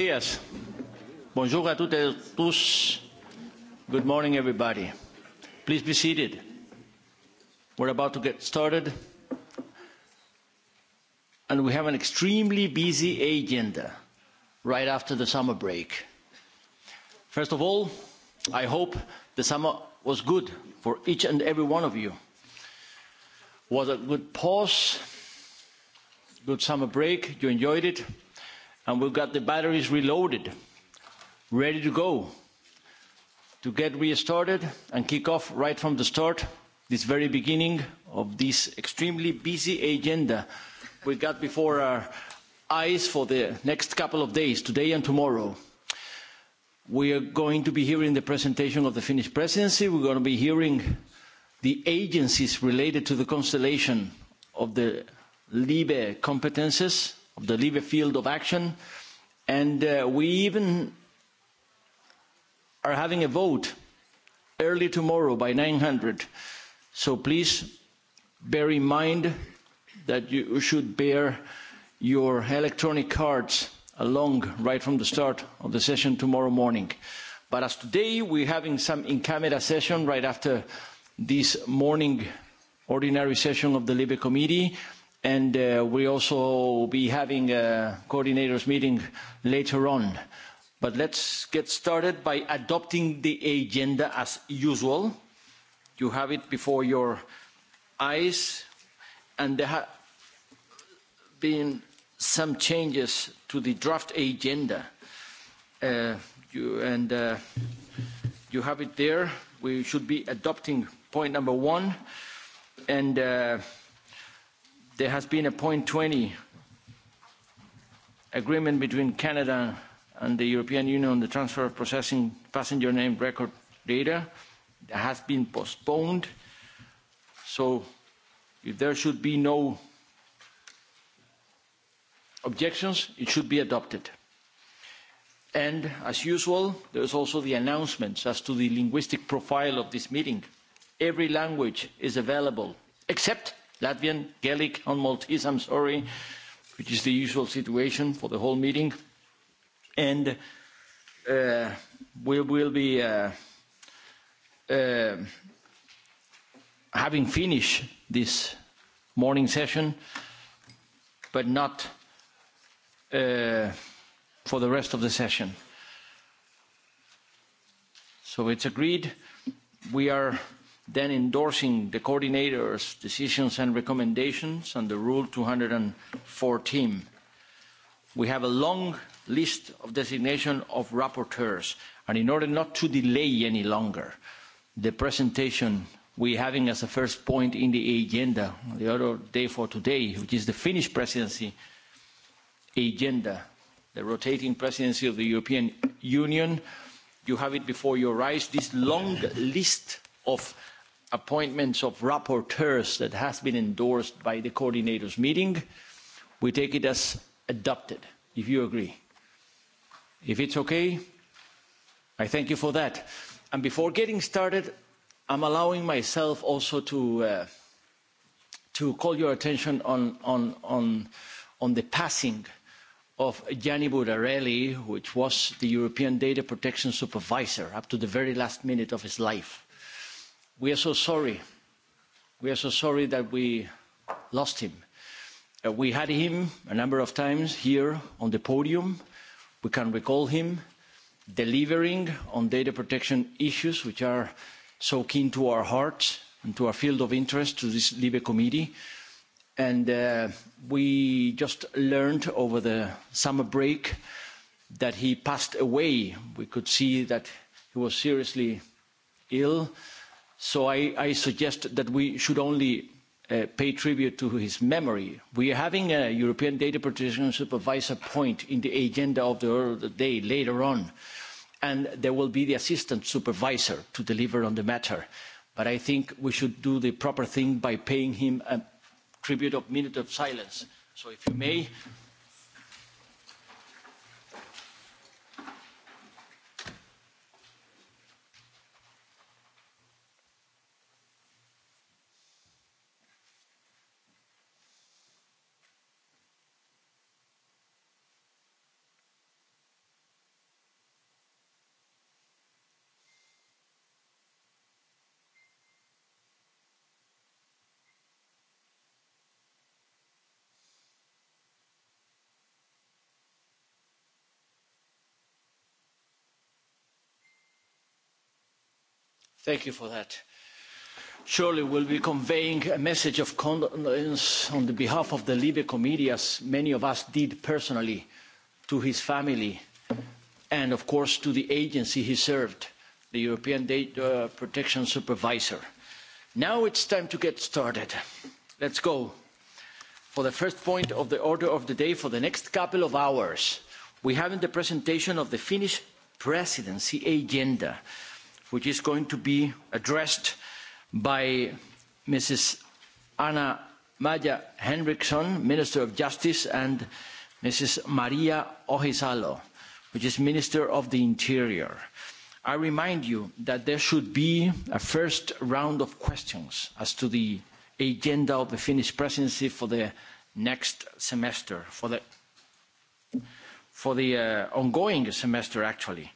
Yes. Bonjour à toutes et à tous. Good morning, everybody. Please be seated. We're about to get started. And we have an extremely busy agenda right after the summer break. First of all, I hope the summer was good for each and every one of you. Was a good pause, good summer break, you enjoyed it and we've got the batteries reloaded, ready to go to get restarted and kick off right from the start, this very beginning of this extremely busy agenda we got before our eyes for the next couple of days, today and tomorrow. We are going to be hearing the presentation of the Finnish presidency. We're going to be hearing the agencies related to the constellation of the LIBE competences of the Libe field of action. And uh, we even are having a vote early tomorrow by 900. So please bear in mind that you should bear your electronic cards along right from the start of the session tomorrow morning. But as today, we're having some in-camera session right after this morning ordinary session of the Libe Committee and uh, we also be having a coordinators meeting later on. But let's get started by adopting the agenda as usual. You have it before your eyes, and there have been some changes to the draft agenda. Uh, you, and uh, you have it there. We should be adopting point number one, and uh, There has been a point 20 agreement between Canada and the European Union on the transfer of processing passenger name record data that has been postponed. So if there should be no objections, it should be adopted. And as usual, there is also the announcements as to the linguistic profile of this meeting. Every language is available except Latvian, Gaelic, and Maltese, I'm sorry, which is the usual situation for the whole meeting. And uh, we will be uh, uh, having finished this morning session, but not uh, for the rest of the session. So it's agreed. We are then endorsing the coordinator's decisions and recommendations under Rule 214. We have a long list of designation of rapporteurs, and in order not to delay any longer the presentation we're having as a first point in the agenda, the other day for today, which is the Finnish presidency agenda, the rotating presidency of the European Union. You have it before your eyes, this long list of appointments of rapporteurs that has been endorsed by the coordinators meeting, we take it as adopted, if you agree. If it's okay, I thank you for that. And before getting started, I'm allowing myself also to uh, to call your attention on on on on the passing of Gianni Budarelli, which was the European Data Protection Supervisor up to the very last minute of his life we are so sorry. We are so sorry that we lost him. Uh, we had him a number of times here on the podium. We can recall him delivering on data protection issues, which are so keen to our hearts and to our field of interest to this LIBE committee. And uh, we just learned over the summer break that he passed away. We could see that he was seriously ill. Uh, So I, I suggest that we should only uh, pay tribute to his memory. We are having a European Data Protection Supervisor point in the agenda of the, of the day later on, and there will be the assistant supervisor to deliver on the matter. But I think we should do the proper thing by paying him a tribute of minute of silence. So if you may, Thank you for that. Surely we'll be conveying a message of condolence on the behalf of the Libe committee, as many of us did personally, to his family and, of course, to the agency he served, the European Data uh, Protection Supervisor. Now it's time to get started. Let's go. For the first point of the order of the day for the next couple of hours, we have in the presentation of the Finnish presidency agenda. Uh, which is going to be addressed by Mrs. Anna Maja Henriksson, Minister of Justice, and Mrs. Maria Ohisalo, which is Minister of the Interior. I remind you that there should be a first round of questions as to the agenda of the Finnish presidency for the next semester, for the, for the uh, ongoing semester, actually. Uh,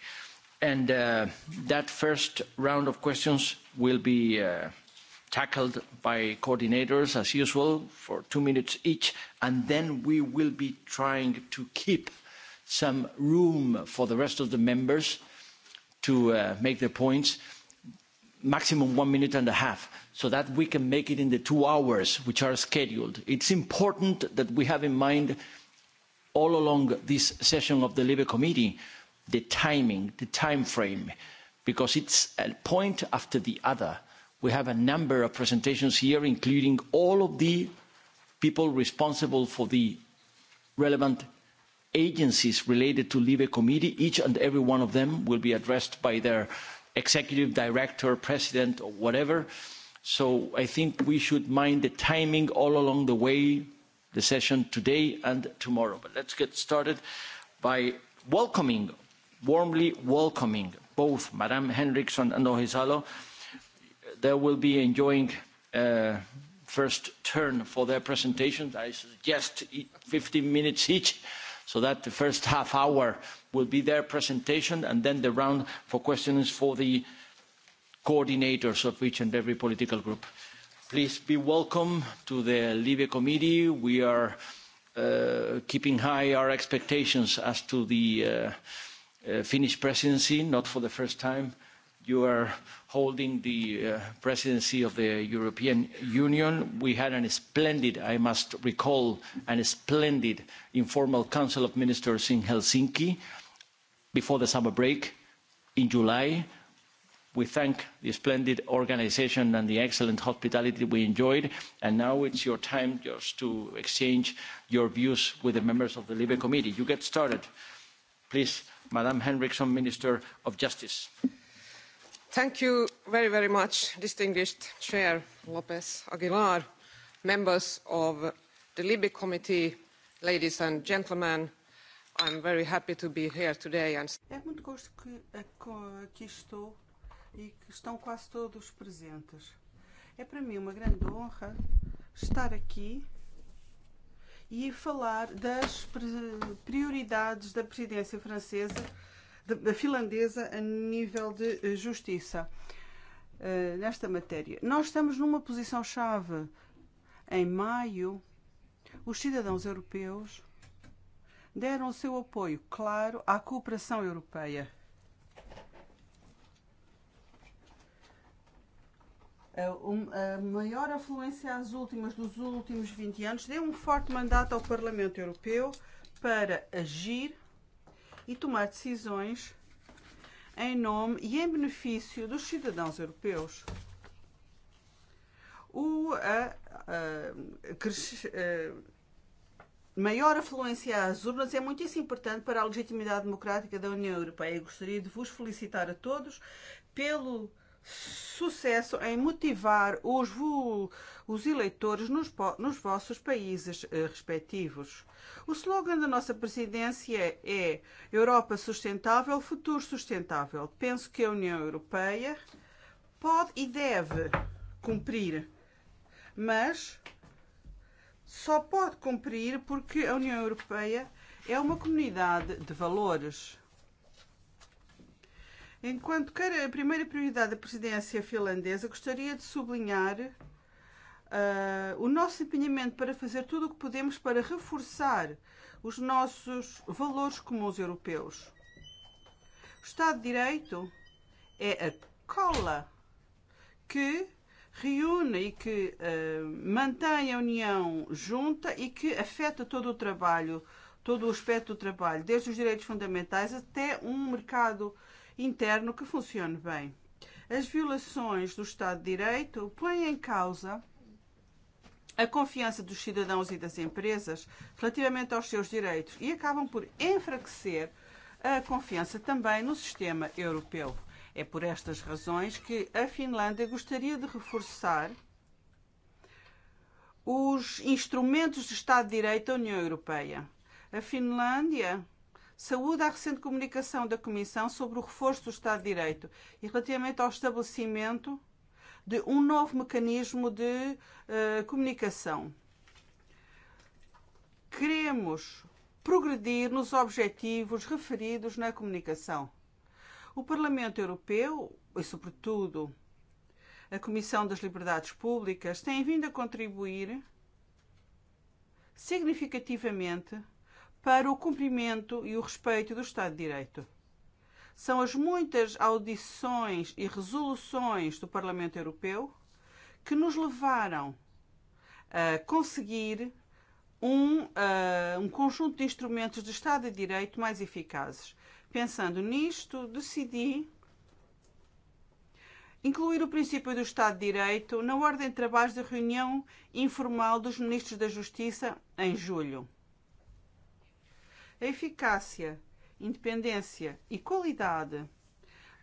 and uh, that first round of questions will be uh, tackled by coordinators as usual for two minutes each, and then we will be trying to keep some room for the rest of the members to uh, make their points, maximum one minute and a half, so that we can make it in the two hours which are scheduled. It's important that we have in mind all along this session of the Libe Committee the timing, the timeframe, because it's a point after the other. We have a number of presentations here, including all of the people responsible for the relevant agencies related to LIBE committee. Each and every one of them will be addressed by their executive director, president, or whatever. So I think we should mind the timing all along the way, the session today and tomorrow. But let's get started by welcoming warmly welcoming both Madame Henriksson and Ohisalo. They will be enjoying uh, first turn for their presentations. I suggest 15 e, minutes each so that the first half hour will be their presentation and then the round for questions for the coordinators of each and every political group. Please be welcome to the Libe Committee. We are uh, keeping high our expectations as to the uh, uh, Finnish presidency, not for the first time. You are holding the uh, presidency of the European Union. We had a splendid, I must recall, a splendid informal Council of Ministers in Helsinki before the summer break in July. We thank the splendid organization and the excellent hospitality we enjoyed. And now it's your time just to exchange your views with the members of the Libe Committee. You get started. Please Madam Henriksson, Minister of Justice. Thank you very, very much, distinguished Chair Lopez Aguilar, members of the Libe Committee, ladies and gentlemen. I'm very happy to be here today. And... É muito gosto que aqui estou e que estão quase todos presentes. É para mim uma grande honra estar aqui e falar das prioridades da presidência francesa, da finlandesa, a nível de eh, justiça eh, nesta matéria. Nós estamos numa posição chave. Em maio, os cidadãos europeus deram o seu apoio, claro, à cooperação europeia Eh, um, a maior afluência às últimas dos últimos 20 anos deu um forte mandato ao Parlamento Europeu para agir e tomar decisões em nome e em benefício dos cidadãos europeus. O, a, a, cresce, a maior afluência às urnas é muitíssimo importante para a legitimidade democrática da União Europeia. Eu gostaria de vos felicitar a todos pelo sucesso em motivar os, os eleitores nos, nos vossos países eh, respectivos. O slogan da nossa presidência é Europa sustentável, futuro sustentável. Penso que a União Europeia pode e deve cumprir, mas só pode cumprir porque a União Europeia é uma comunidade de valores Enquanto que a primeira prioridade da presidência finlandesa, gostaria de sublinhar uh, o nosso empenhamento para fazer tudo o que podemos para reforçar os nossos valores comuns europeus. O Estado de Direito é a cola que reúne e que uh, mantém a União junta e que afeta todo o trabalho, todo o aspecto do trabalho, desde os direitos fundamentais até um mercado uh, interno que funcione bem. As violações do Estado de Direito põem em causa a confiança dos cidadãos e das empresas relativamente aos seus direitos e acabam por enfraquecer a confiança também no sistema europeu. É por estas razões que a Finlândia gostaria de reforçar os instrumentos de Estado de Direito da União Europeia. A Finlândia Saúde à recente comunicação da Comissão sobre o reforço do Estado de Direito e relativamente ao estabelecimento de um novo mecanismo de uh, comunicação. Queremos progredir nos objetivos referidos na comunicação. O Parlamento Europeu, e sobretudo a Comissão das Liberdades Públicas, tem vindo a contribuir significativamente para o cumprimento e o respeito do Estado de Direito. São as muitas audições e resoluções do Parlamento Europeu que nos levaram a conseguir um, uh, um conjunto de instrumentos de Estado de Direito mais eficazes. Pensando nisto, decidi incluir o princípio do Estado de Direito na ordem de trabalhos da reunião informal dos ministros da Justiça em julho eficácia, independência e qualidade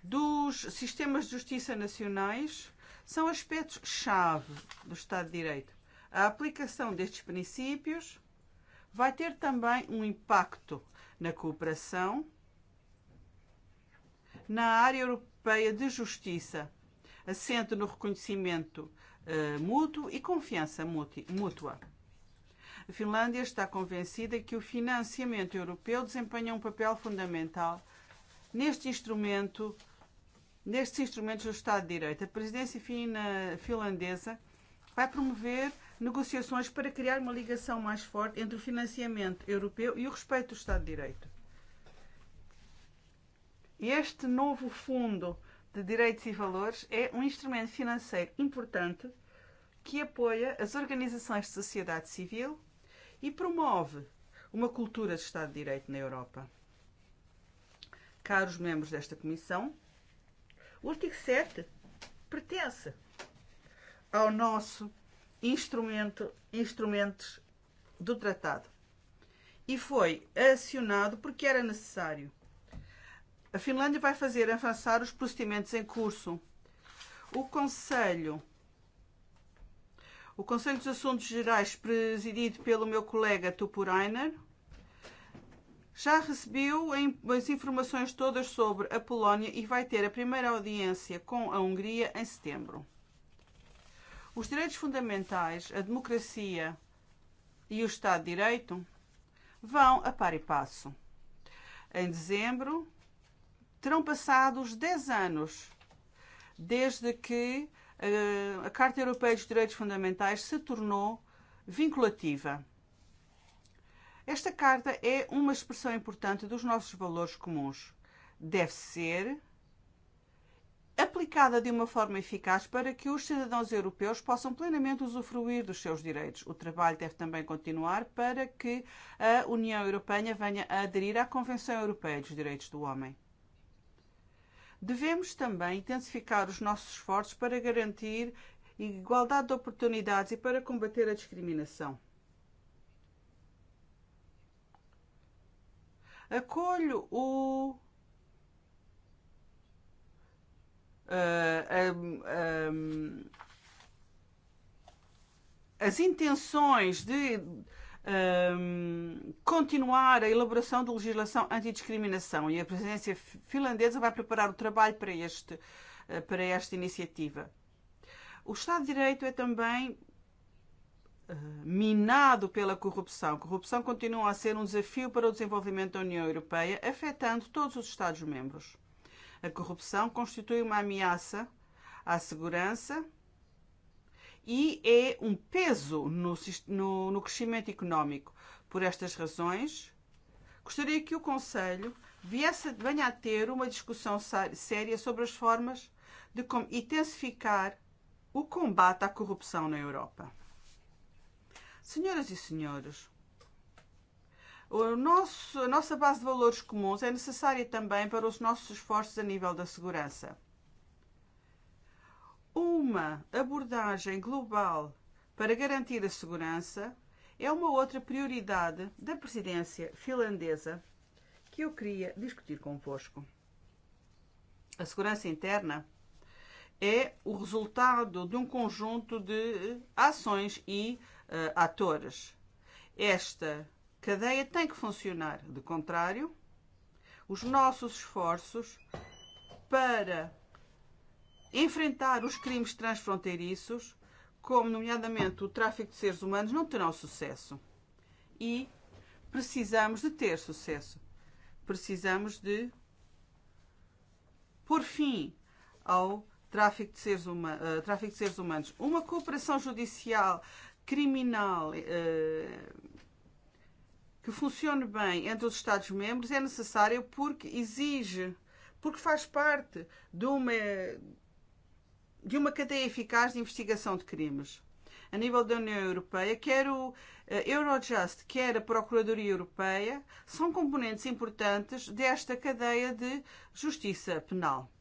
dos sistemas de justiça nacionais são aspectos-chave do Estado de Direito. A aplicação destes princípios vai ter também um impacto na cooperação na área europeia de justiça, assente no reconhecimento uh, mútuo e confiança mútua. A Finlândia está convencida que o financiamento europeu desempenha um papel fundamental neste instrumento, nestes instrumentos do Estado de Direito. A presidência fina, finlandesa vai promover negociações para criar uma ligação mais forte entre o financiamento europeu e o respeito do Estado de Direito. Este novo fundo de direitos e valores é um instrumento financeiro importante que apoia as organizações de sociedade civil e promove uma cultura de Estado de Direito na Europa. Caros membros desta Comissão, o artigo 7 pertence ao nosso instrumento, instrumentos do tratado e foi acionado porque era necessário. A Finlândia vai fazer avançar os procedimentos em curso. O Conselho O Conselho dos Assuntos Gerais, presidido pelo meu colega Tupurainer, já recebeu as informações todas sobre a Polónia e vai ter a primeira audiência com a Hungria em setembro. Os direitos fundamentais, a democracia e o Estado de Direito vão a par e passo. Em dezembro, terão passado os 10 anos desde que Eh, a Carta Europeia dos Direitos Fundamentais se tornou vinculativa. Esta carta é uma expressão importante dos nossos valores comuns. Deve ser aplicada de uma forma eficaz para que os cidadãos europeus possam plenamente usufruir dos seus direitos. O trabalho deve também continuar para que a União Europeia venha a aderir à Convenção Europeia dos Direitos do Homem. Devemos também intensificar os nossos esforços para garantir igualdade de oportunidades e para combater a discriminação. Acolho o. Uh, um, um, as intenções de um, continuar a elaboração de legislação antidiscriminação e a presidência finlandesa vai preparar o trabalho para, este, eh, para esta iniciativa. O Estado de Direito é também eh, minado pela corrupção. A corrupção continua a ser um desafio para o desenvolvimento da União Europeia, afetando todos os Estados-membros. A corrupção constitui uma ameaça à segurança e é um peso no, no, no crescimento económico. Por estas razões, gostaria que o Conselho viesse, venha a ter uma discussão séria sobre as formas de como intensificar o combate à corrupção na Europa. Senhoras e senhores, o nosso, a nossa base de valores comuns é necessária também para os nossos esforços a nível da segurança. Uma abordagem global para garantir a segurança é uma outra prioridade da presidência finlandesa que eu queria discutir convosco. A segurança interna é o resultado de um conjunto de eh, ações e uh, atores. Esta cadeia tem que funcionar. De contrário, os nossos esforços para enfrentar os crimes transfronteiriços, como nomeadamente o tráfico de seres humanos, não terão sucesso. E precisamos de ter sucesso. Precisamos de por fim ao tráfico de seres, huma, uh, tráfico de seres humanos. Uma cooperação judicial, criminal, uh, que funcione bem entre os Estados-membros é necessária porque exige, porque faz parte de uma de uma cadeia eficaz de investigação de crimes. A nível da União Europeia, quer o eh, Eurojust, quer a Procuradoria Europeia, são componentes importantes desta cadeia de justiça penal.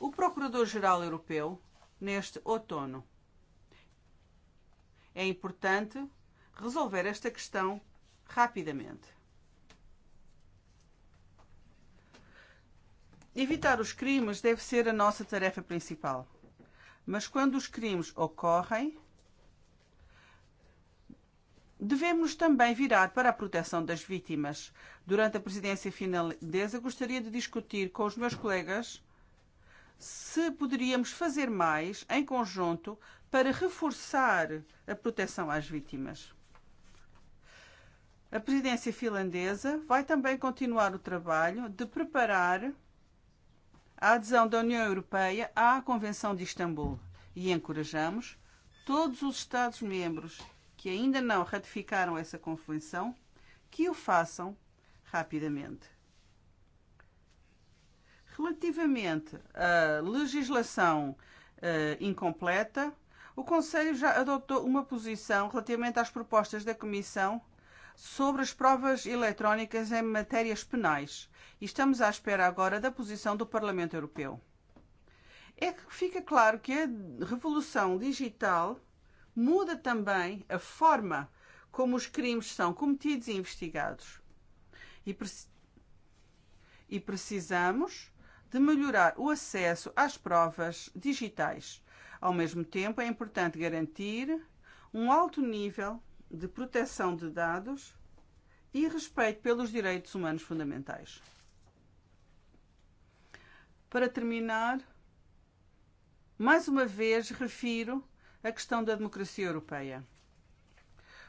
O Procurador-Geral Europeu neste outono. É importante resolver esta questão rapidamente. Evitar os crimes deve ser a nossa tarefa principal. Mas quando os crimes ocorrem, devemos também virar para a proteção das vítimas. Durante a presidência finlandesa, gostaria de discutir com os meus colegas se poderíamos fazer mais em conjunto para reforçar a proteção às vítimas. A presidência finlandesa vai também continuar o trabalho de preparar a adesão da União Europeia à Convenção de Istambul e encorajamos todos os Estados-membros que ainda não ratificaram essa convenção que o façam rapidamente. Relativamente à legislação eh, incompleta, o Conselho já adotou uma posição relativamente às propostas da Comissão sobre as provas eletrónicas em matérias penais e estamos à espera agora da posição do Parlamento Europeu. É que fica claro que a revolução digital muda também a forma como os crimes são cometidos e investigados. E, pre e precisamos de melhorar o acesso às provas digitais. Ao mesmo tempo, é importante garantir um alto nível de proteção de dados e respeito pelos direitos humanos fundamentais. Para terminar, mais uma vez refiro a questão da democracia europeia.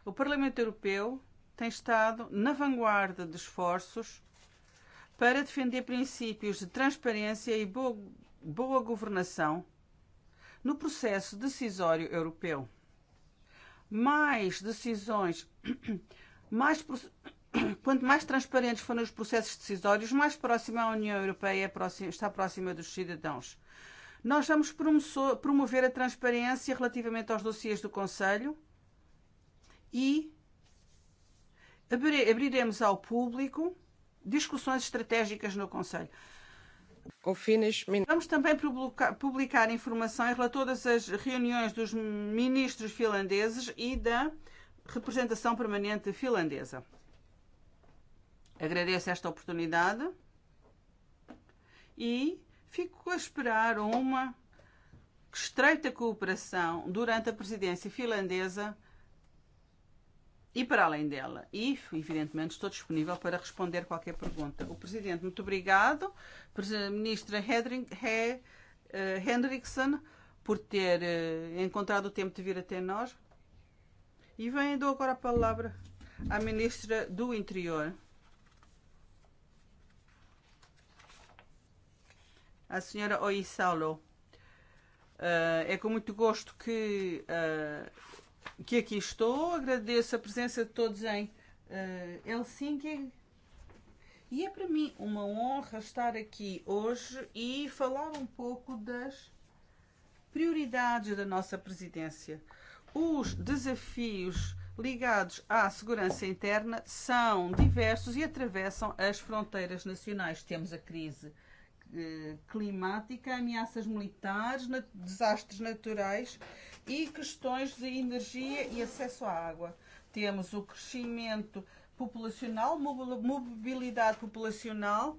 O Parlamento Europeu tem estado na vanguarda de esforços para defender princípios de transparência e boa, boa governação no processo decisório europeu. Mais decisões, mais, quanto mais transparentes forem os processos decisórios, mais próxima a União Europeia está próxima dos cidadãos. Nós vamos promover a transparência relativamente aos dossiês do Conselho e abriremos ao público discussões estratégicas no Conselho. Vamos também publicar informações sobre todas as reuniões dos ministros finlandeses e da representação permanente finlandesa. Agradeço esta oportunidade e fico a esperar uma estreita cooperação durante a presidência finlandesa E para além dela. E, evidentemente, estou disponível para responder qualquer pergunta. O Presidente, muito obrigado. Ministra Hedring, He, uh, Hendrickson, por ter uh, encontrado o tempo de vir até nós. E venho, dou agora a palavra à Ministra do Interior. a senhora Oisalo. Uh, eh, é com muito gosto que uh, que aqui estou. Agradeço a presença de todos em uh, Helsinki. E é para mim uma honra estar aqui hoje e falar um pouco das prioridades da nossa presidência. Os desafios ligados à segurança interna são diversos e atravessam as fronteiras nacionais. Temos a crise eh, climática, ameaças militares, na desastres naturais e questões de energia e acesso à água. Temos o crescimento populacional, mobilidade populacional,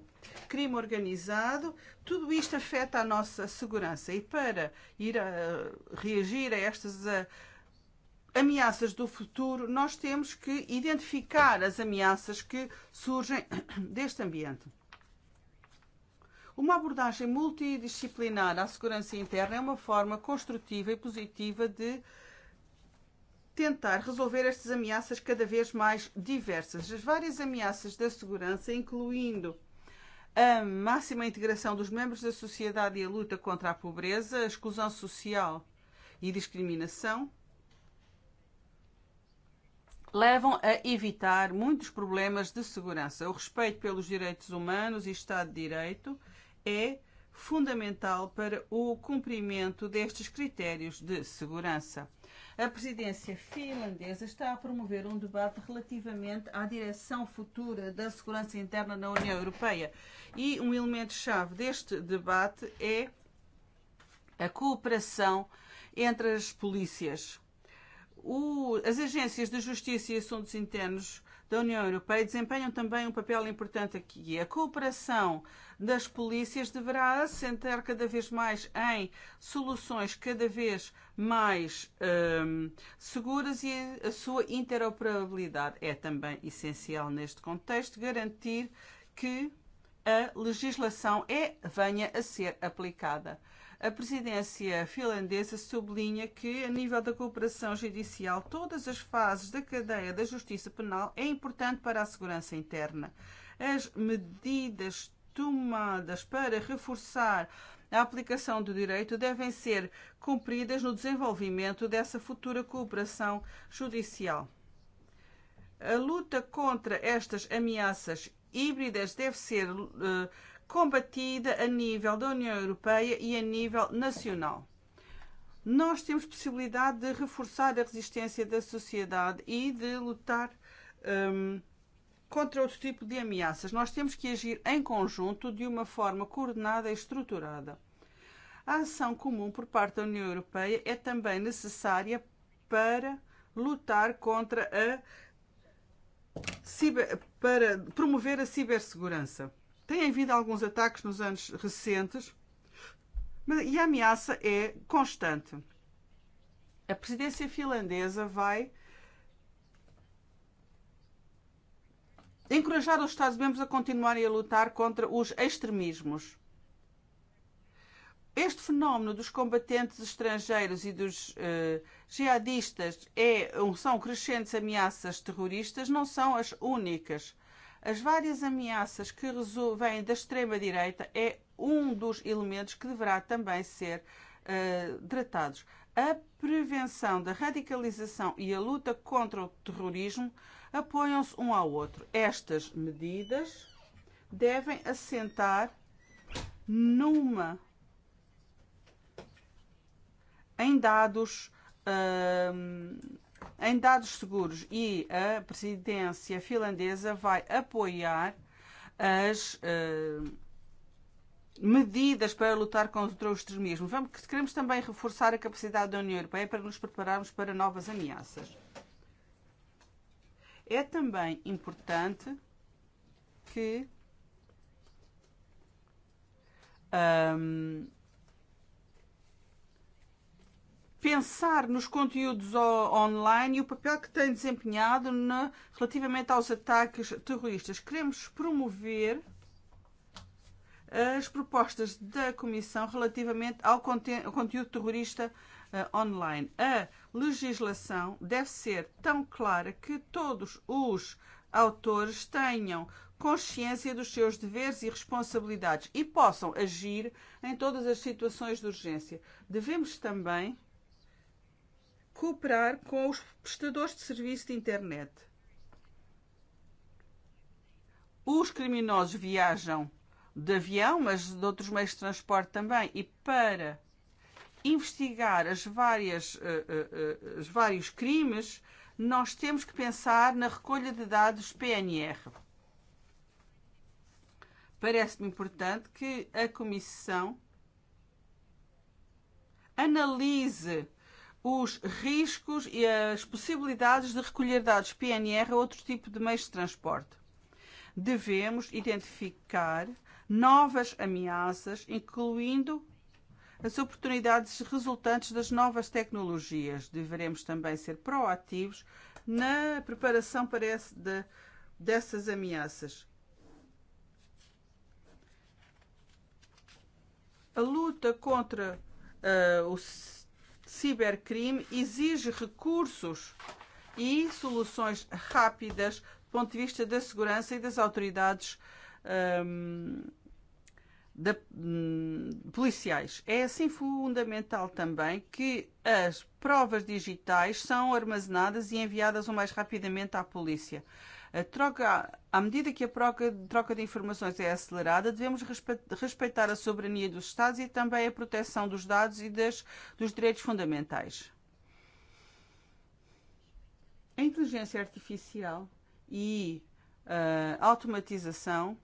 crime organizado, tudo isto afeta a nossa segurança. E para ir a, reagir a estas a, ameaças do futuro, nós temos que identificar as ameaças que surgem deste ambiente. Uma abordagem multidisciplinar à segurança interna é uma forma construtiva e positiva de tentar resolver estas ameaças cada vez mais diversas. As várias ameaças da segurança, incluindo a máxima integração dos membros da sociedade e a luta contra a pobreza, a exclusão social e discriminação, levam a evitar muitos problemas de segurança. O respeito pelos direitos humanos e Estado de Direito é fundamental para o cumprimento destes critérios de segurança. A presidência finlandesa está a promover um debate relativamente à direção futura da segurança interna na União Europeia e um elemento-chave deste debate é a cooperação entre as polícias. O, as agências de justiça e assuntos internos da União Europeia desempenham também um papel importante aqui. E a cooperação das polícias deverá assentar cada vez mais em soluções cada vez mais um, seguras e a sua interoperabilidade. É também essencial neste contexto garantir que a legislação é, venha a ser aplicada. A presidência finlandesa sublinha que, a nível da cooperação judicial, todas as fases da cadeia da justiça penal é importante para a segurança interna. As medidas tomadas para reforçar a aplicação do direito devem ser cumpridas no desenvolvimento dessa futura cooperação judicial. A luta contra estas ameaças híbridas deve ser uh, combatida a nível da União Europeia e a nível nacional. Nós temos possibilidade de reforçar a resistência da sociedade e de lutar um, contra outro tipo de ameaças. Nós temos que agir em conjunto de uma forma coordenada e estruturada. A ação comum por parte da União Europeia é também necessária para lutar contra a ciber, para promover a cibersegurança. Tem havido alguns ataques nos anos recentes e a ameaça é constante. A presidência finlandesa vai encorajar os Estados-membros a continuarem a lutar contra os extremismos. Este fenómeno dos combatentes estrangeiros e dos uh, jihadistas é, um, são crescentes ameaças terroristas, não são as únicas. As várias ameaças que vêm da extrema-direita é um dos elementos que deverá também ser uh, tratados. A prevenção da radicalização e a luta contra o terrorismo apoiam-se um ao outro. Estas medidas devem assentar numa em dados uh, em dados seguros e a presidência finlandesa vai apoiar as uh, medidas para lutar contra o extremismo. Vamos, queremos também reforçar a capacidade da União Europeia para nos prepararmos para novas ameaças. É também importante que um, pensar nos conteúdos online e o papel que tem desempenhado na, relativamente aos ataques terroristas. Queremos promover as propostas da Comissão relativamente ao, conten ao conteúdo terrorista uh, online. A legislação deve ser tão clara que todos os autores tenham consciência dos seus deveres e responsabilidades e possam agir em todas as situações de urgência. Devemos também cooperar com os prestadores de serviço de internet. Os criminosos viajam de avião, mas de outros meios de transporte também, e para investigar as várias, uh, uh, uh, os vários crimes, nós temos que pensar na recolha de dados PNR. Parece-me importante que a Comissão analise os riscos e as possibilidades de recolher dados PNR a outro tipo de meios de transporte. Devemos identificar novas ameaças, incluindo as oportunidades resultantes das novas tecnologias. Deveremos também ser proativos na preparação para esse, de, dessas ameaças. A luta contra uh, o cibercrime exige recursos e soluções rápidas do ponto de vista da segurança e das autoridades um, da, um, policiais. É assim fundamental também que as provas digitais são armazenadas e enviadas o mais rapidamente à polícia. Uh, A troca, à medida que a troca, troca de informações é acelerada, devemos respeitar a soberania dos Estados e também a proteção dos dados e das, dos direitos fundamentais. A inteligência artificial e ah, a automatização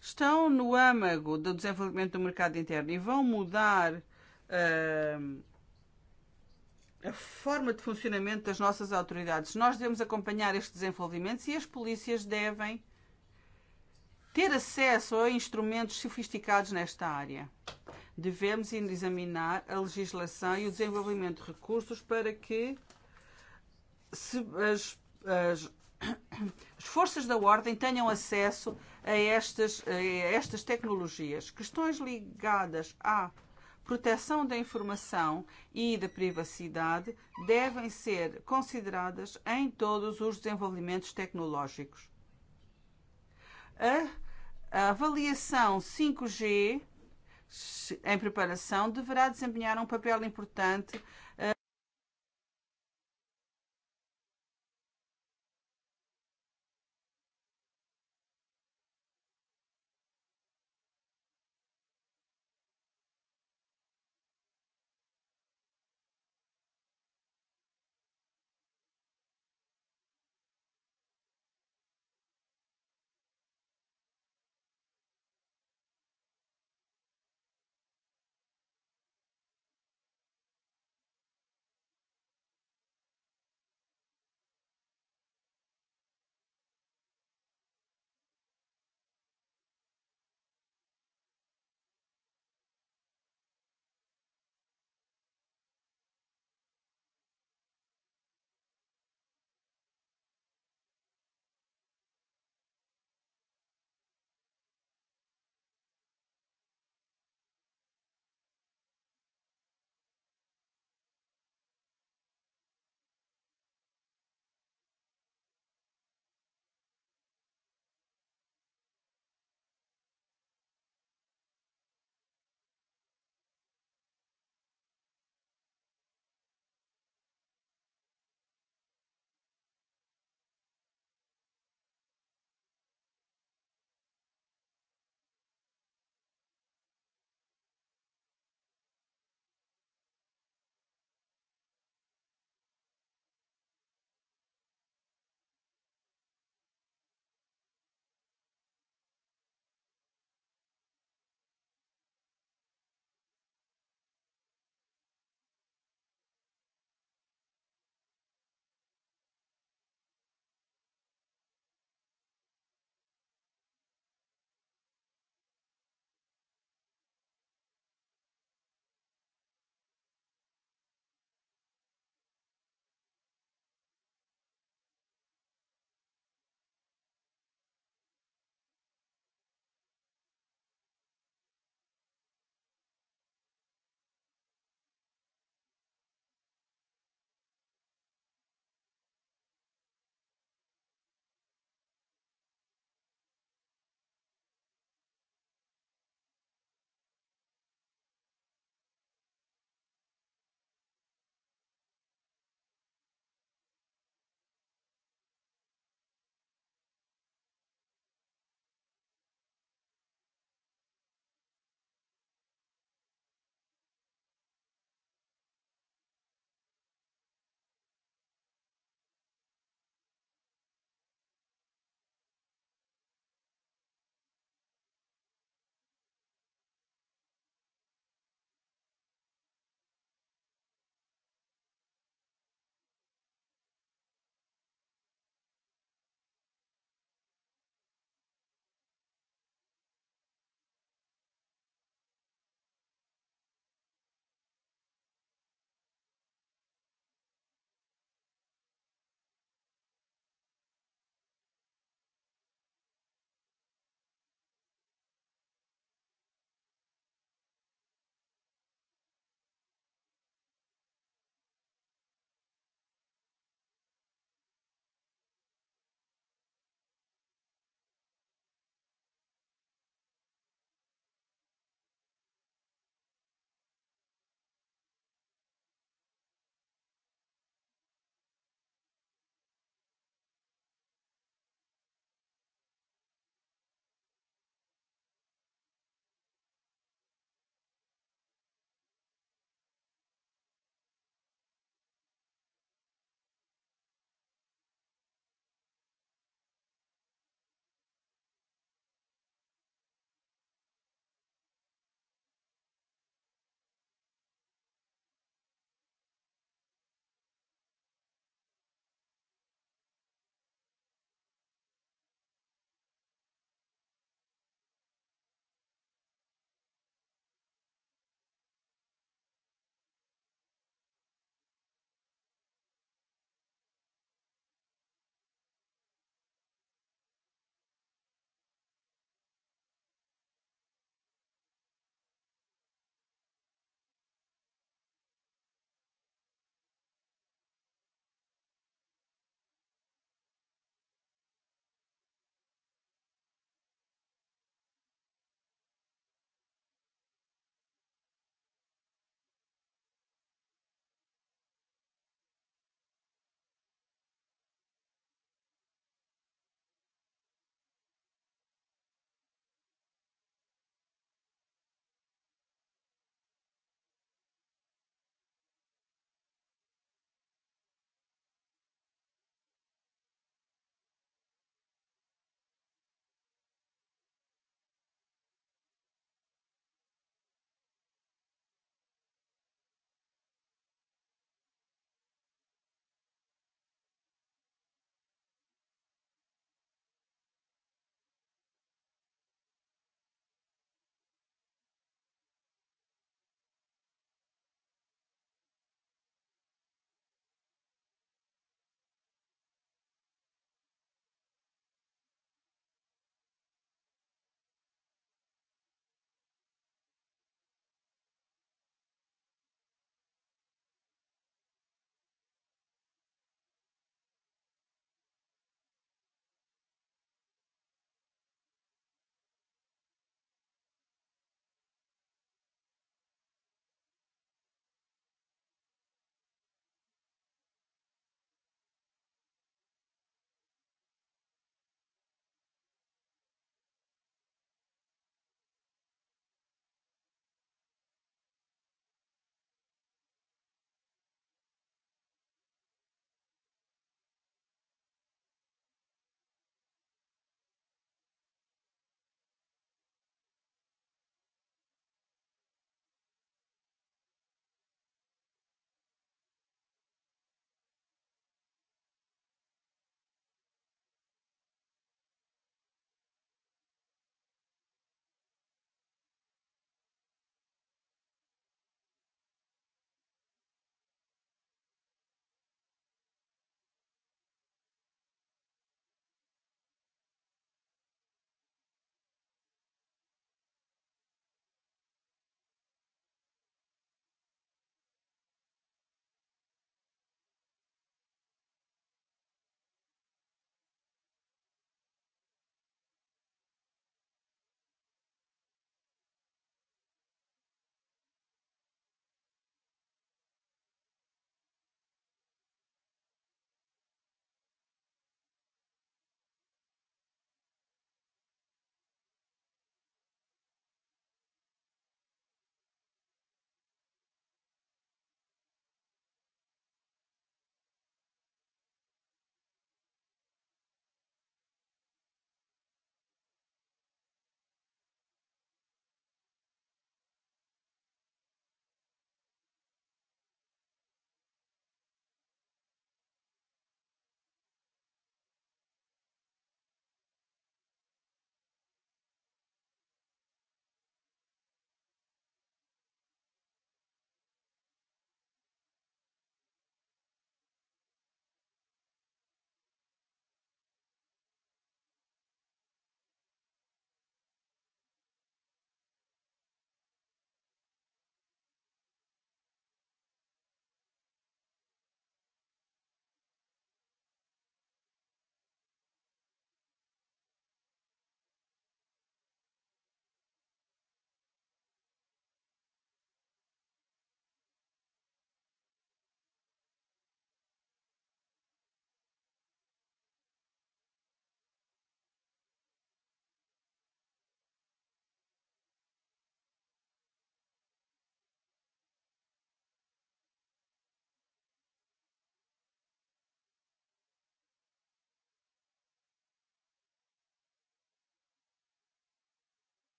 estão no âmago do desenvolvimento do mercado interno e vão mudar uh, a forma de funcionamento das nossas autoridades. Nós devemos acompanhar estes desenvolvimentos e as polícias devem ter acesso a instrumentos sofisticados nesta área. Devemos examinar a legislação e o desenvolvimento de recursos para que se as, as, as forças da ordem tenham acesso a estas, a estas tecnologias. Questões ligadas à proteção da informação e da privacidade devem ser consideradas em todos os desenvolvimentos tecnológicos. A avaliação 5G em preparação deverá desempenhar um papel importante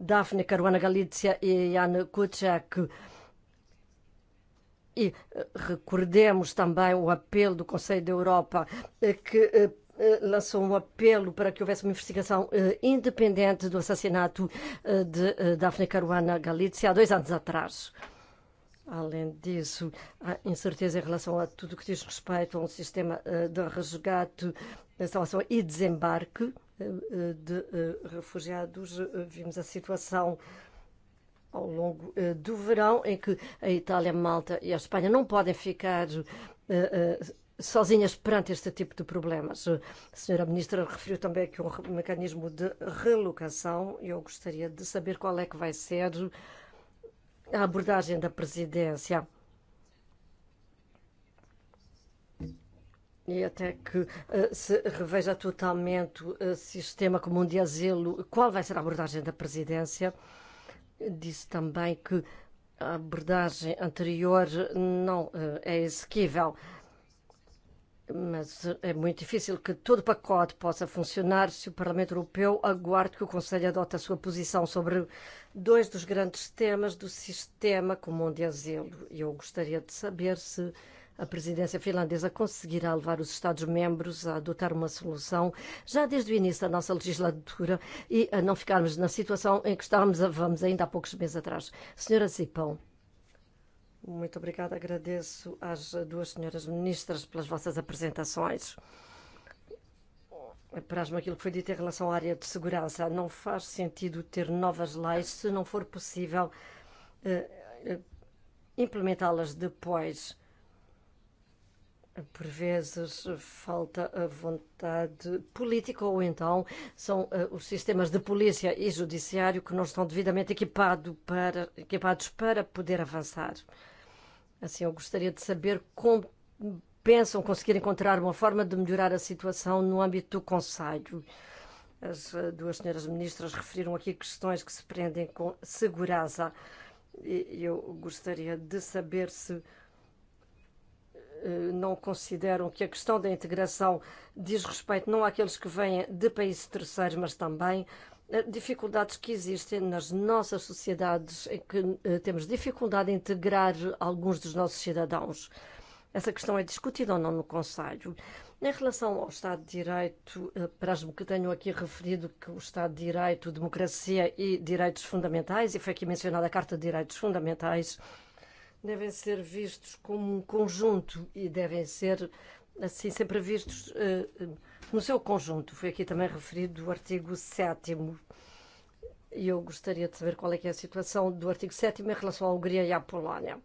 Dafne Caruana Galícia e Jan Kuciak. E recordemos também o apelo do Conselho da Europa eh, que eh, eh, lançou um apelo para que houvesse uma investigação independente do assassinato de Daphne Caruana Galizia há dois anos atrás. Além disso, há incerteza em relação a tudo que diz respeito a um sistema de resgate, instalação e desembarque Eh, eh, de eh, refugiados. Vimos a situação ao longo do verão em que a Itália, Malta e a Espanha não podem ficar sozinhas perante este tipo de problemas. A senhora ministra referiu também que um mecanismo de relocação. Eu gostaria de saber qual é que vai ser a abordagem da presidência e até que eh, se reveja totalmente eh, o sistema comum de asilo, qual vai ser a abordagem da presidência? Disse também que a abordagem anterior não eh, é exequível, mas é muito difícil que todo o pacote possa funcionar se o Parlamento Europeu aguarde que o Conselho adote a sua posição sobre dois dos grandes temas do sistema comum de asilo. E eu gostaria de saber se uh, A presidência finlandesa conseguirá levar os Estados-membros a adotar uma solução já desde o início da nossa legislatura e a não ficarmos na situação em que estávamos vamos ainda há poucos meses atrás. Senhora Zipão. Muito obrigada. Agradeço às duas senhoras ministras pelas vossas apresentações. Apraz-me aquilo que foi dito em relação à área de segurança. Não faz sentido ter novas leis se não for possível eh, eh implementá-las depois por vezes falta a vontade política ou então são uh, os sistemas de polícia e judiciário que não estão devidamente equipado para, equipados para poder avançar. Assim, eu gostaria de saber como pensam conseguir encontrar uma forma de melhorar a situação no âmbito do Conselho. As eh, duas senhoras ministras referiram aqui questões que se prendem com segurança. E, e eu gostaria de saber se uh, Eh, não consideram que a questão da integração diz respeito não àqueles que vêm de países terceiros, mas também dificuldades que existem nas nossas sociedades em que eh, temos dificuldade em integrar alguns dos nossos cidadãos. Essa questão é discutida ou não no Conselho. Em relação ao Estado de Direito, eh, parece-me que tenho aqui referido que o Estado de Direito, democracia e direitos fundamentais, e foi aqui mencionada a Carta de Direitos Fundamentais, uh, devem ser vistos como um conjunto e devem ser, assim, sempre vistos uh, no seu conjunto. Foi aqui também referido o artigo 7 e eu gostaria de saber qual é que é a situação do artigo 7 em relação à Hungria e à Polónia.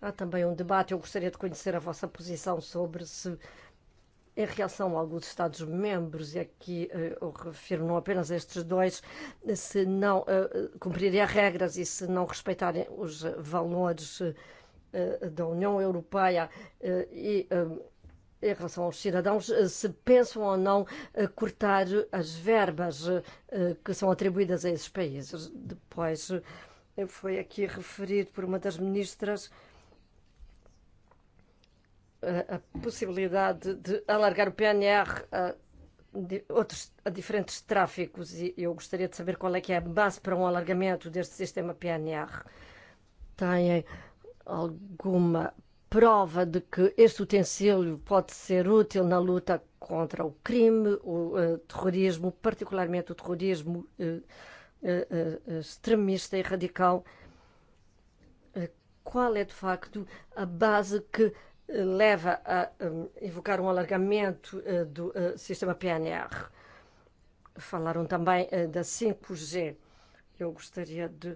Há também um debate, eu gostaria de conhecer a vossa posição sobre se em relação a alguns Estados-membros, e aqui eh, eu refiro não apenas a estes dois, se não eh, cumprirem as regras e se não respeitarem os eh, valores da União Europeia e em relação aos cidadãos, se pensam ou não cortar as verbas que são atribuídas a esses países. Depois foi aqui referido por uma das ministras uh, a, a possibilidade de alargar o PNR a, de outros, a diferentes tráficos e eu gostaria de saber qual é que é a base para um alargamento deste sistema PNR. Têm alguma prova de que este utensílio pode ser útil na luta contra o crime, o uh, terrorismo, particularmente o terrorismo uh, uh, uh, extremista e radical. Uh, qual é, de facto, a base que leva a um, evocar um alargamento uh, do uh, sistema PNR. Falaram também uh, da 5G. Eu gostaria de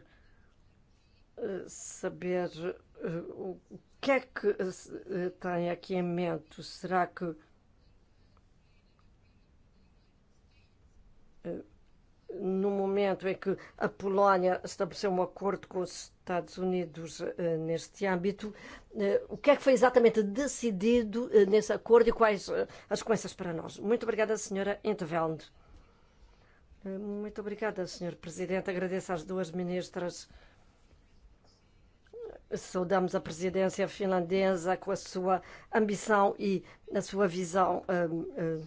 uh, saber uh, o que é que uh, tem aqui em mente. Será que. Uh, no momento em que a Polónia estabeleceu um acordo com os Estados Unidos neste âmbito. O que é que foi exatamente decidido nesse acordo e quais as consequências para nós? Muito obrigada, senhora Enteveld. Muito obrigada, senhor presidente. Agradeço às duas ministras. Saudamos a presidência finlandesa com a sua ambição e a sua visão um, um,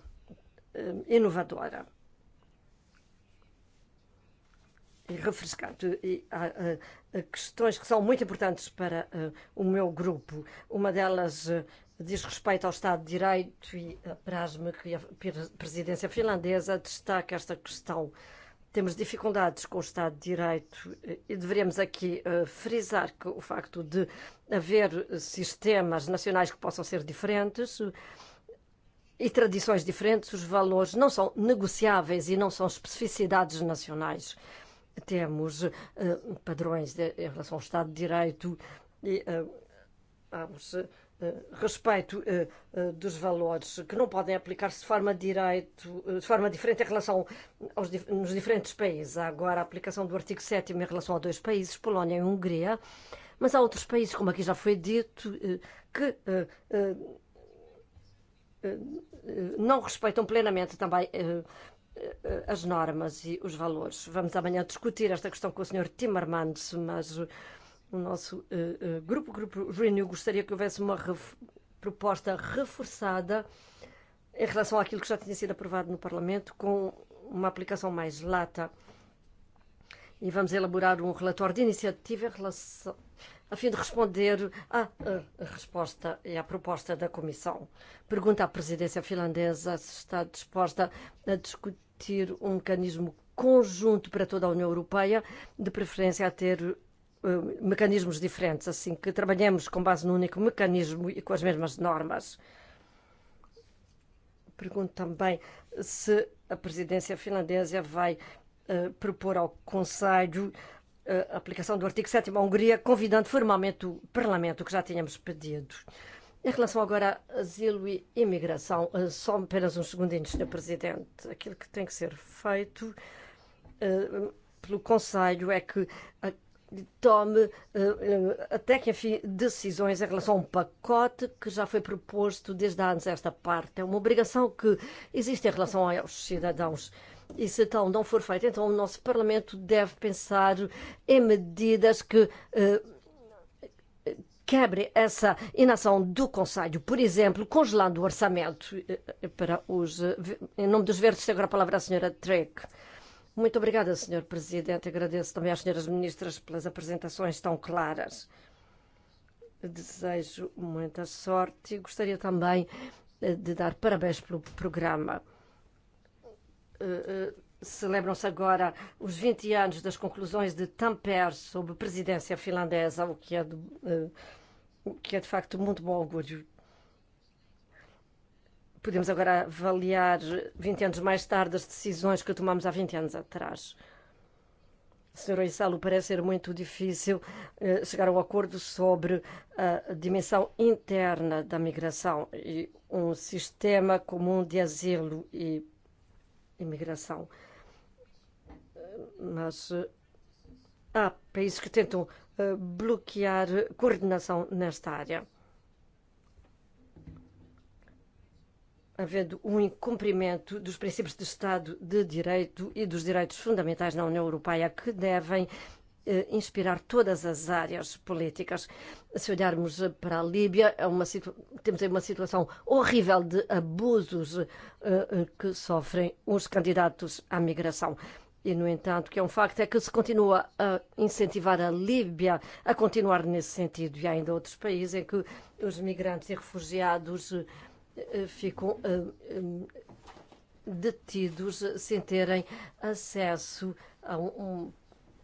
um, inovadora. E refrescante e há eh, eh, questões que são muito importantes para eh, o meu grupo. Uma delas diz respeito ao Estado de Direito e apraz-me que a presidência finlandesa destaca esta questão. Temos dificuldades com o Estado de Direito e deveremos aqui uh, frisar que o facto de haver sistemas nacionais que possam ser diferentes uh, e tradições diferentes, os valores não são negociáveis e não são especificidades nacionais. Uh, temos uh, padrões de, em relação ao Estado de Direito e uh, hamos, uh, respeito uh, uh, dos valores que não podem aplicar-se de forma direito, uh, de forma diferente em relação aos nos diferentes países. Há agora a aplicação do artigo 7 em relação a dois países, Polónia e Hungria, mas há outros países, como aqui já foi dito, uh, que uh, uh, não respeitam plenamente também uh, Eh, as normas e os valores. Vamos amanhã discutir esta questão com o Sr. Timmermans, mas o nosso uh, uh, grupo, grupo Renew, gostaria que houvesse uma ref proposta reforçada em relação àquilo que já tinha sido aprovado no Parlamento, com uma aplicação mais lata. E vamos elaborar um relatório de iniciativa em relação a fim de responder à resposta e à proposta da Comissão. Pergunta à presidência finlandesa se está disposta a discutir um mecanismo conjunto para toda a União Europeia, de preferência a ter uh, mecanismos diferentes, assim que trabalhemos com base num único mecanismo e com as mesmas normas. Pergunto também se a presidência finlandesa vai uh, propor ao Conselho uh, a aplicação do artigo 7 à Hungria, convidando formalmente o Parlamento, que já tínhamos pedido. Em relação agora a asilo e imigração, eh, só apenas uns um segundinhos, Sr. Presidente. Aquilo que tem que ser feito uh, pelo Conselho é que a, eh, tome, uh, até que enfim, decisões em relação a um pacote que já foi proposto desde há anos esta parte. É uma obrigação que existe em relação aos cidadãos uh, E se tal não for feito, então o nosso Parlamento deve pensar em medidas que eh, quebre essa inação do Conselho, por exemplo, congelando o orçamento eh, para os. Eh, em nome dos verdes, agora a palavra à senhora Drake. Muito obrigada, senhor presidente. Agradeço também às senhoras ministras pelas apresentações tão claras. Desejo muita sorte e gostaria também de dar parabéns pelo programa. Celebram-se eh, eh, agora os 20 anos das conclusões de Tampere sob presidência finlandesa, o que é de, eh, o que é de facto muito bom orgulho. Podemos agora avaliar 20 anos mais tarde as decisões que tomamos há 20 anos atrás. Sr. Oissalo, parece ser muito difícil eh, chegar a um acordo sobre a dimensão interna da migração e um sistema comum de asilo e imigração. Mas há ah, países que tentam ah, bloquear coordenação nesta área. havendo um incumprimento dos princípios de Estado de Direito e dos direitos fundamentais na União Europeia que devem Eh, inspirar todas as áreas políticas. Se olharmos para a Líbia, é uma temos aí uma situação horrível de abusos uh, que sofrem os candidatos à migração. E, no entanto, que é um facto é que se continua a incentivar a Líbia a continuar nesse sentido. E há ainda outros países em que os migrantes e refugiados uh, ficam uh, um, detidos sem terem acesso a um, um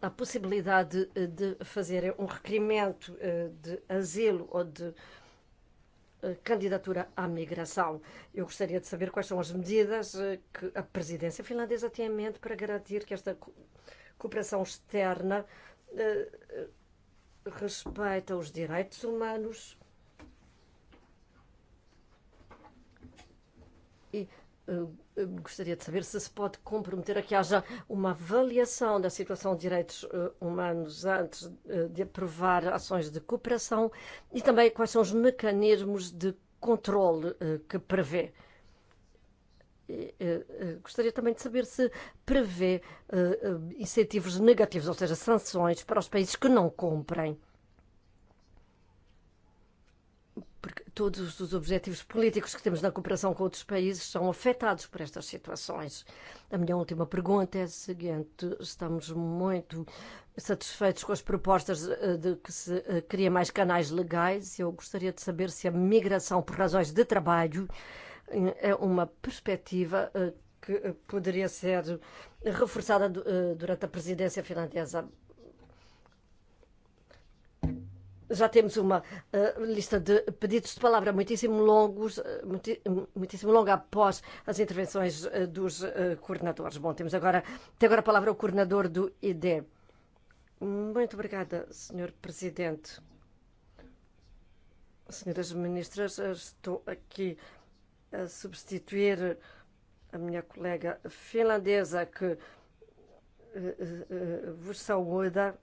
a possibilidade eh, de fazer um requerimento eh, de asilo ou de eh, candidatura à migração. Eu gostaria de saber quais são as medidas que a presidência finlandesa tem em mente para garantir que esta cooperação externa respeita os direitos humanos e gostaria de saber se se pode comprometer a que haja uma avaliação da situação de direitos eh, humanos antes eh, de aprovar ações de cooperação e também quais são os mecanismos de controle eh, que prevê. E, gostaria também de saber se prevê incentivos negativos, ou seja, sanções para os países que não cumprem todos os objetivos políticos que temos na cooperação com outros países são afetados por estas situações. A minha última pergunta é a seguinte: estamos muito satisfeitos com as propostas eh, de que se eh, cria mais canais legais. Eu gostaria de saber se a migração por razões de trabalho eh, é uma perspectiva que poderia ser reforçada durante a presidência finlandesa já temos uma uh, lista de pedidos de palavra muitíssimo longos, eh, muito, muitíssimo longa após as intervenções uh, dos uh, coordenadores. Bom, temos agora, tem agora a palavra o coordenador do ID. Muito obrigada, Sr. Presidente. Senhoras Ministras, estou aqui a substituir a minha colega finlandesa que uh, uh, vos saúda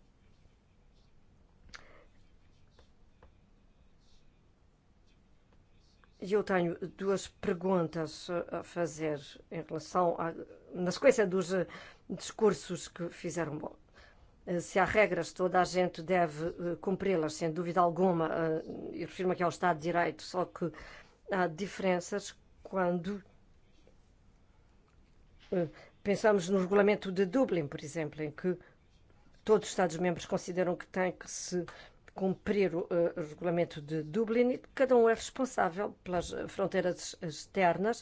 E eu tenho duas perguntas a fazer em relação à, na sequência dos eh, discursos que fizeram. Bom, eh, se há regras, toda a gente deve eh, cumpri-las, sem dúvida alguma. E refiro-me aqui ao Estado de Direito, só que há diferenças quando pensamos no regulamento de Dublin, por exemplo, em que todos os Estados-membros consideram que têm que se cumprir eh, o regulamento de Dublin e cada um é responsável pelas fronteiras externas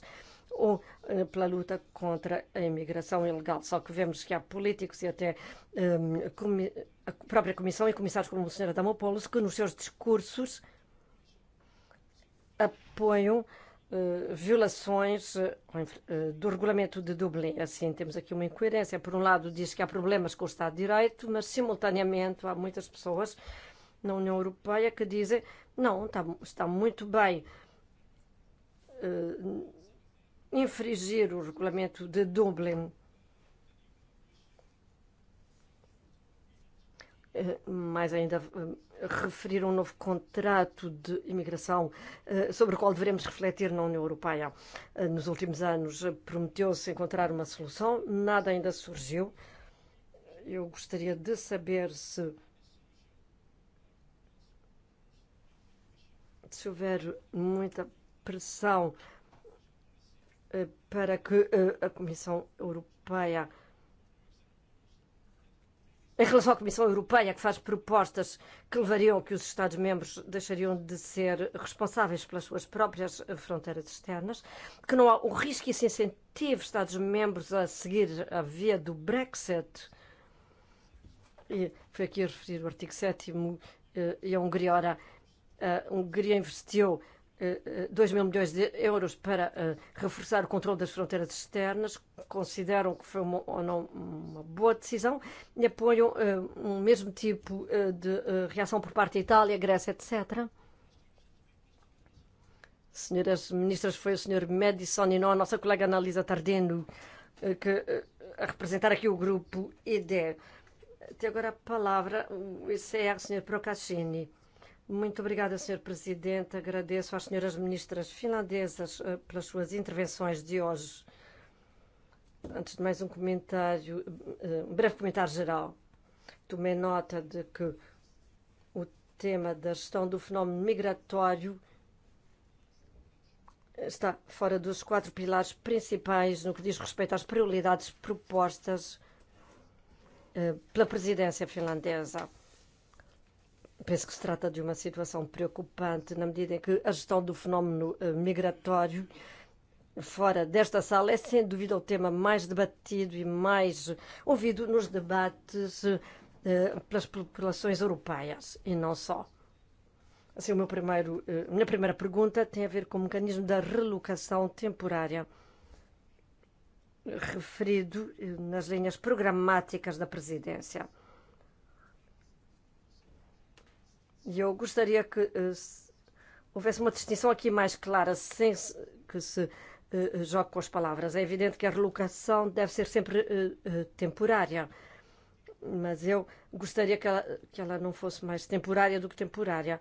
ou eh, pela luta contra a imigração ilegal. Só que vemos que há políticos e até um, comi a própria Comissão e comissários como a senhora Damopoulos que nos seus discursos apoiam uh, violações uh, do regulamento de Dublin. Assim, temos aqui uma incoerência. Por um lado, diz que há problemas com o Estado de Direito, mas, simultaneamente, há muitas pessoas uh, na União Europeia que dizem não, está, está muito bem uh, infringir o regulamento de Dublin. Uh, mais ainda, uh, referir um novo contrato de imigração sobre o qual devemos refletir na União Europeia. Nos últimos anos prometeu-se encontrar uma solução, nada ainda surgiu. Eu gostaria de saber se se houver muita pressão eh, para que eh, a Comissão Europeia em relação à Comissão Europeia, que faz propostas que levariam a que os Estados-membros deixariam de ser responsáveis pelas suas próprias eh, fronteiras externas, que não há o risco e esse incentivo Estados-membros a seguir a via do Brexit. E foi aqui a referir o artigo 7 e a Hungria, ora, a eh, um Hungria investiu 2 eh, eh, mil milhões de euros para uh, reforçar o controle das fronteiras externas, consideram que foi uma, não, uma boa decisão e apoiam uh, um mesmo tipo uh, de uh, reação por parte da Itália, Grécia, etc. Senhoras ministras, foi o senhor Madison e não a nossa colega Analisa Tardeno uh, que, uh, a representar aqui o grupo EDE. Tem agora a palavra o ICR, e senhor Procaccini. Muito obrigada, Sr. Presidente. Agradeço às senhoras ministras finlandesas eh, pelas suas intervenções de hoje. Antes de mais, um comentário, eh, um breve comentário geral. Tomei nota de que o tema da gestão do fenómeno migratório está fora dos quatro pilares principais no que diz respeito às prioridades propostas eh, pela presidência finlandesa. Penso que se trata de uma situação preocupante na medida em que a gestão do fenómeno eh, migratório fora desta sala é, sem dúvida, o tema mais debatido e mais ouvido nos debates eh, pelas populações europeias e não só. Assim, o meu primeiro, a eh, minha primeira pergunta tem a ver com o mecanismo da relocação temporária referido nas linhas programáticas da presidência. E eu gostaria que eh, houvesse uma distinção aqui mais clara, sem que se eh, eh, jogue com as palavras. É evidente que a relocação deve ser sempre temporária, mas eu gostaria que ela, que ela não fosse mais temporária do que temporária.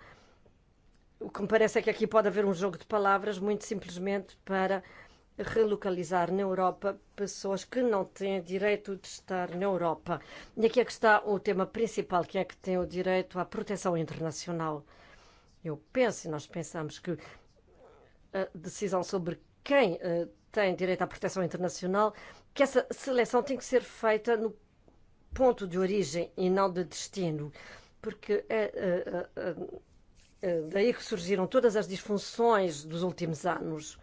O que me parece é que aqui pode haver um jogo de palavras, muito simplesmente para uh, relocalizar na Europa pessoas que não têm direito de estar na Europa. E aqui é que está o tema principal, que é que tem o direito à proteção internacional. Eu penso, e nós pensamos que a decisão sobre quem uh, tem direito à proteção internacional, que essa seleção tem que ser feita no ponto de origem e não de destino, porque é, é, é, é daí que surgiram todas as disfunções dos últimos anos.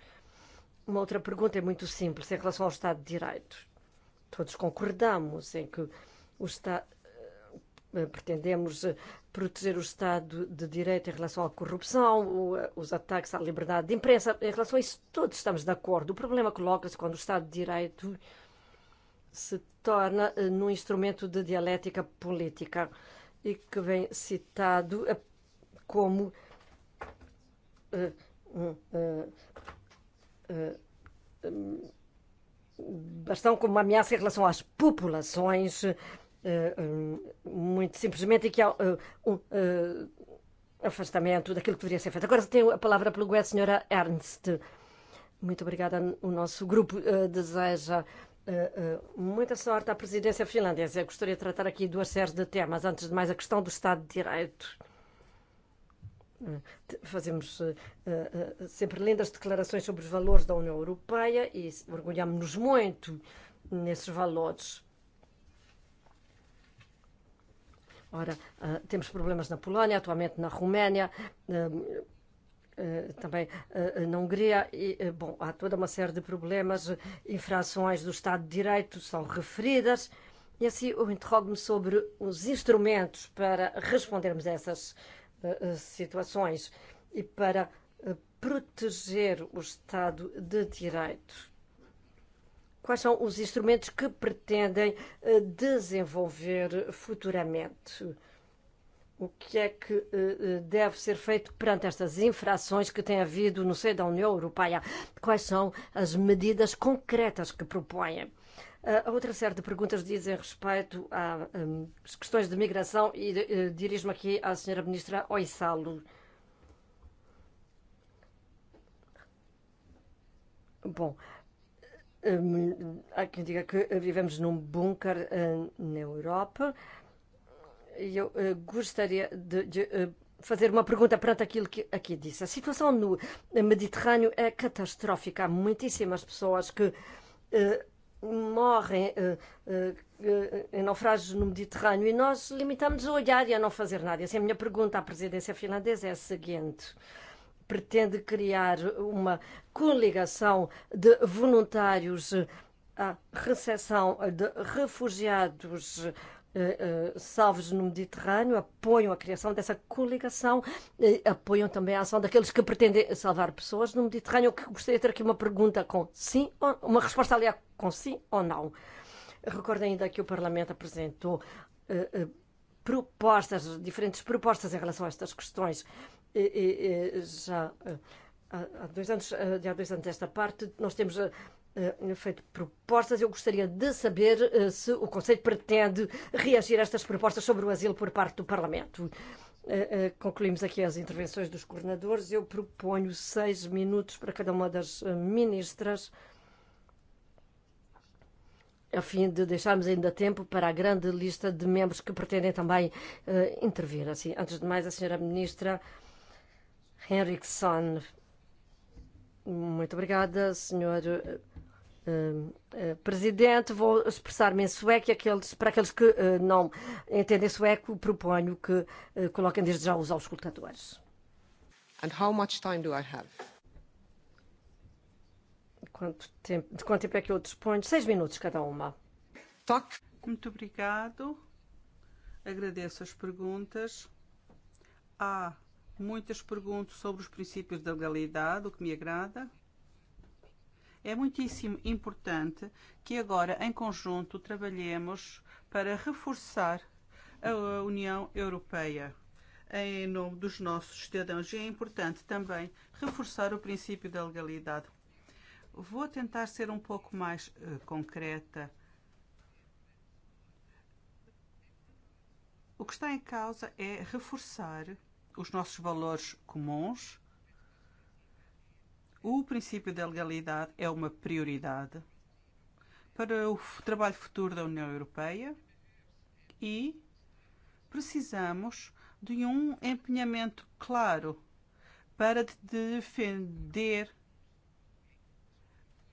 Uma outra pergunta é muito simples, em relação ao Estado de Direito. Todos concordamos em que o Estado eh, pretendemos eh, proteger o Estado de Direito em relação à corrupção, eh, os ataques à liberdade de imprensa, em relação a isso todos estamos de acordo. O problema coloca-se quando o Estado de Direito se torna num instrumento de dialética política e que vem citado como um, Eh, estão como ameaça em relação às populações, eh, eh, muito simplesmente, e que há um afastamento daquilo que deveria ser feito. Agora tenho a palavra pelo a senhora Ernst. Muito obrigada. O nosso grupo deseja muita sorte à presidência finlandesa. Eu gostaria de tratar aqui duas séries de temas. Antes de mais, a questão do Estado de Direito fazemos eh, eh, sempre lindas declarações sobre os valores da União Europeia e orgulhamos-nos muito nesses valores. Ora, eh, temos problemas na Polónia, atualmente na Roménia, também na Hungria. E, bom, há toda uma série de problemas, infrações do Estado de Direito são referidas. E assim eu interrogo-me sobre os instrumentos para respondermos a essas questões Eh, eh, situações e para eh, proteger o Estado de Direito. Quais são os instrumentos que pretendem desenvolver futuramente? O que é que deve ser feito perante estas infrações que tem havido no seio da União Europeia? Quais são as medidas concretas que propõem? A outra série de perguntas dizem respeito a um, questões de migração e uh, dirijo-me aqui à Sra. Ministra Oissalo. Bom, um, há quem diga que vivemos num bunker uh, na Europa. E eu uh, gostaria de, de uh, fazer uma pergunta perante aquilo que aqui disse. A situação no Mediterrâneo é catastrófica. Há muitíssimas pessoas que. Uh, morrem eh, eh, eh, em naufrágios no Mediterrâneo e nós limitamos a olhar e a não fazer nada. Essa é a minha pergunta à presidência finlandesa é a seguinte pretende criar uma coligação de voluntários à recepção de refugiados Eh, eh, salvos no Mediterrâneo, apoiam a criação dessa coligação, eh, apoiam também a ação daqueles que pretendem salvar pessoas no Mediterrâneo. Eu gostaria de ter aqui uma pergunta com sim, ou, uma resposta aliás com sim ou não. Recordo ainda que o Parlamento apresentou propostas, diferentes propostas em relação a estas questões. E, e, e já há dois anos, de há dois anos desta parte, nós temos Eh, feito propostas. Eu gostaria de saber eh, se o Conselho pretende reagir a estas propostas sobre o asilo por parte do Parlamento. Eh, concluímos aqui as intervenções dos coordenadores. Eu proponho seis minutos para cada uma das ministras, a fim de deixarmos ainda tempo para a grande lista de membros que pretendem também uh, intervir. Assim, antes de mais, a senhora ministra Henriksson. Muito obrigada, senhor Eh, presidente, vou expressar-me em sueco e aqueles, para aqueles que uh, não entendem sueco, proponho que uh, coloquem desde já os auscultadores. And how much time do I have? Quanto tempo, de quanto tempo é que eu disponho? Seis minutos cada uma. Toque. Muito obrigado. Agradeço as perguntas. Há muitas perguntas sobre os princípios da legalidade, o que me agrada É muitíssimo importante que agora, em conjunto, trabalhemos para reforçar a União Europeia. Em nome dos nossos cidadãos, e é importante também reforçar o princípio da legalidade. Vou tentar ser um pouco mais uh, concreta. O que está em causa é reforçar os nossos valores comuns O princípio da legalidade é uma prioridade para o trabalho futuro da União Europeia e precisamos de um empenhamento claro para defender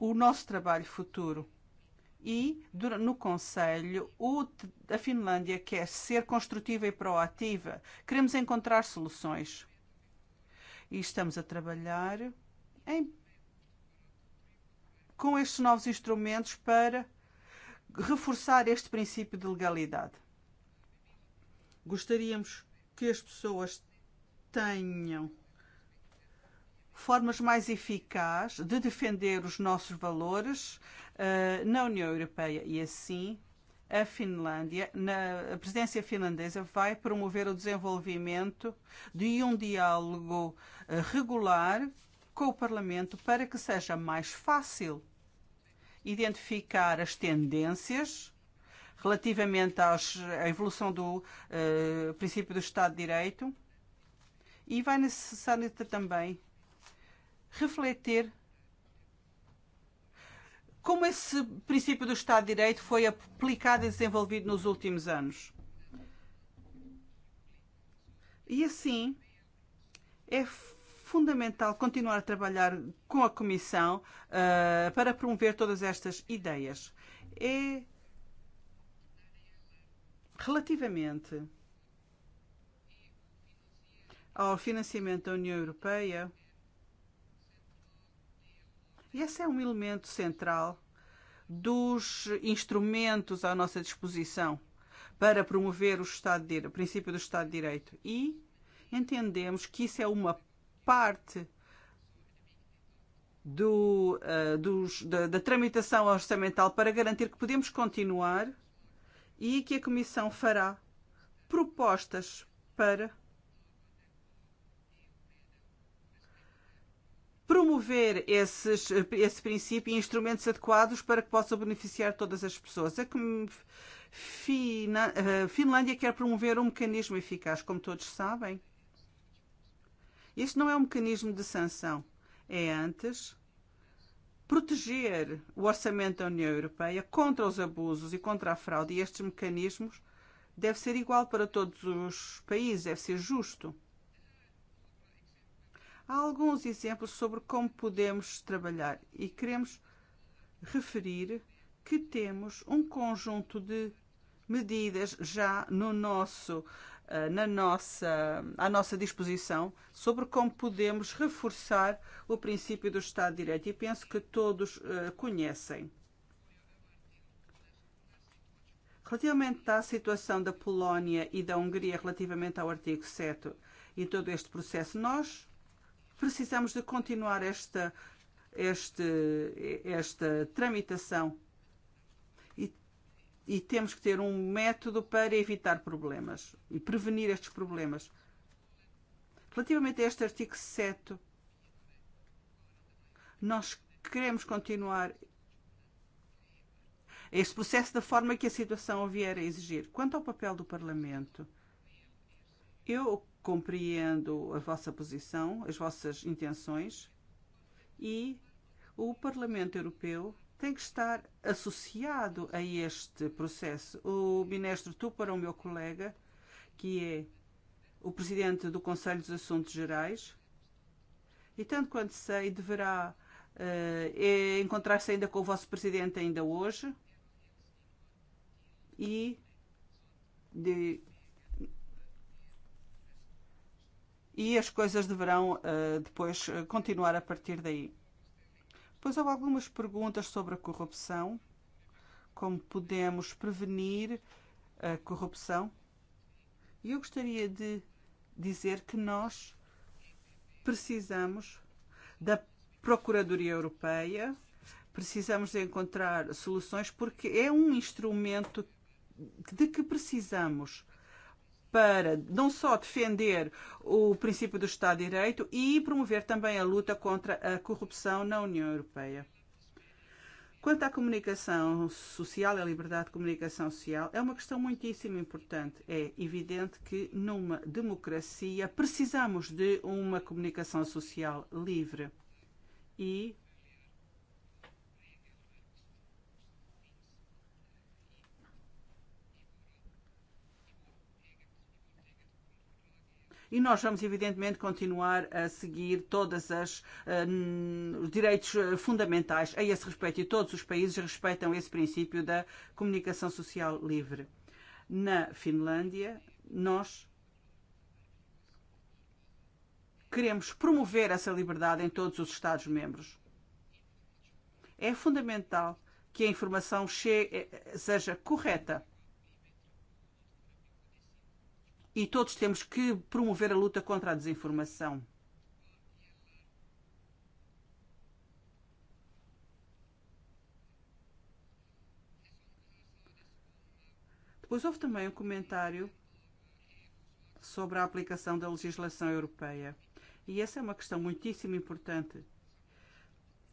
o nosso trabalho futuro. E no Conselho, a Finlândia quer ser construtiva e proativa. Queremos encontrar soluções. E estamos a trabalhar em, com estes novos instrumentos para reforçar este princípio de legalidade. Gostaríamos que as pessoas tenham formas mais eficazes de defender os nossos valores uh, na União Europeia e assim a Finlândia, na, a presidência finlandesa vai promover o desenvolvimento de um diálogo uh, regular com o Parlamento para que seja mais fácil identificar as tendências relativamente aos, à evolução do uh, princípio do Estado de Direito e vai necessário também refletir como esse princípio do Estado de Direito foi aplicado e desenvolvido nos últimos anos. E assim, é fundamental continuar a trabalhar com a Comissão uh, para promover todas estas ideias. É e, relativamente ao financiamento da União Europeia, e esse é um elemento central dos instrumentos à nossa disposição para promover o Estado de, o princípio do Estado de Direito. E entendemos que isso é uma parte do, uh, eh, dos, da, da tramitação orçamental para garantir que podemos continuar e que a Comissão fará propostas para promover esses, esse princípio e instrumentos adequados para que possam beneficiar todas as pessoas. A eh, Finlândia quer promover um mecanismo eficaz, como todos sabem Este não é um mecanismo de sanção. É antes proteger o orçamento da União Europeia contra os abusos e contra a fraude. E estes mecanismos deve ser igual para todos os países, deve ser justo. Há alguns exemplos sobre como podemos trabalhar e queremos referir que temos um conjunto de medidas já no nosso uh, Eh, na nossa, à nossa disposição sobre como podemos reforçar o princípio do Estado de Direito e penso que todos uh, conhecem. Relativamente à situação da Polónia e da Hungria relativamente ao artigo 7 e todo este processo, nós precisamos de continuar esta, este, esta tramitação e temos que ter um método para evitar problemas e prevenir estes problemas. Relativamente a este artigo 7, nós queremos continuar este processo da forma que a situação vier a exigir. Quanto ao papel do Parlamento, eu compreendo a vossa posição, as vossas intenções e o Parlamento Europeu tem que estar associado a este processo. O ministro Tupar, o meu colega, que é o presidente do Conselho dos Assuntos Gerais, e tanto quanto sei, deverá uh, encontrar-se ainda com o vosso presidente ainda hoje e de e as coisas deverão uh, depois uh, continuar a partir daí. Depois houve algumas perguntas sobre a corrupção, como podemos prevenir a corrupção. E eu gostaria de dizer que nós precisamos da Procuradoria Europeia, precisamos de encontrar soluções porque é um instrumento de que precisamos para não só defender o princípio do Estado de Direito e promover também a luta contra a corrupção na União Europeia. Quanto à comunicação social, a liberdade de comunicação social, é uma questão muitíssimo importante. É evidente que numa democracia precisamos de uma comunicação social livre. E E nós vamos, evidentemente, continuar a seguir todos eh, os direitos eh, fundamentais a esse respeito. E todos os países respeitam esse princípio da comunicação social livre. Na Finlândia, nós queremos promover essa liberdade em todos os Estados-membros. É fundamental que a informação chegue, eh, seja correta e todos temos que promover a luta contra a desinformação. Depois houve também um comentário sobre a aplicação da legislação europeia. E essa é uma questão muitíssimo importante.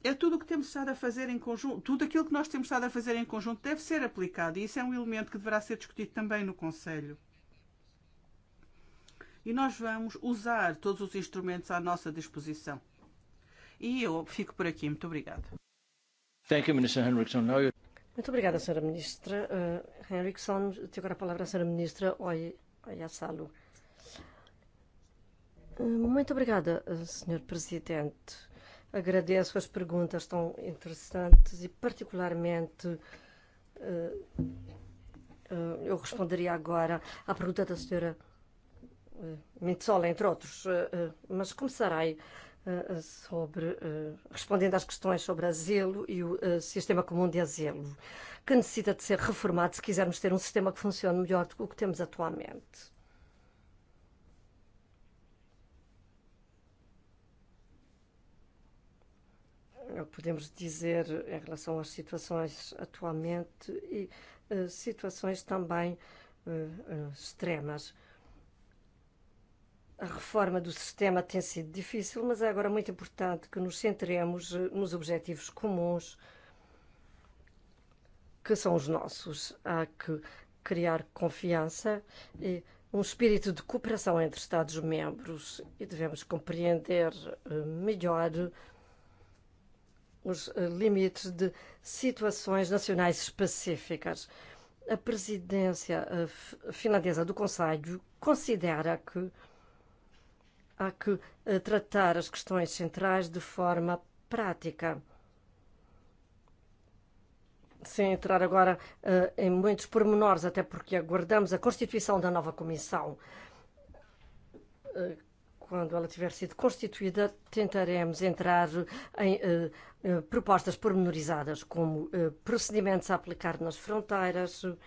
É tudo o que temos estado a fazer em conjunto, tudo aquilo que nós temos estado a fazer em conjunto deve ser aplicado e isso é um elemento que deverá ser discutido também no Conselho e nós vamos usar todos os instrumentos à nossa disposição. E eu fico por aqui. Muito obrigado. Thank you, Minister Henriksson. Now you... Muito obrigada, Sra. Ministra. Uh, Henriksson, tenho agora a palavra à Sra. Ministra Oyasalo. Uh, muito obrigada, uh, Sr. Presidente. Agradeço as perguntas tão interessantes e, particularmente, uh, uh, eu responderia agora à pergunta da Sra. Senhora Mitzola, entre outros, eh, eh, mas começarei eh, sobre, respondendo às questões sobre asilo e o sistema comum de asilo, que necessita de ser reformado se quisermos ter um sistema que funcione melhor do que o que temos atualmente. Podemos dizer em relação às situações atualmente e uh, situações também uh, extremas. Uh, A reforma do sistema tem sido difícil, mas é agora muito importante que nos centremos eh, nos objetivos comuns que são os nossos. Há que criar confiança e um espírito de cooperação entre Estados-membros e devemos compreender eh, melhor os eh, limites de situações nacionais específicas. A presidência finlandesa do Conselho considera que há que eh, tratar as questões centrais de forma prática. Sem entrar agora uh, em muitos pormenores, até porque aguardamos a constituição da nova comissão. Uh, quando ela tiver sido constituída, tentaremos entrar em uh, uh, propostas pormenorizadas, como uh, procedimentos a aplicar nas fronteiras uh,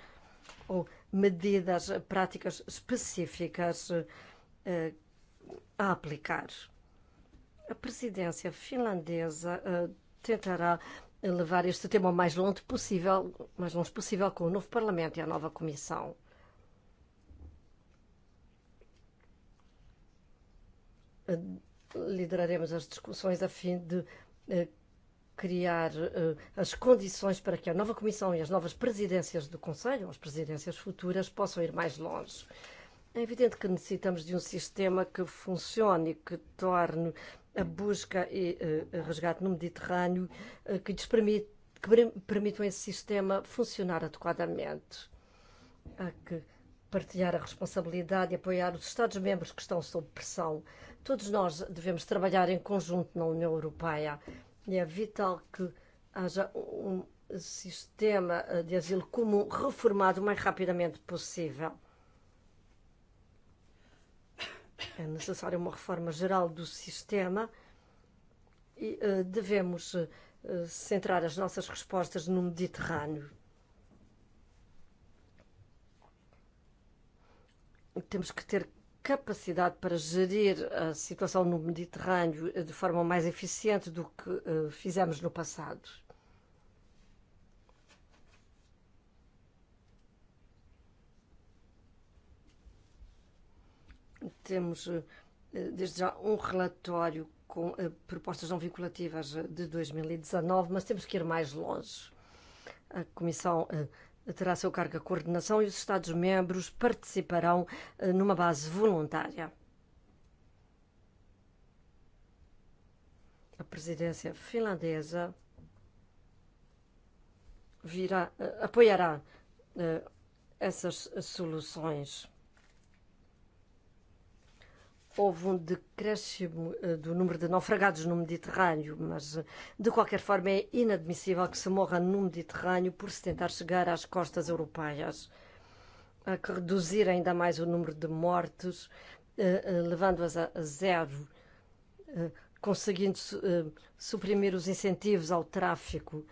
ou medidas práticas específicas uh, a aplicar. A presidência finlandesa uh, tentará levar este tema o mais longe possível, mais longe possível com o novo Parlamento e a nova Comissão. Uh, lideraremos as discussões a fim de uh, criar uh, as condições para que a nova Comissão e as novas presidências do Conselho, as presidências futuras, possam ir mais longe. Uh, É evidente que necessitamos de um sistema que funcione e que torne a busca e uh, resgate no Mediterrâneo uh, que, lhes permite, que permitam esse sistema funcionar adequadamente. Há que partilhar a responsabilidade e apoiar os Estados-membros que estão sob pressão. Todos nós devemos trabalhar em conjunto na União Europeia e é vital que haja um, um sistema eh, de asilo comum reformado o mais rapidamente possível é necessária uma reforma geral do sistema e eh, devemos eh, centrar as nossas respostas no Mediterrâneo. Temos que ter capacidade para gerir a situação no Mediterrâneo eh, de forma mais eficiente do que fizemos no passado. Temos eh, desde já um relatório com eh, propostas não vinculativas eh, de 2019, e mas temos que ir mais longe. A Comissão terá a seu cargo a coordenação e os Estados-membros participarão numa base voluntária. A presidência finlandesa virá, apoiará essas soluções houve um decréscimo eh, do número de naufragados no Mediterrâneo, mas eh, de qualquer forma é inadmissível que se morra no Mediterrâneo por se tentar chegar às costas europeias. Há que reduzir ainda mais o número de mortes, eh, levando-as a zero, conseguindo suprimir os incentivos ao tráfico.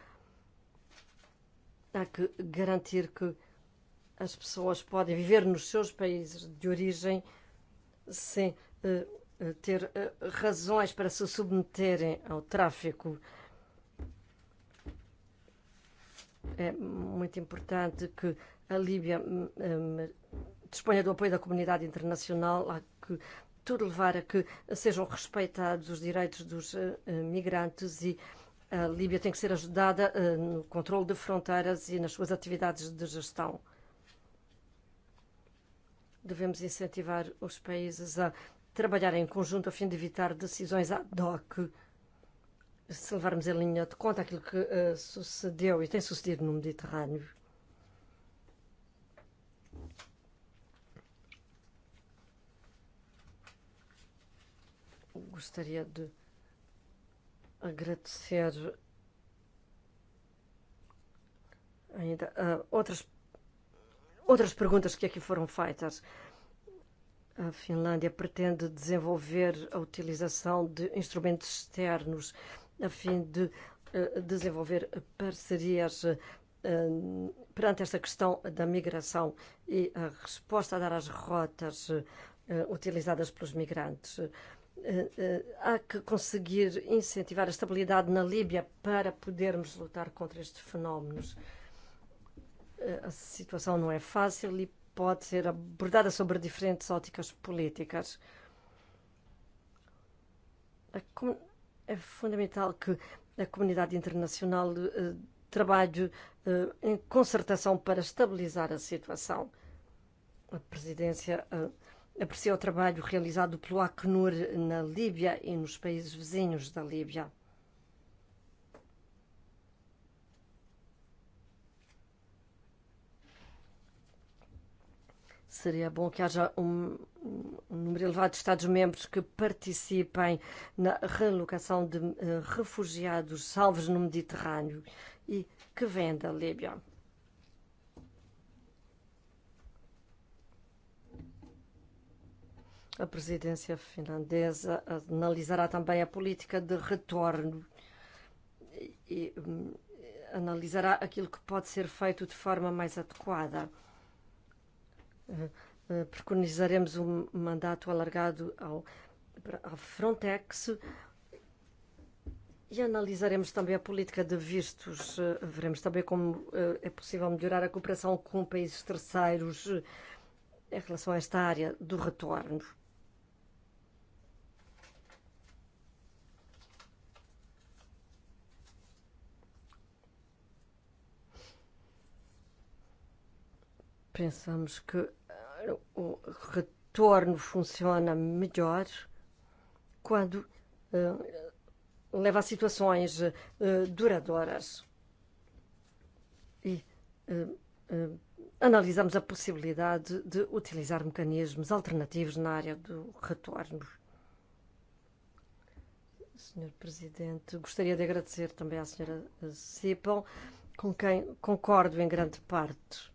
Há que garantir que as pessoas podem viver nos seus países de origem sem ter razões para se submeterem ao tráfico. É muito importante que a Líbia disponha do apoio da comunidade internacional a que tudo levar a que sejam respeitados os direitos dos eh, eh, migrantes e a Líbia tem que ser ajudada eh, no controle de fronteiras e nas suas atividades de gestão. Devemos incentivar os países a trabalhar em conjunto a fim de evitar decisões ad hoc, se levarmos em linha de conta aquilo que uh, sucedeu e tem sucedido no Mediterrâneo. Gostaria de agradecer ainda uh, outras outras perguntas que aqui foram feitas. Uh, A Finlândia pretende desenvolver a utilização de instrumentos externos a fim de eh, desenvolver parcerias eh, perante esta questão da migração e a resposta a dar às rotas eh, utilizadas pelos migrantes. Há que conseguir incentivar a estabilidade na Líbia para podermos lutar contra estes fenómenos. A situação não é fácil e pode ser abordada sobre diferentes óticas políticas. É fundamental que a comunidade internacional eh, trabalhe eh, em concertação para estabilizar a situação. A presidência eh, aprecia o trabalho realizado pelo Acnur na Líbia e nos países vizinhos da Líbia. Seria bom que haja um, um número elevado de Estados-membros que participem na relocação de uh, refugiados salvos no Mediterrâneo e que vêm da Líbia. A presidência finlandesa analisará também a política de retorno e, e um, analisará aquilo que pode ser feito de forma mais adequada. Eh, eh, preconizaremos um mandato alargado ao, à Frontex e analisaremos também a política de vistos. Eh, veremos também como é possível melhorar a cooperação com países terceiros em relação a esta área do retorno. Pensamos que eh, o retorno funciona melhor quando eh, leva a situações eh, duradouras. E eh, eh, analisamos a possibilidade de utilizar mecanismos alternativos na área do retorno. Senhor Presidente, gostaria de agradecer também à senhora Sipon, com quem concordo em grande parte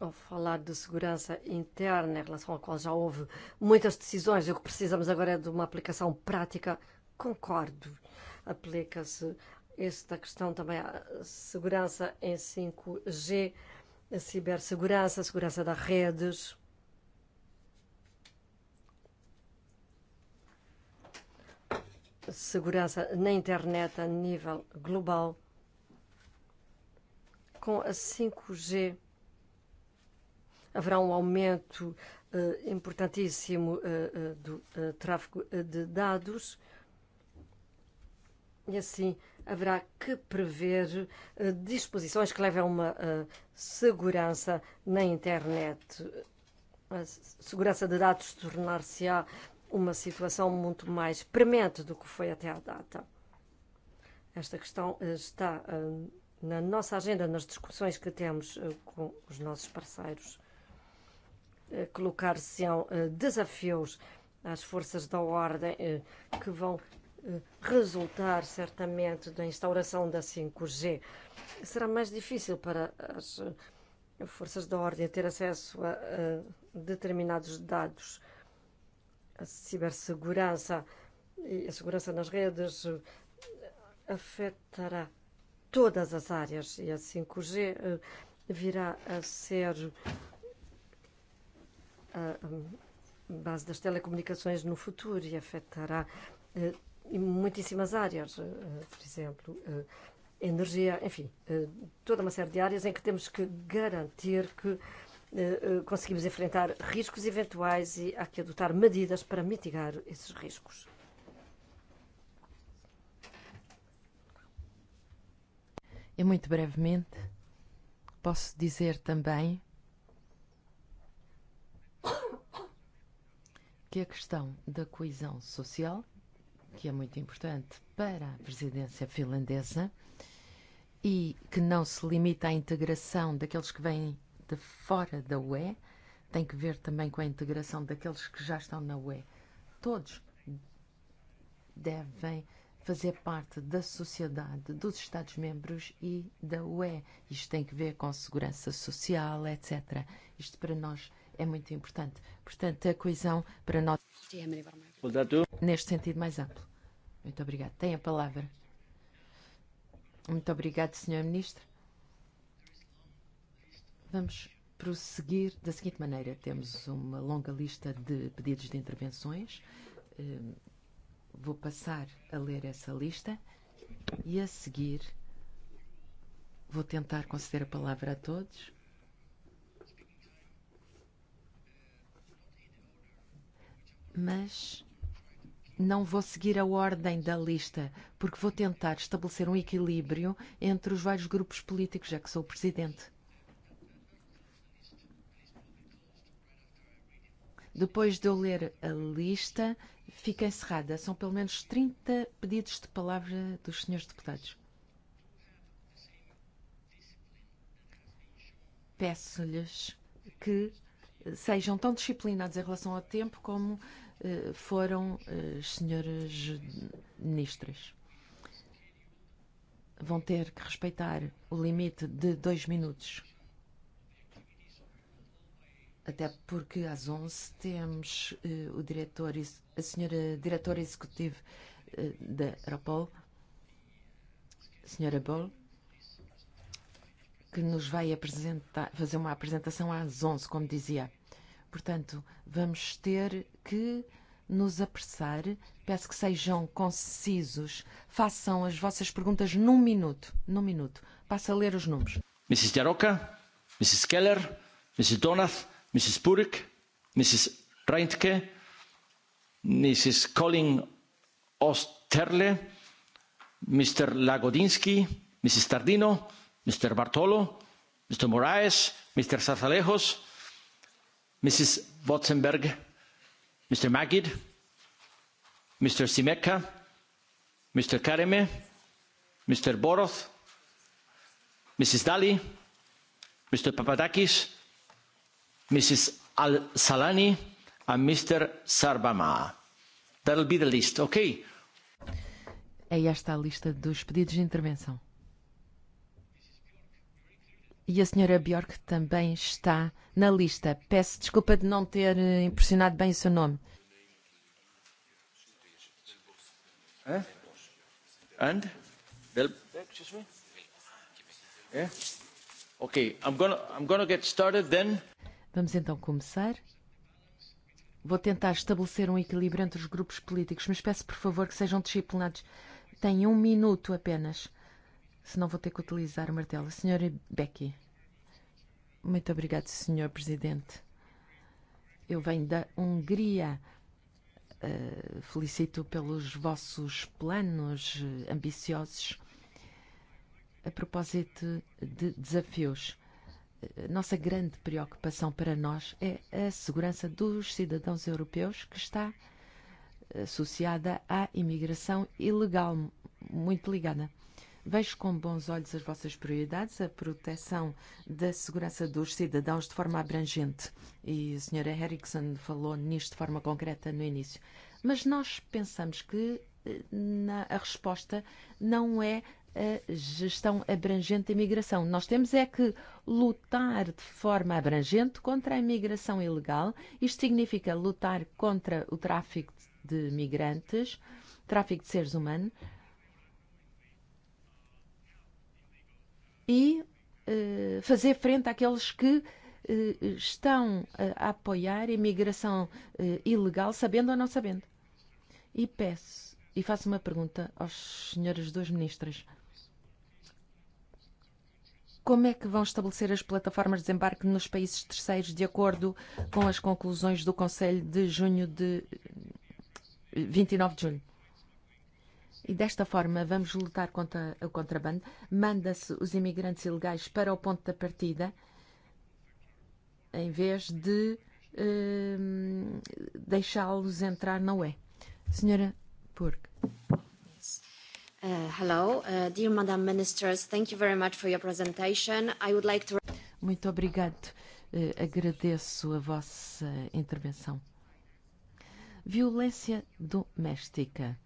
Ao falar de segurança interna, em relação à qual já houve muitas decisões e o que precisamos agora é de uma aplicação prática, concordo. Aplica-se esta questão também à segurança em 5G, a cibersegurança, a segurança das redes. Segurança na internet a nível global. Com a 5G, haverá um aumento uh, importantíssimo uh, uh, do uh, tráfego de dados e assim haverá que prever uh, disposições que levem a uma uh, segurança na internet. A segurança de dados tornar-se-á uma situação muito mais premente do que foi até à data. Esta questão está na nossa agenda, nas discussões que temos com os nossos parceiros. Eh, colocar-se-ão eh, desafios às forças da ordem eh, que vão resultar certamente da instauração da 5G. Será mais difícil para as forças da ordem ter acesso a, determinados dados. A cibersegurança e a segurança nas redes afetará todas as áreas e a 5G virá a ser base das telecomunicações no futuro e afetará eh, em muitíssimas áreas, eh, por exemplo, eh, energia, enfim, toda uma série de áreas em que temos que garantir que conseguimos enfrentar riscos eventuais e há que adotar medidas para mitigar esses riscos. E muito brevemente, posso dizer também que a questão da coesão social, que é muito importante para a presidência finlandesa e que não se limita à integração daqueles que vêm de fora da UE, tem que ver também com a integração daqueles que já estão na UE. Todos devem fazer parte da sociedade, dos Estados-membros e da UE. Isto tem que ver com segurança social, etc. Isto para nós é muito importante. Portanto, a coesão para nós neste sentido mais amplo. Muito obrigado. Tem a palavra. Muito obrigado, Sr. Ministro. Vamos prosseguir da seguinte maneira. Temos uma longa lista de pedidos de intervenções. Vou passar a ler essa lista e a seguir vou tentar conceder a palavra a todos mas não vou seguir a ordem da lista, porque vou tentar estabelecer um equilíbrio entre os vários grupos políticos, já que sou o presidente. Depois de eu ler a lista, fica encerrada. São pelo menos 30 pedidos de palavra dos senhores deputados. Peço-lhes que sejam tão disciplinados em relação ao tempo como uh, Eh, foram as eh, senhoras ministras. Vão ter que respeitar o limite de dois minutos. Até porque às 11 temos eh, o diretor, a senhora diretora executiva da Europol, a senhora Boll, que nos vai apresentar, fazer uma apresentação às 11, como dizia. Portanto, vamos ter que nos apressar. Peço que sejam concisos. Façam as vossas perguntas num minuto. Num minuto. Passa a ler os números. Mrs. Jaroka, Mrs. Keller, Mrs. Donath, Mrs. Purik, Mrs. Reintke, Mrs. Colin Osterle, Mr. Lagodinsky, Mrs. Tardino, Mr. Bartolo, Mr. Moraes, Mr. Zarzalejos, Mrs. Votzenberg, Mr. Magid, Mr. Simeka, Mr. Kareme, Mr. Borov, Mrs. Dali, Mr. Papadakis, Mrs. Al Salani, and Mr. Sarbama. That'll be the list, okay? É esta a lista dos pedidos de intervenção. E a senhora Bjork também está na lista. Peço desculpa de não ter eh, impressionado bem o seu nome. Eh? And? Del... Excuse me? Yeah? Okay, I'm gonna, I'm gonna get started then. Vamos então começar. Vou tentar estabelecer um equilíbrio entre os grupos políticos, mas peço por favor que sejam disciplinados. Tem um minuto apenas. Se não, vou ter que utilizar o martelo. Senhora Becky. Muito obrigado, Senhor Presidente. Eu venho da Hungria. Uh, felicito pelos vossos planos ambiciosos a propósito de desafios. Eh, nossa grande preocupação para nós é a segurança dos cidadãos europeus que está eh, associada à imigração ilegal, muito ligada. Vejo com bons olhos as vossas prioridades, a proteção da segurança dos cidadãos de forma abrangente. E a senhora Erickson falou nisto de forma concreta no início. Mas nós pensamos que eh, na, a resposta não é a gestão abrangente da imigração. Nós temos é que lutar de forma abrangente contra a imigração ilegal. Isto significa lutar contra o tráfico de migrantes, tráfico de seres humanos, e uh, fazer frente àqueles que uh, estão a apoiar a imigração uh, ilegal, sabendo ou não sabendo. E peço, e faço uma pergunta aos senhores dois ministros. Como é que vão estabelecer as plataformas de desembarque nos países terceiros de acordo com as conclusões do Conselho de junho de 29 e de julho? E desta forma vamos lutar contra o contrabando. Manda-se os imigrantes ilegais para o ponto da partida, em vez de um, deixá-los entrar na UE. Senhora Burke. Uh, hello, uh, dear Madam Ministers, thank you very much for your presentation. I would like to... Muito obrigado. Uh, agradeço a vossa intervenção. Violência doméstica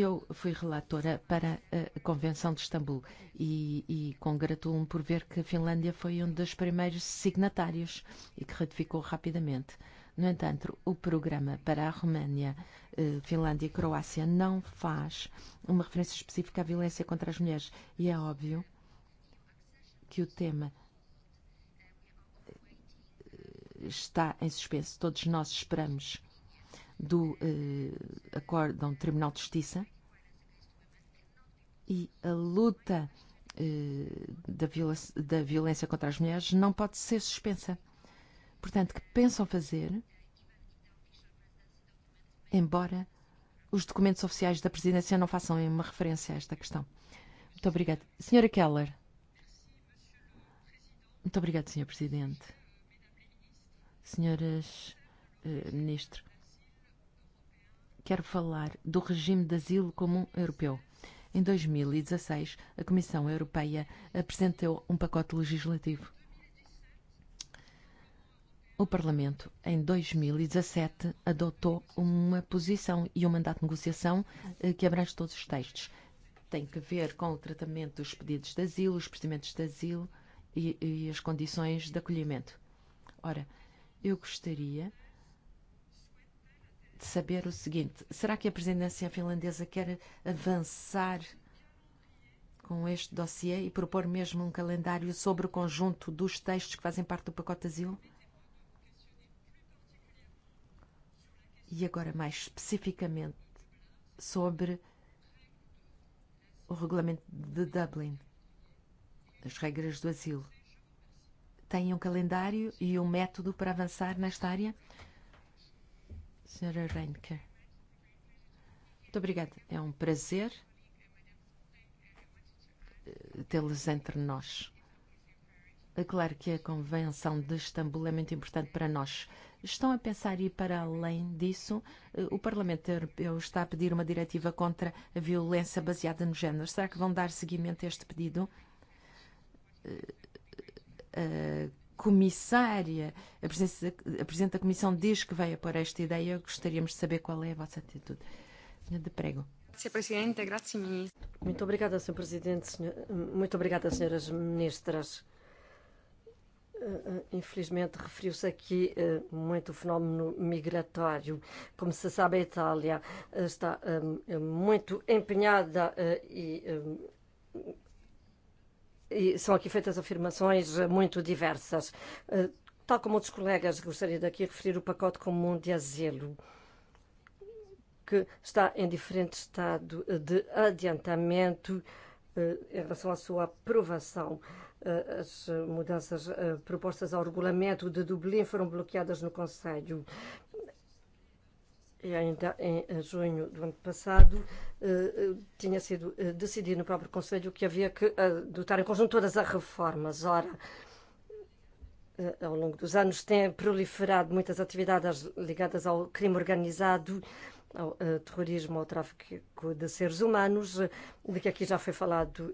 Eu fui relatora para a Convenção de Istambul e, e congratulo-me por ver que a Finlândia foi um dos primeiros signatários e que ratificou rapidamente. No entanto, o programa para a Roménia, eh, Finlândia e Croácia não faz uma referência específica à violência contra as mulheres e é óbvio que o tema eh, está em suspenso. Todos nós esperamos do uh, acórdão Tribunal de Justiça e a luta uh, da, viola da violência contra as mulheres não pode ser suspensa. Portanto, que pensam fazer, embora os documentos oficiais da presidência não façam uma referência a esta questão. Muito obrigada. Senhora Keller. Muito obrigada, Senhor Presidente. Senhoras uh, Ministro, quero falar do regime de asilo comum europeu. Em 2016, e a Comissão Europeia apresentou um pacote legislativo. O Parlamento, em 2017, e adotou uma posição e um mandato de negociação eh, que abrange todos os textos. Tem que ver com o tratamento dos pedidos de asilo, os procedimentos de asilo e, e as condições de acolhimento. Ora, eu gostaria saber o seguinte: será que a presidência finlandesa quer avançar com este dossiê e propor mesmo um calendário sobre o conjunto dos textos que fazem parte do pacote asilo? E agora, mais especificamente, sobre o regulamento de Dublin, as regras do asilo. Tem um calendário e um método para avançar nesta área? Senhora Reinker. Muito obrigada. É um prazer eh, tê-los entre nós. É claro que a Convenção de Istambul é muito importante para nós. Estão a pensar ir para além disso? Eh, o Parlamento Europeu está a pedir uma diretiva contra a violência baseada no género. Será que vão dar seguimento a este pedido? Eh, a comissária, a, presença, a Presidente da Comissão diz que veio pôr esta ideia, gostaríamos de saber qual é a vossa atitude. Senhora de Prego. Sr. Presidente, grazie, Ministro. Muito obrigada, Sr. Presidente. Senhor... Muito obrigada, Sras. Ministras. Eh, eh, infelizmente, referiu-se aqui eh, muito o fenómeno migratório. Como se sabe, a Itália está muito empenhada e e são aqui feitas afirmações eh, muito diversas. Eh, tal como outros colegas, gostaria daqui de referir o pacote comum de asilo, que está em diferente estado de adiantamento eh, em relação à sua aprovação. As mudanças propostas ao regulamento de Dublin foram bloqueadas no Conselho e ainda em eh, junho do ano passado, eh, eh, tinha sido decidido no próprio Conselho que havia que adotar em conjunto todas as reformas. Ora, ao longo dos anos têm proliferado muitas atividades ligadas ao crime organizado, ao terrorismo, ao tráfico de seres humanos, de que aqui já foi falado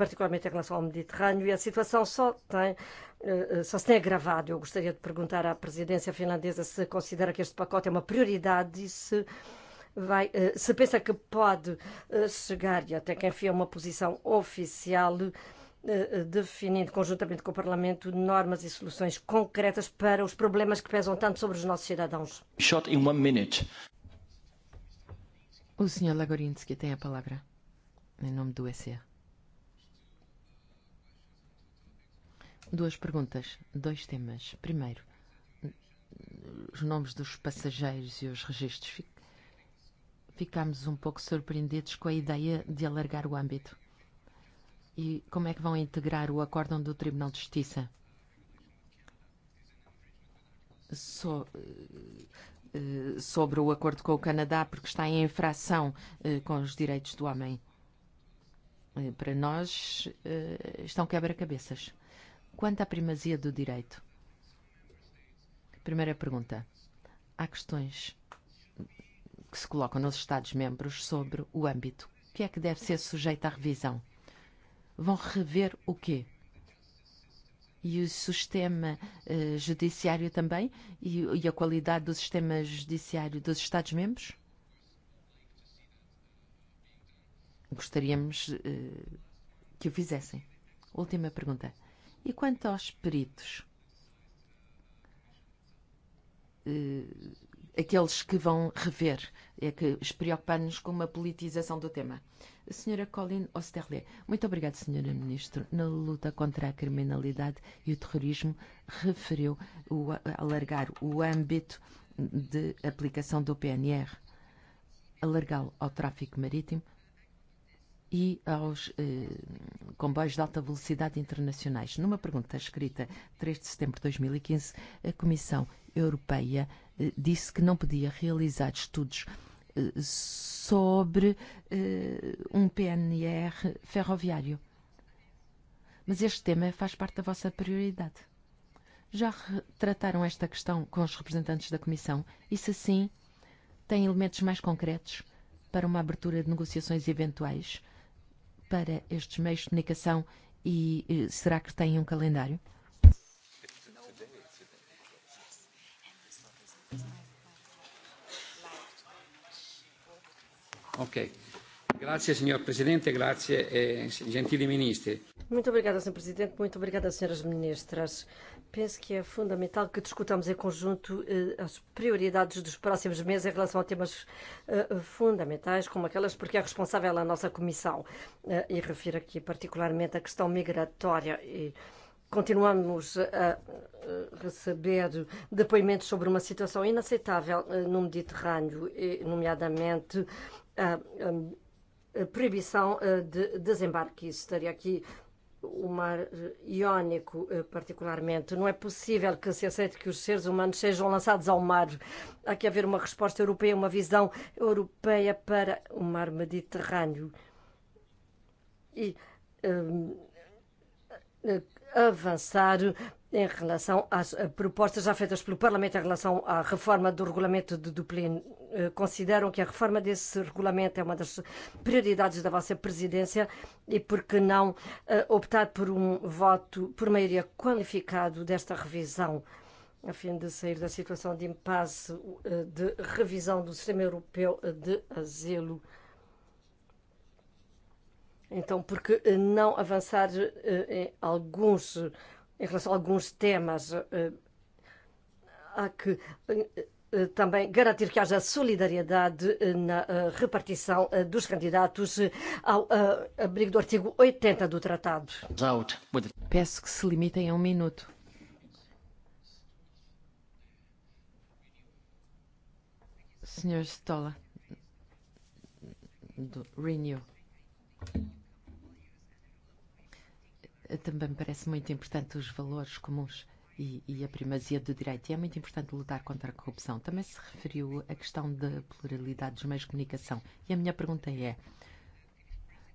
particularmente em relação ao Mediterrâneo, e a situação só tem só se tem agravado. Eu gostaria de perguntar euh, à presidência finlandesa se considera que este pacote é uma prioridade e se vai, se pensa que pode chegar e até que enfim uma posição oficial euh, euh, definindo conjuntamente com o Parlamento normas e soluções concretas para os problemas que pesam tanto sobre os nossos cidadãos. Shot in one minute. O Sr. Lagorinsky tem a palavra. Em nome do ECA. Duas perguntas, dois temas. Primeiro, os nomes dos passageiros e os registros. Ficámos um pouco surpreendidos com a ideia de alargar o âmbito. E como é que vão integrar o acórdão do Tribunal de Justiça? Só so, eh, sobre o acordo com o Canadá, porque está em infração eh, com os direitos do homem. Eh, para nós, estão quebra-cabeças. Quanto à primazia do direito? Primeira pergunta. Há questões que se colocam nos Estados-membros sobre o âmbito. O que é que deve ser sujeito à revisão? Vão rever o quê? E o sistema uh, judiciário também? E, e a qualidade do sistema judiciário dos Estados-membros? Gostaríamos uh, que o fizessem. Última pergunta. Uh, E quanto aos peritos? Eh, aqueles que vão rever, é que preocupar-nos com uma politização do tema. Senhora Colin Osterle, muito obrigada, Senhora Ministro. Na luta contra a criminalidade e o terrorismo, referiu o, alargar o âmbito de aplicação do PNR, alargá-lo ao tráfico marítimo, e aos eh, comboios de alta velocidade internacionais. Numa pergunta escrita 3 de setembro de 2015, e a Comissão Europeia eh, disse que não podia realizar estudos eh, sobre eh, um PNR ferroviário. Mas este tema faz parte da vossa prioridade. Já trataram esta questão com os representantes da Comissão? E se sim, têm elementos mais concretos para uma abertura de negociações eventuais? para estes meios de comunicação e, e será que têm um calendário? Okay. Grazie, senhor presidente, grazie, eh, gentili ministri. Muito obrigada, senhor presidente, muito obrigada, senhoras ministras. Penso que é fundamental que discutamos em conjunto eh, as prioridades dos próximos meses em relação a temas eh, fundamentais, como aquelas porque é responsável a nossa comissão. Eh, e refiro aqui particularmente a questão migratória e continuamos a receber depoimentos sobre uma situação inaceitável eh, no Mediterrâneo, e, nomeadamente a, a Eh, proibição eh, de desembarque. Isso estaria aqui o mar iónico, eh, particularmente. Não é possível que se aceite que os seres humanos sejam lançados ao mar. Há que haver uma resposta europeia, uma visão europeia para o mar Mediterrâneo. E um, avançar em relação às propostas já feitas pelo Parlamento em relação à reforma do regulamento de Dublin Eh, consideram que a reforma desse regulamento é uma das prioridades da vossa presidência e por que não eh, optar por um voto por maioria qualificado desta revisão? a fim de sair da situação de impasse eh, de revisão do sistema europeu de asilo. Então, por que não avançar em alguns, em relação a alguns temas? Há que Eh, também garantir que haja solidariedade eh, na eh, repartição dos candidatos ao abrigo do artigo 80 do tratado. Peço que se limitem a um minuto. Senhor Stola, do Renew. Também parece muito importante os valores comuns e, e a primazia do direito. E é muito importante lutar contra a corrupção. Também se referiu à questão da pluralidade dos meios de comunicação. E a minha pergunta é: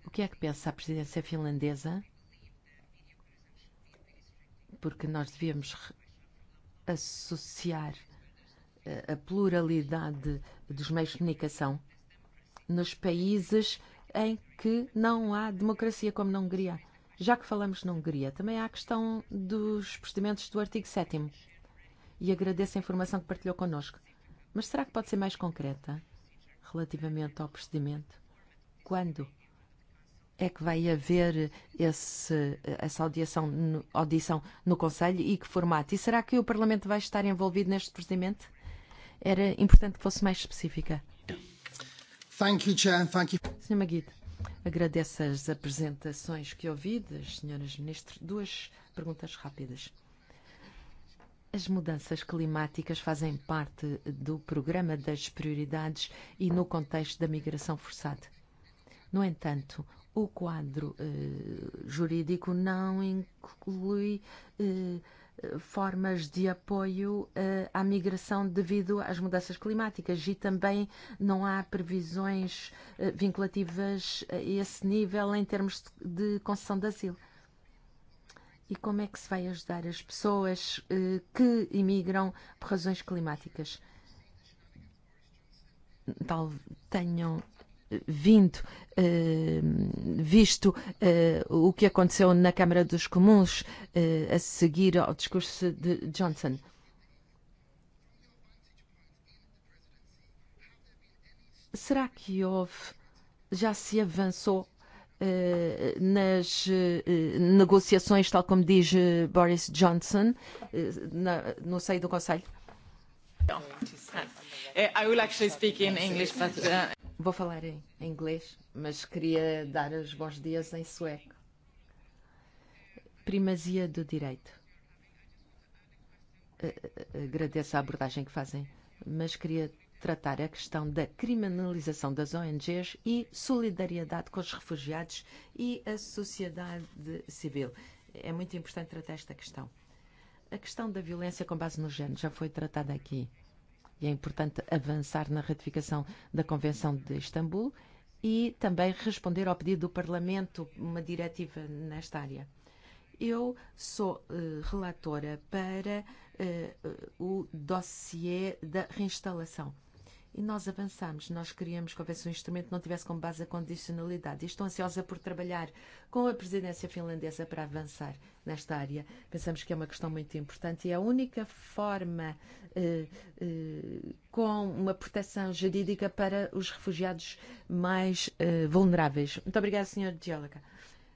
o que é que pensa a presidência finlandesa? Porque nós devíamos associar eh, a pluralidade dos meios de comunicação nos países em que não há democracia, como na Hungria. Já que falamos na Hungria, também há a questão dos procedimentos do artigo 7 e agradeço a informação que partilhou connosco. Mas será que pode ser mais concreta relativamente ao procedimento? Quando é que vai haver esse, essa audição no, audição no Conselho e que formato? E será que o Parlamento vai estar envolvido neste procedimento? Era importante que fosse mais específica. Thank you, Chair. Thank you. Sr. Maguide. Agradeço as apresentações que ouvi das senhoras ministras. Duas perguntas rápidas. As mudanças climáticas fazem parte do programa das prioridades e no contexto da migração forçada. No entanto, o quadro eh, jurídico não inclui eh, formas de apoio eh, à migração devido às mudanças climáticas e também não há previsões eh, vinculativas a esse nível em termos de concessão de asilo. E como é que se vai ajudar as pessoas eh, que imigram por razões climáticas? Tal, tenham vindo, eh, visto eh, o que aconteceu na Câmara dos Comuns eh, a seguir ao discurso de Johnson. Será que houve, já se avançou nas negociações, tal como diz Boris Johnson, no seio do Conselho? I will actually speak in English, but uh, Vou falar em inglês, mas queria dar os bons dias em sueco. Primazia do direito. Agradeço a abordagem que fazem, mas queria tratar a questão da criminalização das ONGs e solidariedade com os refugiados e a sociedade civil. É muito importante tratar esta questão. A questão da violência com base no género já foi tratada aqui e é importante avançar na ratificação da Convenção de Istambul e também responder ao pedido do Parlamento uma diretiva nesta área. Eu sou uh, relatora para uh, uh, o dossiê da reinstalação E nós avançamos, nós queríamos que houvesse um instrumento que não tivesse como base a condicionalidade. E estou ansiosa por trabalhar com a presidência finlandesa para avançar nesta área. Pensamos que é uma questão muito importante e a única forma eh, eh, com uma proteção jurídica para os refugiados mais eh, vulneráveis. Muito obrigada, Sr. Dióloga.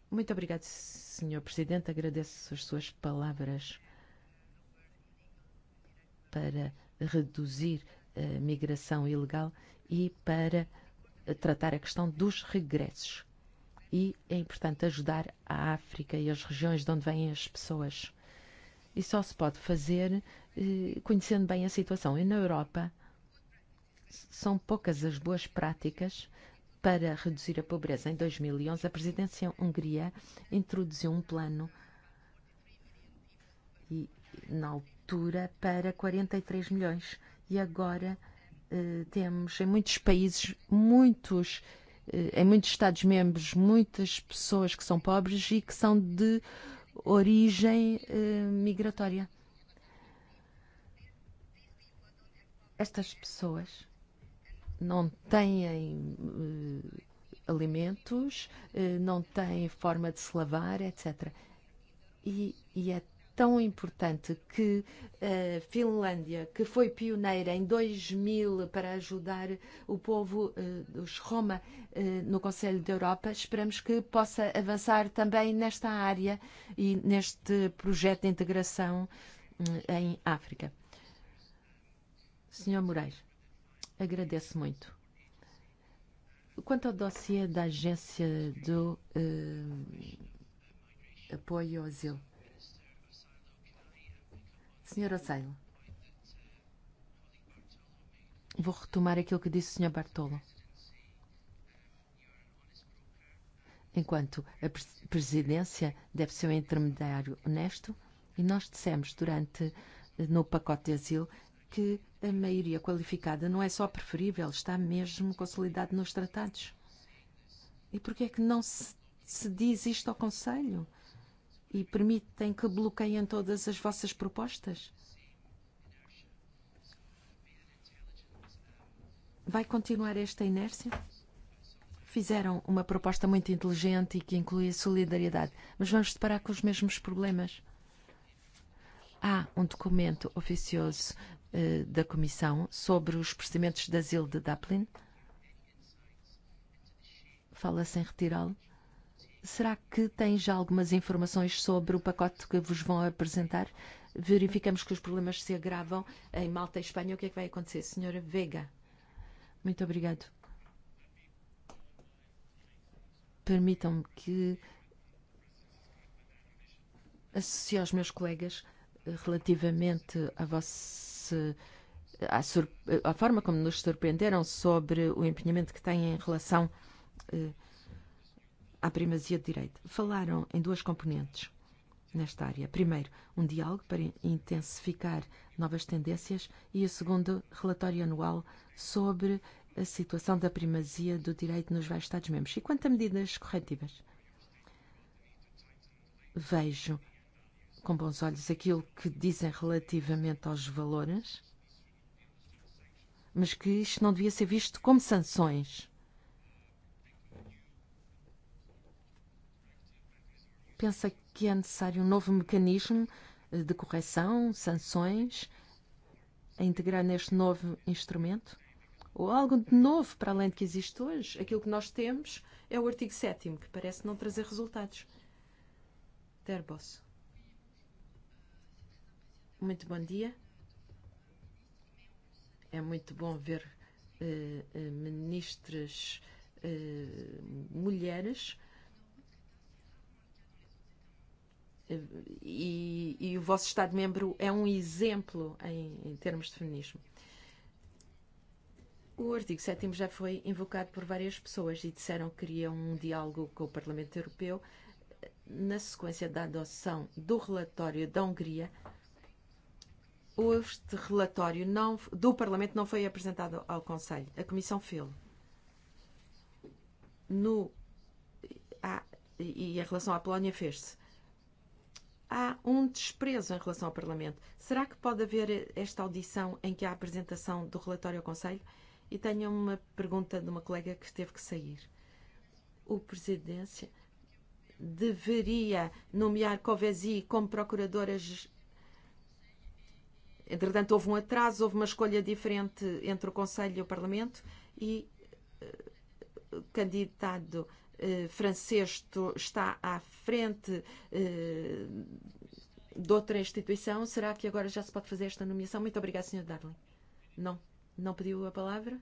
Muito obrigada, Sr. Presidente. Agradeço as suas palavras para reduzir uh, Eh, migração ilegal e para eh, tratar a questão dos regressos. E é importante ajudar a África e as regiões de onde vêm as pessoas. E só se pode fazer eh, conhecendo bem a situação. E na Europa são poucas as boas práticas para reduzir a pobreza. Em 2011, e a presidência hungria introduziu um plano e, na altura para 43 e milhões E agora eh, temos em muitos países, muitos, eh, em muitos Estados-membros, muitas pessoas que são pobres e que são de origem eh, migratória. Estas pessoas não têm eh, alimentos, eh, não têm forma de se lavar, etc. E, e é tão importante que a eh, Finlândia, que foi pioneira em 2000 para ajudar o povo eh, dos Roma eh, no Conselho da Europa, esperamos que possa avançar também nesta área e neste projeto de integração em África. Senhor Moraes, agradeço muito. Quanto ao dossiê da agência do uh, apoio ao asilo, Senhora Assaio. Vou retomar aquilo que disse o Sr. Bartolo. Enquanto a presidência deve ser um intermediário honesto, e nós dissemos durante no pacote de asilo que a maioria qualificada não é só preferível, está mesmo consolidado nos tratados. E por que é que não se, se diz isto ao Conselho? e permitem que bloqueiem todas as vossas propostas? Vai continuar esta inércia? Fizeram uma proposta muito inteligente e que inclui a solidariedade, mas vamos deparar com os mesmos problemas. Há um documento oficioso eh, da Comissão sobre os procedimentos de asilo de Dublin. Fala sem retirá-lo. Será que tem já algumas informações sobre o pacote que vos vão apresentar? Verificamos que os problemas se agravam em Malta e Espanha. O que é que vai acontecer? Senhora Vega. Muito obrigado. Permitam-me que associe aos meus colegas eh, relativamente a vossa à, sur, eh, à forma como nos surpreenderam sobre o empenhamento que têm em relação uh, à primazia de direito. Falaram em duas componentes nesta área. Primeiro, um diálogo para intensificar novas tendências e o segundo, relatório anual sobre a situação da primazia do direito nos vários Estados-membros. E quanto a medidas corretivas? Vejo com bons olhos aquilo que dizem relativamente aos valores, mas que isto não devia ser visto como sanções. pensa que é necessário um novo mecanismo eh, de correção, sanções, a integrar neste novo instrumento? Ou algo de novo para além do que existe hoje? Aquilo que nós temos é o artigo 7 que parece não trazer resultados. Terbos. Muito bom dia. É muito bom ver uh, uh, ministras uh, mulheres E, e o vosso Estado-membro é um exemplo em, em termos de feminismo. O artigo 7 já foi invocado por várias pessoas e disseram que queriam um diálogo com o Parlamento Europeu na sequência da adoção do relatório da Hungria. Este relatório não, do Parlamento não foi apresentado ao Conselho. A Comissão fez. No, ah, e em relação à Polónia fez-se há um desprezo em relação ao Parlamento. Será que pode haver esta audição em que há a apresentação do relatório ao Conselho? E tenho uma pergunta de uma colega que teve que sair. O Presidência deveria nomear Covesi como procuradora Entretanto, houve um atraso, houve uma escolha diferente entre o Conselho e o Parlamento e eh, candidato Eh, Francesto está à frente eh, de outra instituição. Será que agora já se pode fazer esta nomeação? Muito obrigada, Sr. Darling. Não, não pediu a palavra?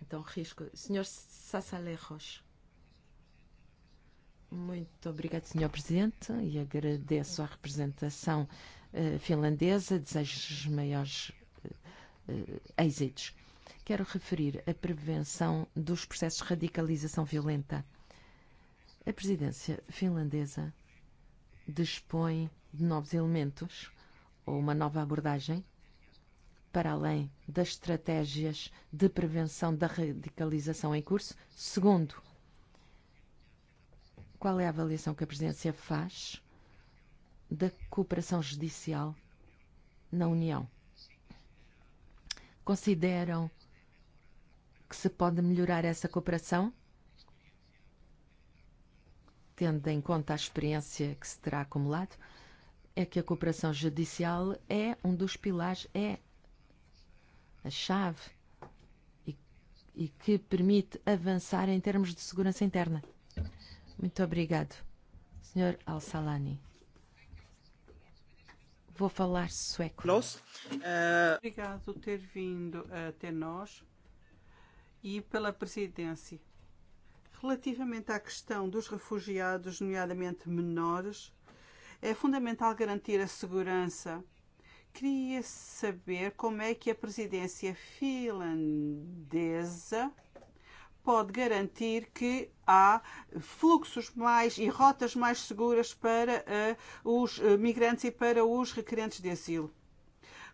Então, risco. Sr. Sassalerros. Muito obrigado, Sr. Presidente, e agradeço à representação uh, finlandesa. Desejo os maiores uh, uh, êxitos. Uh, Quero referir a prevenção dos processos de radicalização violenta. A presidência finlandesa dispõe de novos elementos ou uma nova abordagem para além das estratégias de prevenção da radicalização em curso. Segundo, qual é a avaliação que a presidência faz da cooperação judicial na União? Consideram que se pode melhorar essa cooperação? Tendo em conta a experiência que se terá acumulado, é que a cooperação judicial é um dos pilares, é a chave e, e que permite avançar em termos de segurança interna. Muito obrigado, Sr. Al-Salani. Vou falar sueco. Eh, obrigado por ter vindo até nós e pela presidência. Relativamente à questão dos refugiados, nomeadamente menores, é fundamental garantir a segurança. Queria saber como é que a presidência finlandesa pode garantir que há fluxos mais e rotas mais seguras para uh, os eh, migrantes e para os requerentes de asilo.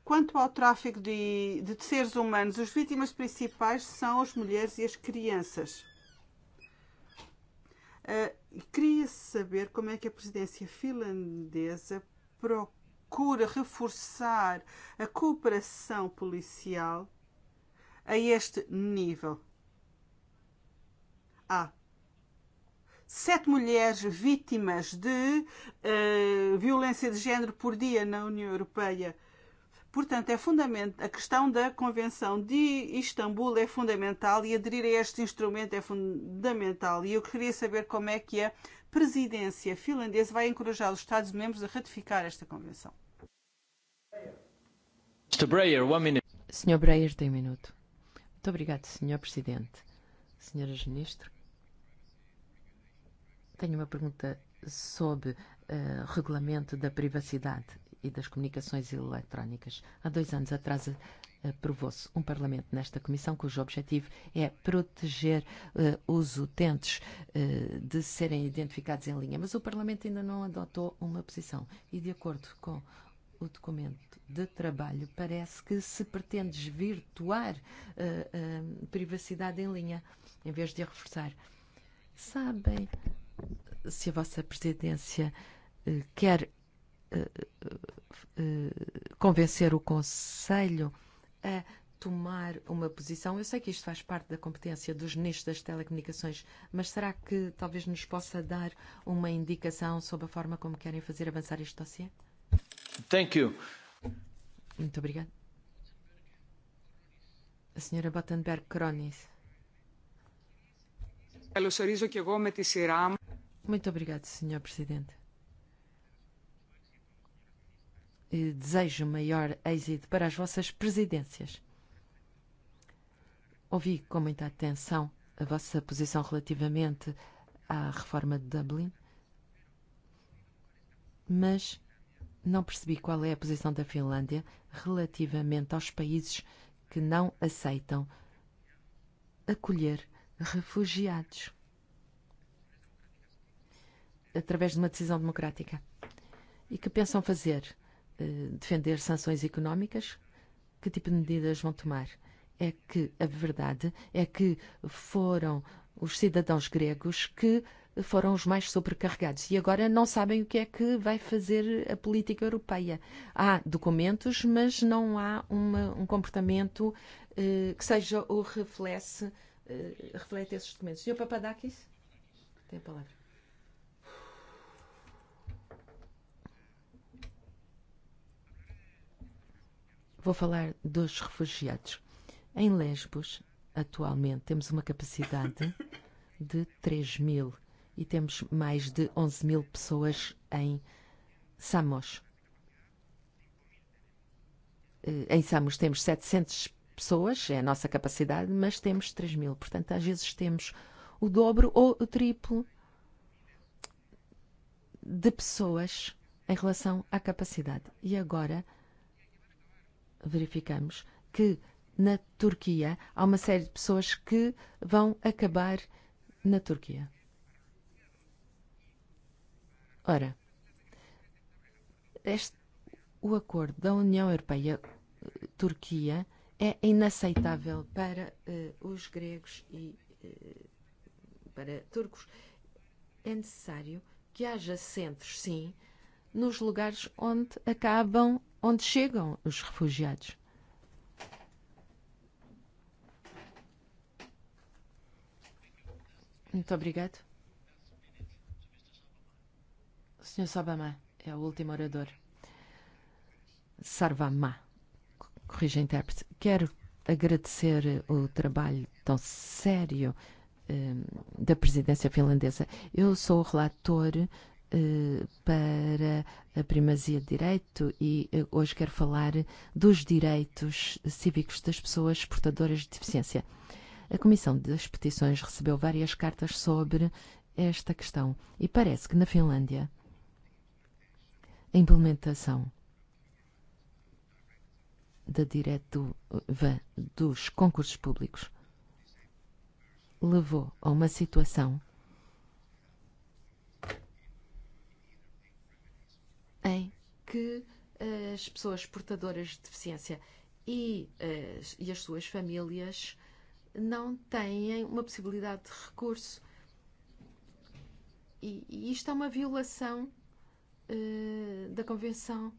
Quanto ao tráfico de, de seres humanos, as vítimas principais são as mulheres e as crianças. Uh, queria saber como é que a presidência finlandesa procura reforçar a cooperação policial a este nível. Há ah, sete mulheres vítimas de uh, violência de género por dia na União Europeia Portanto, é fundamental a questão da Convenção de Istambul é fundamental e aderir a este instrumento é fundamental. E eu queria saber como é que a presidência finlandesa vai encorajar os Estados-membros a ratificar esta Convenção. Mr. Breyer, one minute. Sr. Breyer, tem um minuto. Muito obrigado, Sr. Presidente. Senhoras Ministro, tenho uma pergunta sobre uh, regulamento da privacidade e das Comunicações Eletrónicas. Há dois anos atrás eh, aprovou-se um parlamento nesta comissão cujo objetivo é proteger uh, os utentes uh, de serem identificados em linha, mas o parlamento ainda não adotou uma posição e de acordo com o documento de trabalho parece que se pretende desvirtuar uh, a privacidade em linha em vez de a reforçar. Sabem se a vossa presidência quer Eh, eh, eh, convencer o Conselho a tomar uma posição. Eu sei que isto faz parte da competência dos ministros das telecomunicações, mas será que talvez nos possa dar uma indicação sobre a forma como querem fazer avançar este dossiê? Thank you. Muito obrigada. A senhora Battenberg Cronis. Muito obrigada, senhor presidente. E desejo maior êxito para as vossas presidências. Ouvi com muita atenção a vossa posição relativamente à reforma de Dublin, mas não percebi qual é a posição da Finlândia relativamente aos países que não aceitam acolher refugiados através de uma decisão democrática e que pensam fazer defender sanções económicas? Que tipo de medidas vão tomar? É que a verdade é que foram os cidadãos gregos que foram os mais sobrecarregados e agora não sabem o que é que vai fazer a política europeia. Há documentos, mas não há uma, um comportamento eh, que seja o reflexo, eh, reflete esses documentos. Sr. Papadakis, tem a palavra. Vou falar dos refugiados. Em Lesbos, atualmente, temos uma capacidade de 3 mil e temos mais de 11 mil pessoas em Samos. Eh, em Samos temos 700 pessoas, é a nossa capacidade, mas temos 3 mil. Portanto, às vezes temos o dobro ou o triplo de pessoas em relação à capacidade. E agora verificamos que na Turquia há uma série de pessoas que vão acabar na Turquia. Ora, este, o acordo da União Europeia-Turquia é inaceitável para uh, os gregos e uh, para turcos. É necessário que haja centros, sim, nos lugares onde acabam onde chegam os refugiados. Muito obrigado. O Sr. Sabamá é o último orador. Sarvamá, corrija intérprete. Quero agradecer o trabalho tão sério eh, da presidência finlandesa. Eu sou o relator Eh, para a primazia de direito e eh, hoje quero falar dos direitos cívicos das pessoas portadoras de deficiência. A Comissão das Petições recebeu várias cartas sobre esta questão e parece que na Finlândia a implementação da diretiva dos concursos públicos levou a uma situação em que eh, as pessoas portadoras de deficiência e, eh, e as suas famílias não têm uma possibilidade de recurso. E, e isto é uma violação uh, da Convenção.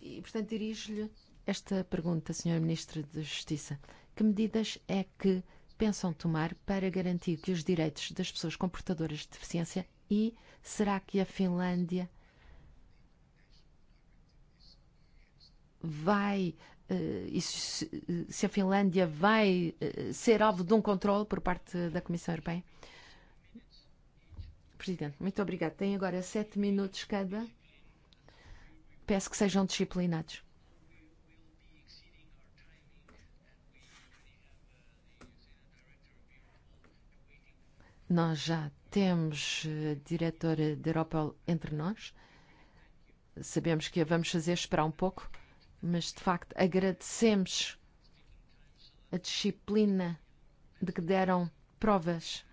E, portanto, dirijo-lhe esta pergunta, Sr. Ministro de Justiça. Que medidas é que pensam tomar para garantir que os direitos das pessoas com portadoras de deficiência E será que a Finlândia vai Uh, se, se a Finlândia vai uh, ser alvo de um controle por parte da Comissão Europeia? Presidente, muito obrigado. Tem agora sete minutos cada. Peço que sejam disciplinados. Nós já temos diretora da Europol entre nós. Sabemos que a vamos fazer esperar um pouco, mas de facto agradecemos a disciplina de que deram provas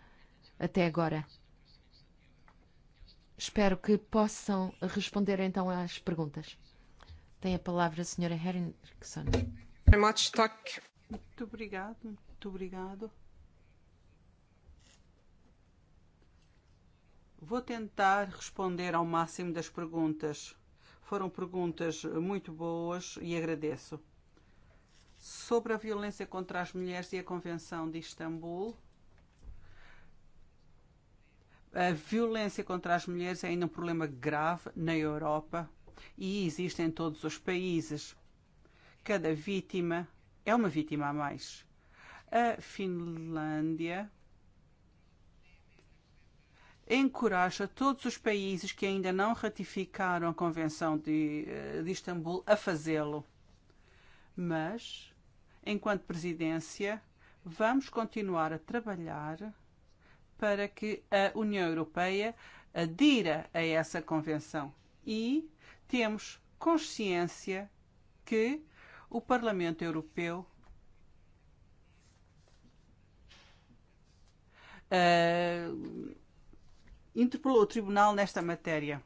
até agora. Espero que possam responder então às perguntas. Tem a palavra a senhora Herrickson. Muito obrigado, muito obrigado. Vou tentar responder ao máximo das perguntas. Foram perguntas muito boas e agradeço. Sobre a violência contra as mulheres e a Convenção de Istambul, a violência contra as mulheres é ainda um problema grave na Europa e existe em todos os países. Cada vítima é uma vítima a mais. A Finlândia encoraja todos os países que ainda não ratificaram a Convenção de, eh, de Istambul a fazê-lo. Mas, enquanto presidência, vamos continuar a trabalhar para que a União Europeia adira a essa convenção e temos consciência que o Parlamento Europeu uh, interpelou o Tribunal nesta matéria.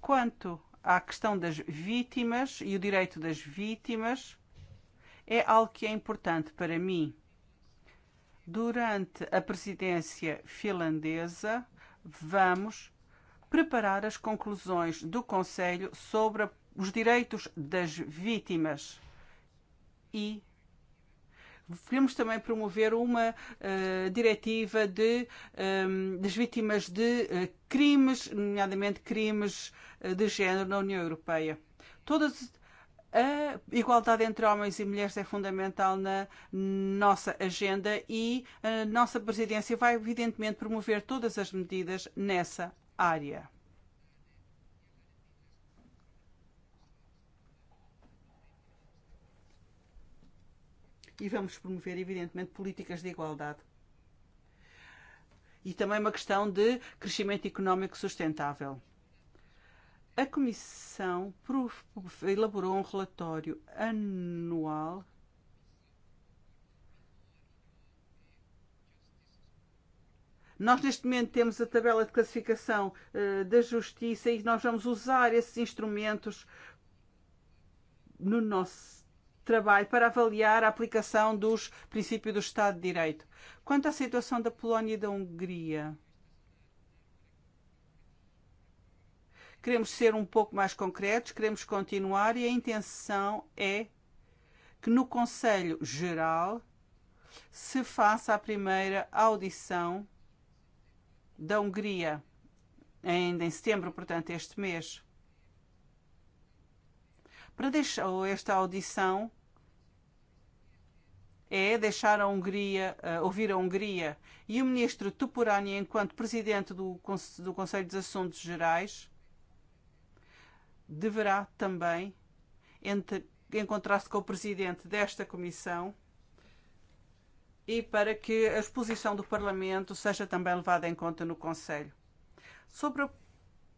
Quanto à questão das vítimas e o direito das vítimas, é algo que é importante para mim. Durante a presidência finlandesa, vamos preparar as conclusões do Conselho sobre os direitos das vítimas e Queremos também promover uma uh, diretiva de, um, das vítimas de uh, crimes, nomeadamente crimes uh, de género na União Europeia. Todas a igualdade entre homens e mulheres é fundamental na nossa agenda e a nossa presidência vai, evidentemente, promover todas as medidas nessa área. e vamos promover, evidentemente, políticas de igualdade. E também uma questão de crescimento económico sustentável. A Comissão elaborou um relatório anual Nós, neste momento, temos a tabela de classificação uh, da justiça e nós vamos usar esses instrumentos no nosso trabalho para avaliar a aplicação dos princípios do Estado de Direito. Quanto à situação da Polónia e da Hungria, queremos ser um pouco mais concretos, queremos continuar e a intenção é que no Conselho Geral se faça a primeira audição da Hungria, ainda em setembro, portanto, este mês. Para deixar esta audição é deixar a Hungria, uh, ouvir a Hungria. E o ministro Tupurani, enquanto presidente do, Conse do Conselho dos Assuntos Gerais, deverá também encontrar-se com o presidente desta comissão e para que a exposição do Parlamento seja também levada em conta no Conselho. Sobre a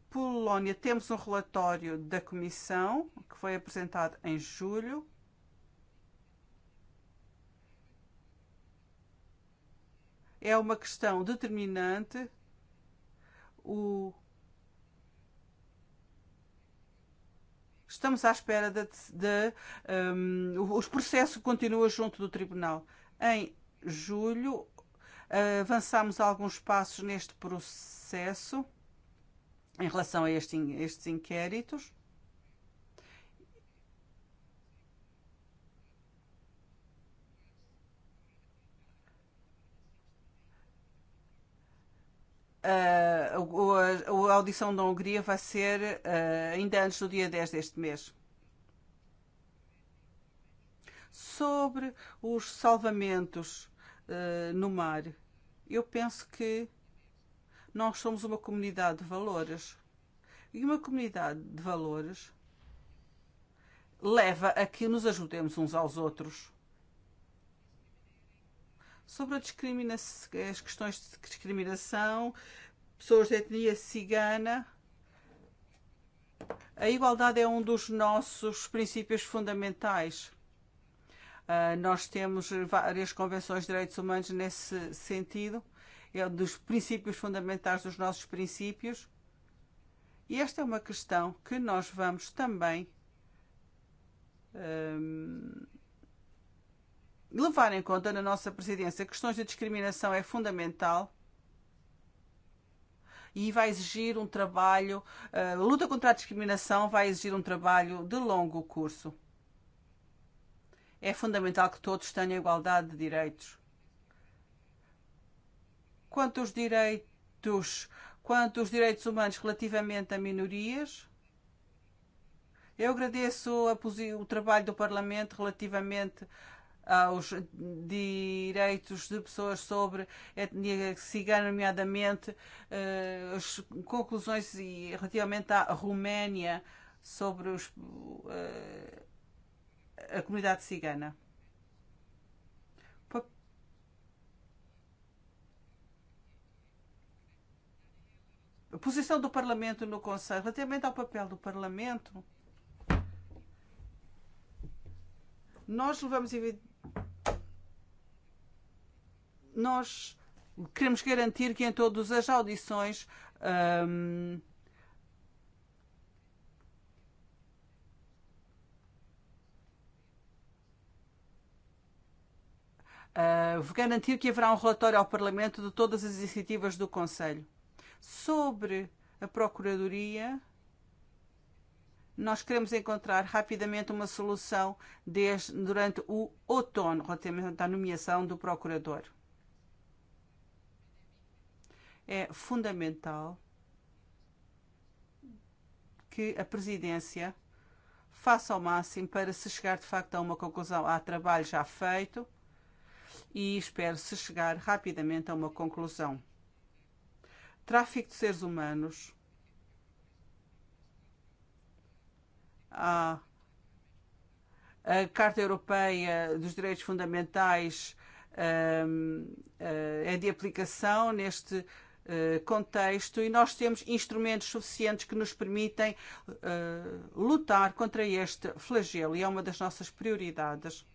Polónia, temos um relatório da Comissão que foi apresentado em julho é uma questão determinante. O... Estamos à espera de. de um, os processos continuam junto do Tribunal. Em julho, avançamos alguns passos neste processo em relação a este, estes inquéritos Uh, eh, a, audição da Hungria vai ser uh, ainda antes do dia 10 deste mês. Sobre os salvamentos uh, no mar, eu penso que nós somos uma comunidade de valores. E uma comunidade de valores leva a que nos ajudemos uns aos outros. Sobre as questões de discriminação, pessoas de etnia cigana, a igualdade é um dos nossos princípios fundamentais. Uh, nós temos várias convenções de direitos humanos nesse sentido, é um dos princípios fundamentais dos nossos princípios. E esta é uma questão que nós vamos também um, uh, levar em conta na nossa presidência questões de discriminação é fundamental e vai exigir um trabalho, eh, a luta contra a discriminação vai exigir um trabalho de longo curso. É fundamental que todos tenham igualdade de direitos. Quanto aos direitos, quanto aos direitos humanos relativamente a minorias, eu agradeço a, o trabalho do Parlamento relativamente aos direitos de pessoas sobre etnia cigana, nomeadamente eh, as conclusões e relativamente à Roménia sobre os, eh, a comunidade cigana. A posição do Parlamento no Conselho, relativamente ao papel do Parlamento, nós levamos evidentemente Nós queremos garantir que em todas as audições um, uh, garantir que haverá um relatório ao Parlamento de todas as iniciativas do Conselho. Sobre a Procuradoria, Nós queremos encontrar rapidamente uma solução desde, durante o outono, relativamente à nomeação do procurador. É fundamental que a presidência faça ao máximo para se chegar de facto a uma conclusão. Há trabalho já feito e espero-se chegar rapidamente a uma conclusão. Tráfico de seres humanos a, a Carta Europeia dos Direitos Fundamentais ehm, eh, é de aplicação neste eh, contexto e nós temos instrumentos suficientes que nos permitem eh, lutar contra este flagelo e é uma das nossas prioridades.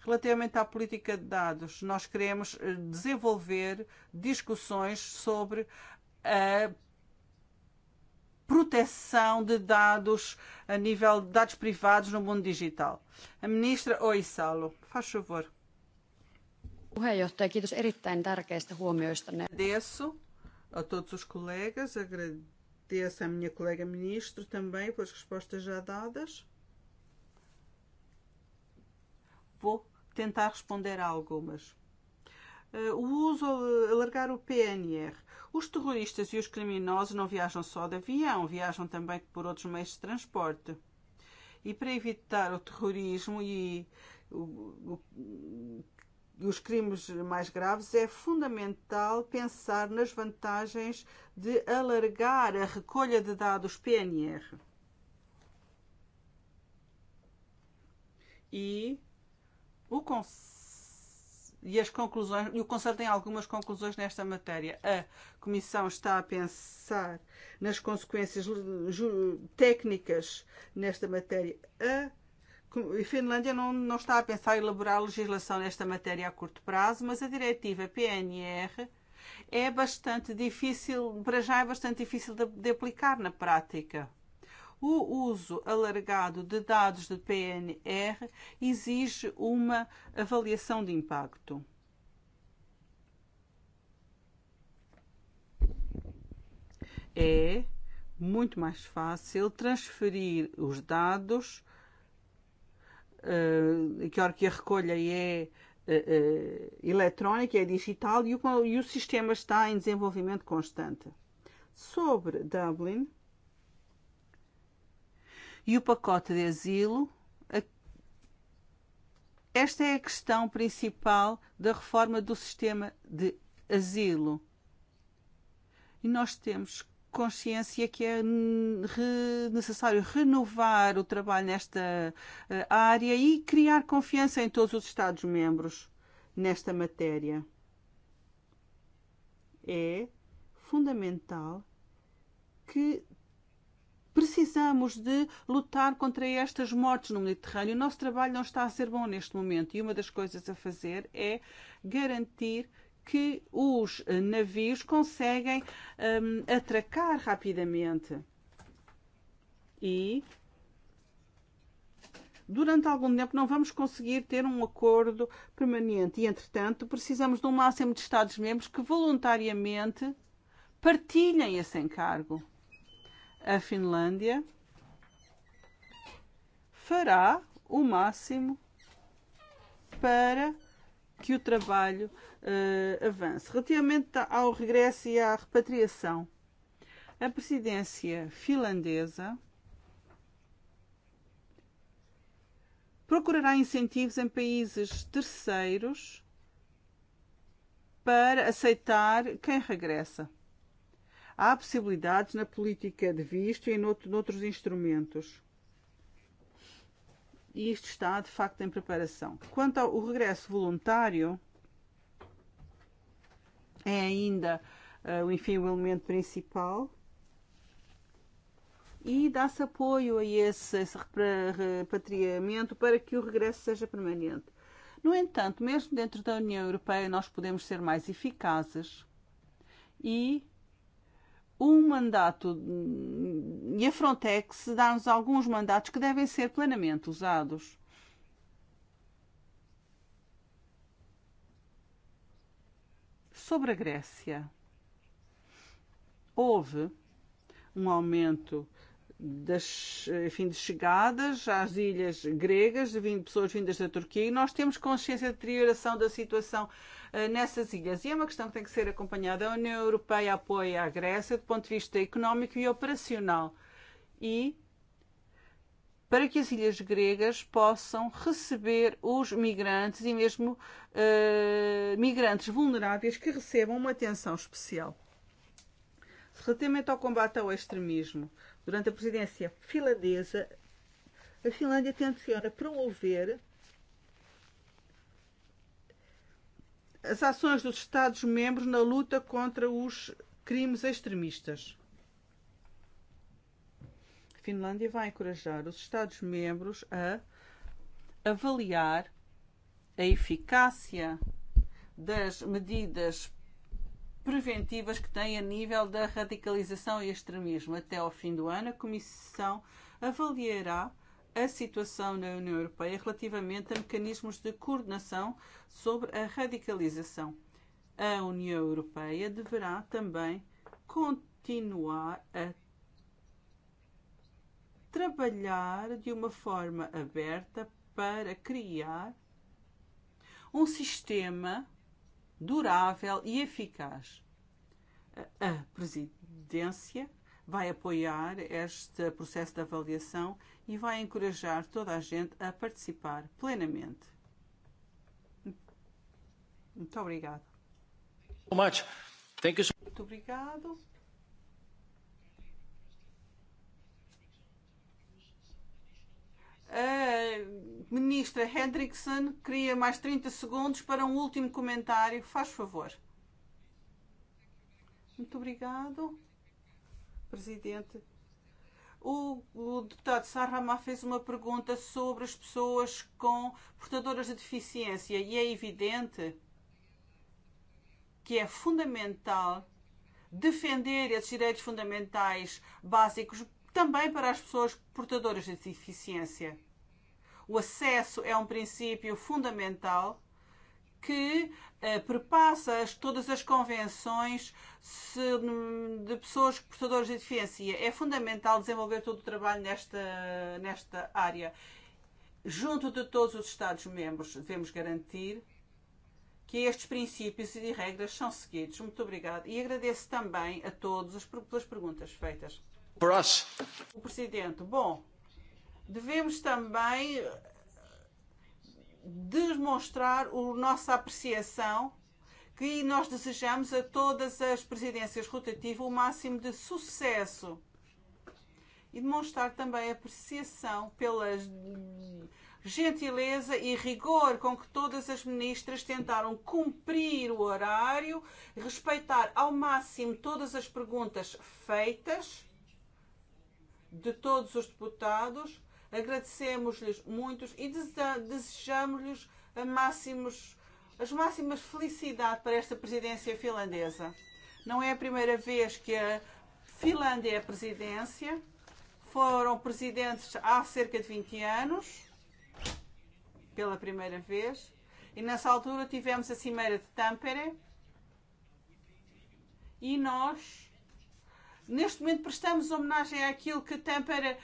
Relativamente à política de dados, nós queremos desenvolver discussões sobre a proteção de dados a nível de dados privados no mundo digital. A ministra Oisalo, faz favor. Puheenjohtaja, kiitos erittäin tärkeistä huomioistanne. Agradeço a todos os colegas, agradeço à minha colega ministro também pelas respostas já dadas. Vou tentar responder a algumas. Uh, o uso, alargar o PNR. Os terroristas e os criminosos não viajam só de avião, viajam também por outros meios de transporte. E para evitar o terrorismo e o, o, os crimes mais graves, é fundamental pensar nas vantagens de alargar a recolha de dados PNR. E o conceito e as conclusões, e o Conselho tem algumas conclusões nesta matéria. A Comissão está a pensar nas consequências técnicas nesta matéria. A e Finlândia não, não está a pensar em elaborar legislação nesta matéria a curto prazo, mas a diretiva PNR é bastante difícil, para já é bastante difícil de, de aplicar na prática. O uso alargado de dados de PNR exige uma avaliação de impacto. É muito mais fácil transferir os dados uh, que a hora que a recolha é uh, uh, eletrónica, é digital e o, e o sistema está em desenvolvimento constante. Sobre Dublin, e o pacote de asilo. Esta é a questão principal da reforma do sistema de asilo. E nós temos consciência que é necessário renovar o trabalho nesta eh, área e criar confiança em todos os Estados-membros nesta matéria. É fundamental que Precisamos de lutar contra estas mortes no Mediterrâneo. O nosso trabalho não está a ser bom neste momento e uma das coisas a fazer é garantir que os eh, navios conseguem um, atracar rapidamente. E durante algum tempo não vamos conseguir ter um acordo permanente. E, entretanto, precisamos de um máximo de Estados-membros que voluntariamente partilhem esse encargo a Finlândia fará o máximo para que o trabalho uh, avance. Relativamente ao regresso e à repatriação, a presidência finlandesa procurará incentivos em países terceiros para aceitar quem regressa há possibilidades na política de visto e nout noutros instrumentos. E isto está, de facto, em preparação. Quanto ao regresso voluntário, é ainda, eh, enfim, o elemento principal e dá-se apoio a esse, esse repatriamento para que o regresso seja permanente. No entanto, mesmo dentro da União Europeia, nós podemos ser mais eficazes e um mandato e a Frontex dá-nos alguns mandatos que devem ser plenamente usados. Sobre a Grécia, houve um aumento das, enfim, de chegadas às ilhas gregas, vindo, pessoas vindas da Turquia, e nós temos consciência de deterioração da situação uh, nessas ilhas. E é uma questão que tem que ser acompanhada. A União Europeia apoia a Grécia do ponto de vista económico e operacional. E para que as ilhas gregas possam receber os migrantes e mesmo uh, migrantes vulneráveis que recebam uma atenção especial. Relativamente ao combate ao extremismo, uh, durante a presidência finlandesa, a Finlândia tenciona promover as ações dos Estados-membros na luta contra os crimes extremistas. A Finlândia vai encorajar os Estados-membros a avaliar a eficácia das medidas preventivas que têm a nível da radicalização e extremismo. Até ao fim do ano, a Comissão avaliará a situação na União Europeia relativamente a mecanismos de coordenação sobre a radicalização. A União Europeia deverá também continuar a trabalhar de uma forma aberta para criar um sistema durável e eficaz. A presidência vai apoiar este processo de avaliação e vai encorajar toda a gente a participar plenamente. Muito obrigado. Muito obrigado. A ministra Hendrickson queria mais 30 segundos para um último comentário. Faz favor. Muito obrigado, Presidente. O, o deputado Sarramá fez uma pergunta sobre as pessoas com portadoras de deficiência e é evidente que é fundamental defender esses direitos fundamentais básicos também para as pessoas portadoras de deficiência. O acesso é um princípio fundamental que eh, perpassa as, todas as convenções se, de pessoas portadoras de deficiência. É fundamental desenvolver todo o trabalho nesta, nesta área. Junto de todos os Estados-membros, devemos garantir que estes princípios e regras são seguidos. Muito obrigada e agradeço também a todos as, pelas perguntas feitas. O presidente, bom, devemos também eh, demonstrar a nossa apreciação que nós desejamos a todas as presidências rotativas o máximo de sucesso e demonstrar também apreciação pela gentileza e rigor com que todas as ministras tentaram cumprir o horário, respeitar ao máximo todas as perguntas feitas de todos os deputados. Agradecemos-lhes muitos e desejamos-lhes as máximas felicidade para esta presidência finlandesa. Não é a primeira vez que a Finlândia é a presidência. Foram presidentes há cerca de 20 anos, pela primeira vez. E nessa altura tivemos a Cimeira de Tampere. E nós Neste momento prestamos homenagem àquilo que Tampere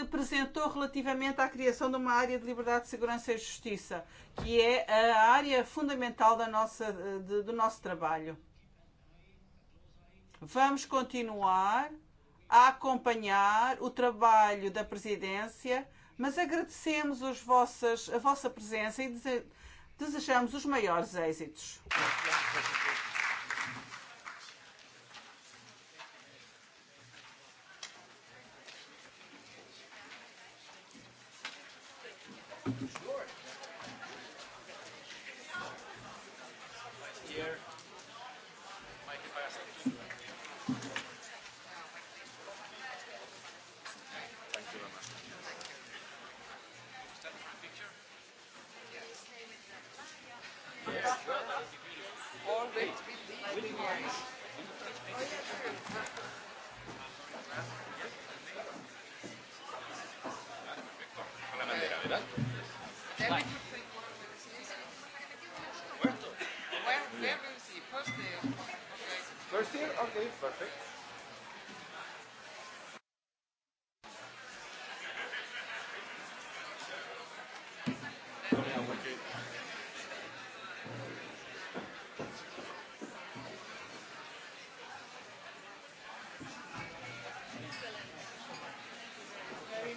representou relativamente à criação de uma área de liberdade, segurança e justiça, que é a área fundamental da nossa, de, do nosso trabalho. Vamos continuar a acompanhar o trabalho da Presidência, mas agradecemos os vossas, a vossa presença e dese, desejamos os maiores êxitos. Obrigado.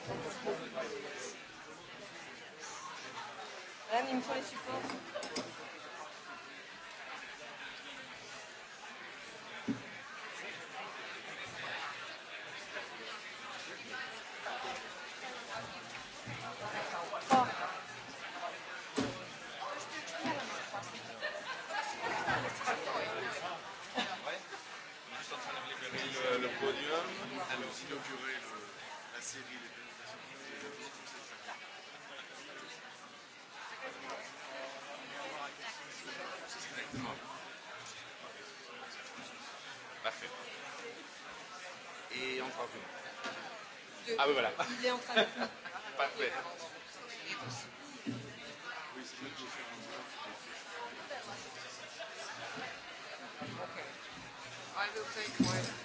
Madame, il me faut les supports. crois que non. Ah oui, voilà. Il est en train de Parfait. Oui, c'est mieux que j'ai fait un Okay. I will take my...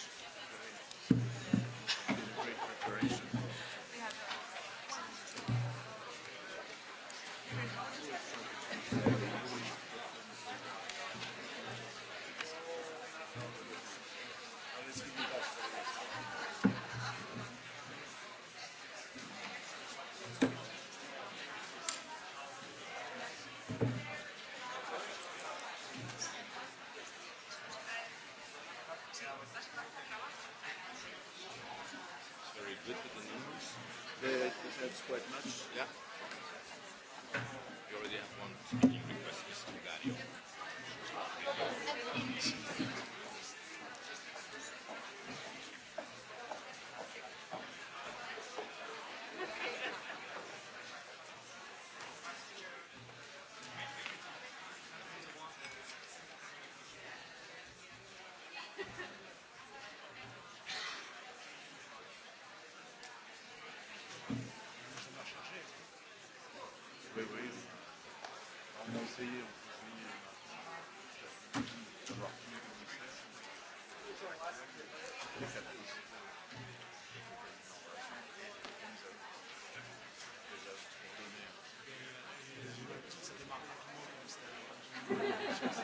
bit with the numbers. Uh, it helps quite much. Yeah. You already have one speaking request, Mr. Vigario. On a essayé, on peut essayer maintenant d'avoir tous les commissaires. Les quatre commissaires. Déjà, pour donner. Ça démarre rapidement comme c'était.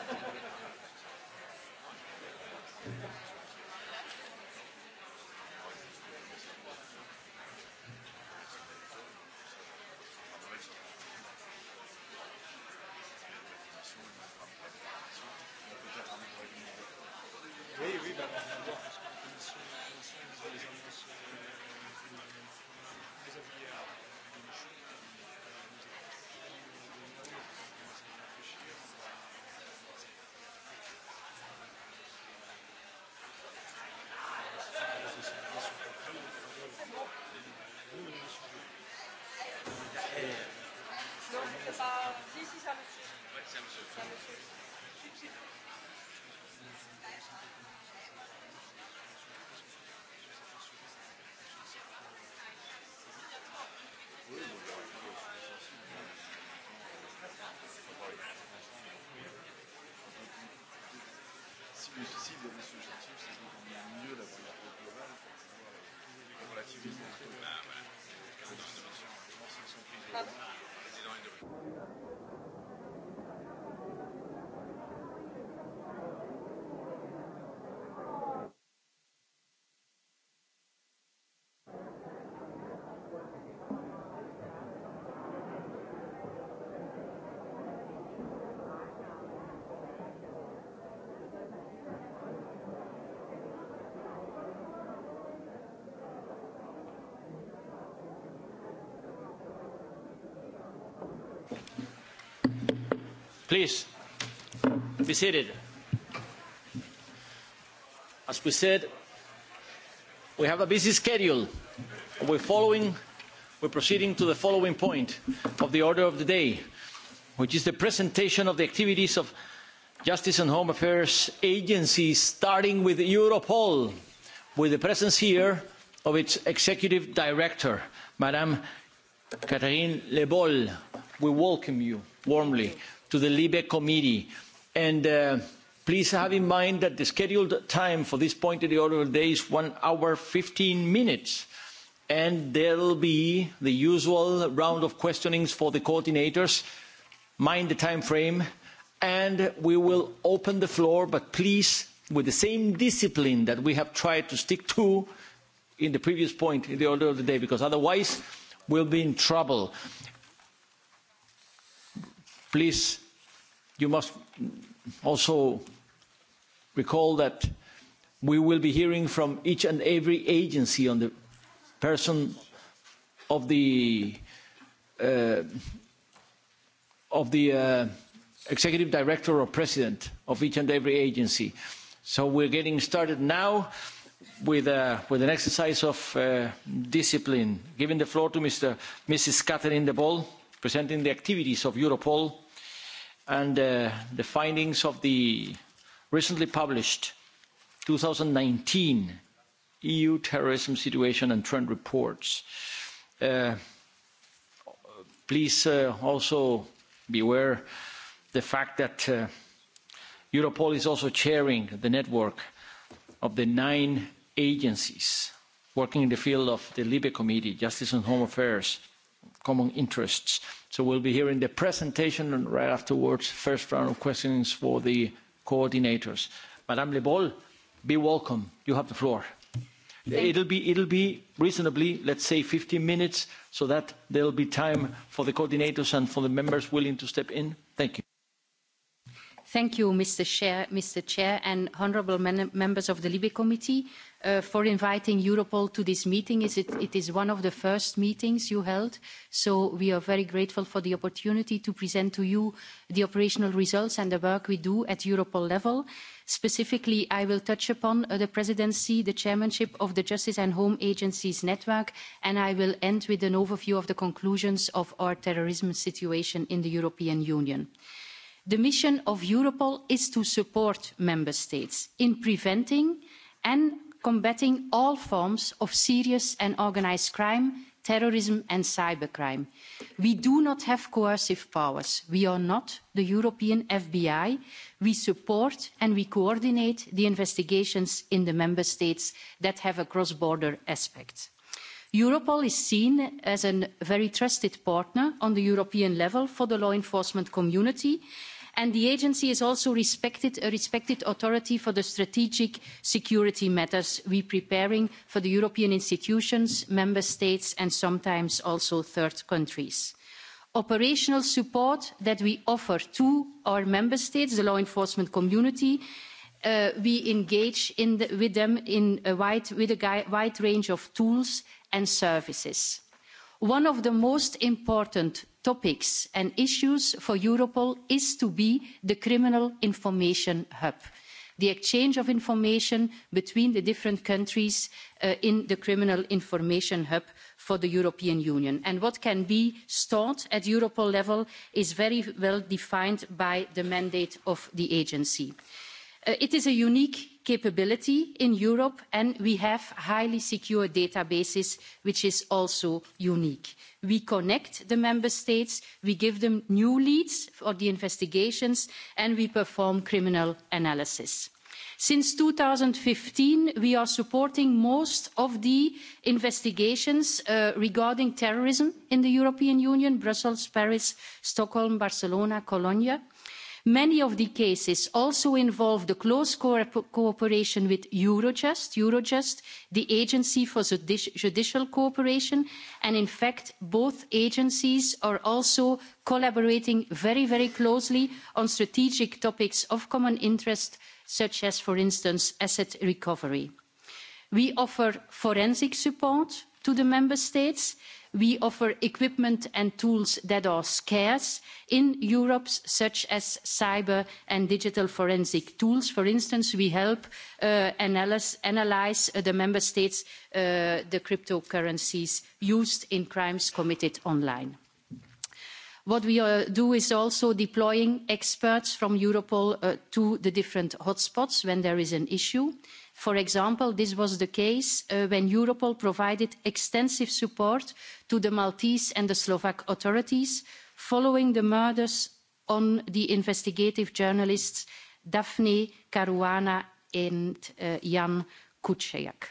oui, bah, difficile d'aller sur l'objectif, c'est qu'on comprenne mieux la politique globale pour pouvoir euh, relativiser les choses. Bah, voilà. Dans une dimension, dans une dimension privée. Please, be seated. As we said, we have a busy schedule. We're following, we're proceeding to the following point of the order of the day, which is the presentation of the activities of Justice and Home Affairs Agency, starting with Europol, with the presence here of its Executive Director, Madame Catherine Le Boll. We welcome you warmly to the libe committee and uh, please have in mind that the scheduled time for this point in the order of the day is one hour fifteen minutes and there will be the usual round of questionings for the coordinators mind the time frame and we will open the floor but please with the same discipline that we have tried to stick to in the previous point in the order of the day because otherwise we'll be in trouble please, you must also recall that we will be hearing from each and every agency on the person of the uh, of the uh, executive director or president of each and every agency. So we're getting started now with, uh, with an exercise of uh, discipline. Giving the floor to Mr. Mrs. Catherine de Boll presenting the activities of Europol and uh, the findings of the recently published 2019 EU terrorism situation and trend reports. Uh, please uh, also beware the fact that uh, Europol is also chairing the network of the nine agencies working in the field of the Libe Committee, Justice and Home Affairs, common interests. So we'll be hearing the presentation and right afterwards, first round of questions for the coordinators. Madame Le Bol, be welcome. You have the floor. Thank it'll be, it'll be reasonably, let's say 15 minutes, so that there'll be time for the coordinators and for the members willing to step in. Thank you thank you, Mr. Chair, Mr. Chair and honourable mem members of the Libe Committee uh, for inviting Europol to this meeting. Is it, it is one of the first meetings you held, so we are very grateful for the opportunity to present to you the operational results and the work we do at Europol level. Specifically, I will touch upon uh, the presidency, the chairmanship of the Justice and Home Agencies Network, and I will end with an overview of the conclusions of our terrorism situation in the European Union. Uh, the mission of europol is to support member states in preventing and combating all forms of serious and organised crime terrorism and cybercrime. we do not have coercive powers. we are not the european fbi. we support and we coordinate the investigations in the member states that have a cross border aspect. europol is seen as a very trusted partner at the european level for the law enforcement community and and the agency is also respected, a respected authority for the strategic security matters we are preparing for the European institutions, member states and sometimes also third countries operational support that we offer to our member states, the law enforcement community. Uh, we engage in the, with them in a wide, with a wide range of tools and services one of the most important topics and issues for europol is to be the criminal information hub the exchange of information between the different countries uh, in the criminal information hub for the european union and what can be stored at europol level is very well defined by the mandate of the agency. Uh, it is a unique capability in Europe, and we have highly secure databases, which is also unique. We connect the member states, we give them new leads for the investigations, and we perform criminal analysis. Since 2015, we are supporting most of the investigations uh, regarding terrorism in the European Union, Brussels, Paris, Stockholm, Barcelona, Cologne Many of the cases also involve the close co cooperation with Eurojust, Eurojust, the Agency for Judici Judicial Cooperation, and in fact, both agencies are also collaborating very, very closely on strategic topics of common interest, such as, for instance, asset recovery. We offer forensic support to the member states, uh, we offer equipment and tools that are scarce in europe such as cyber and digital forensic tools. for instance we help uh, analyse the member states' uh, cryptocurrencies used in crimes committed online. what we uh, do is also deploying experts from europol to the different hotspots when there is an issue. For example, this was the case uh, when Europol provided extensive support to the Maltese and the Slovak authorities following the murders on the investigative journalists Daphne Caruana and uh, Jan Kuciak.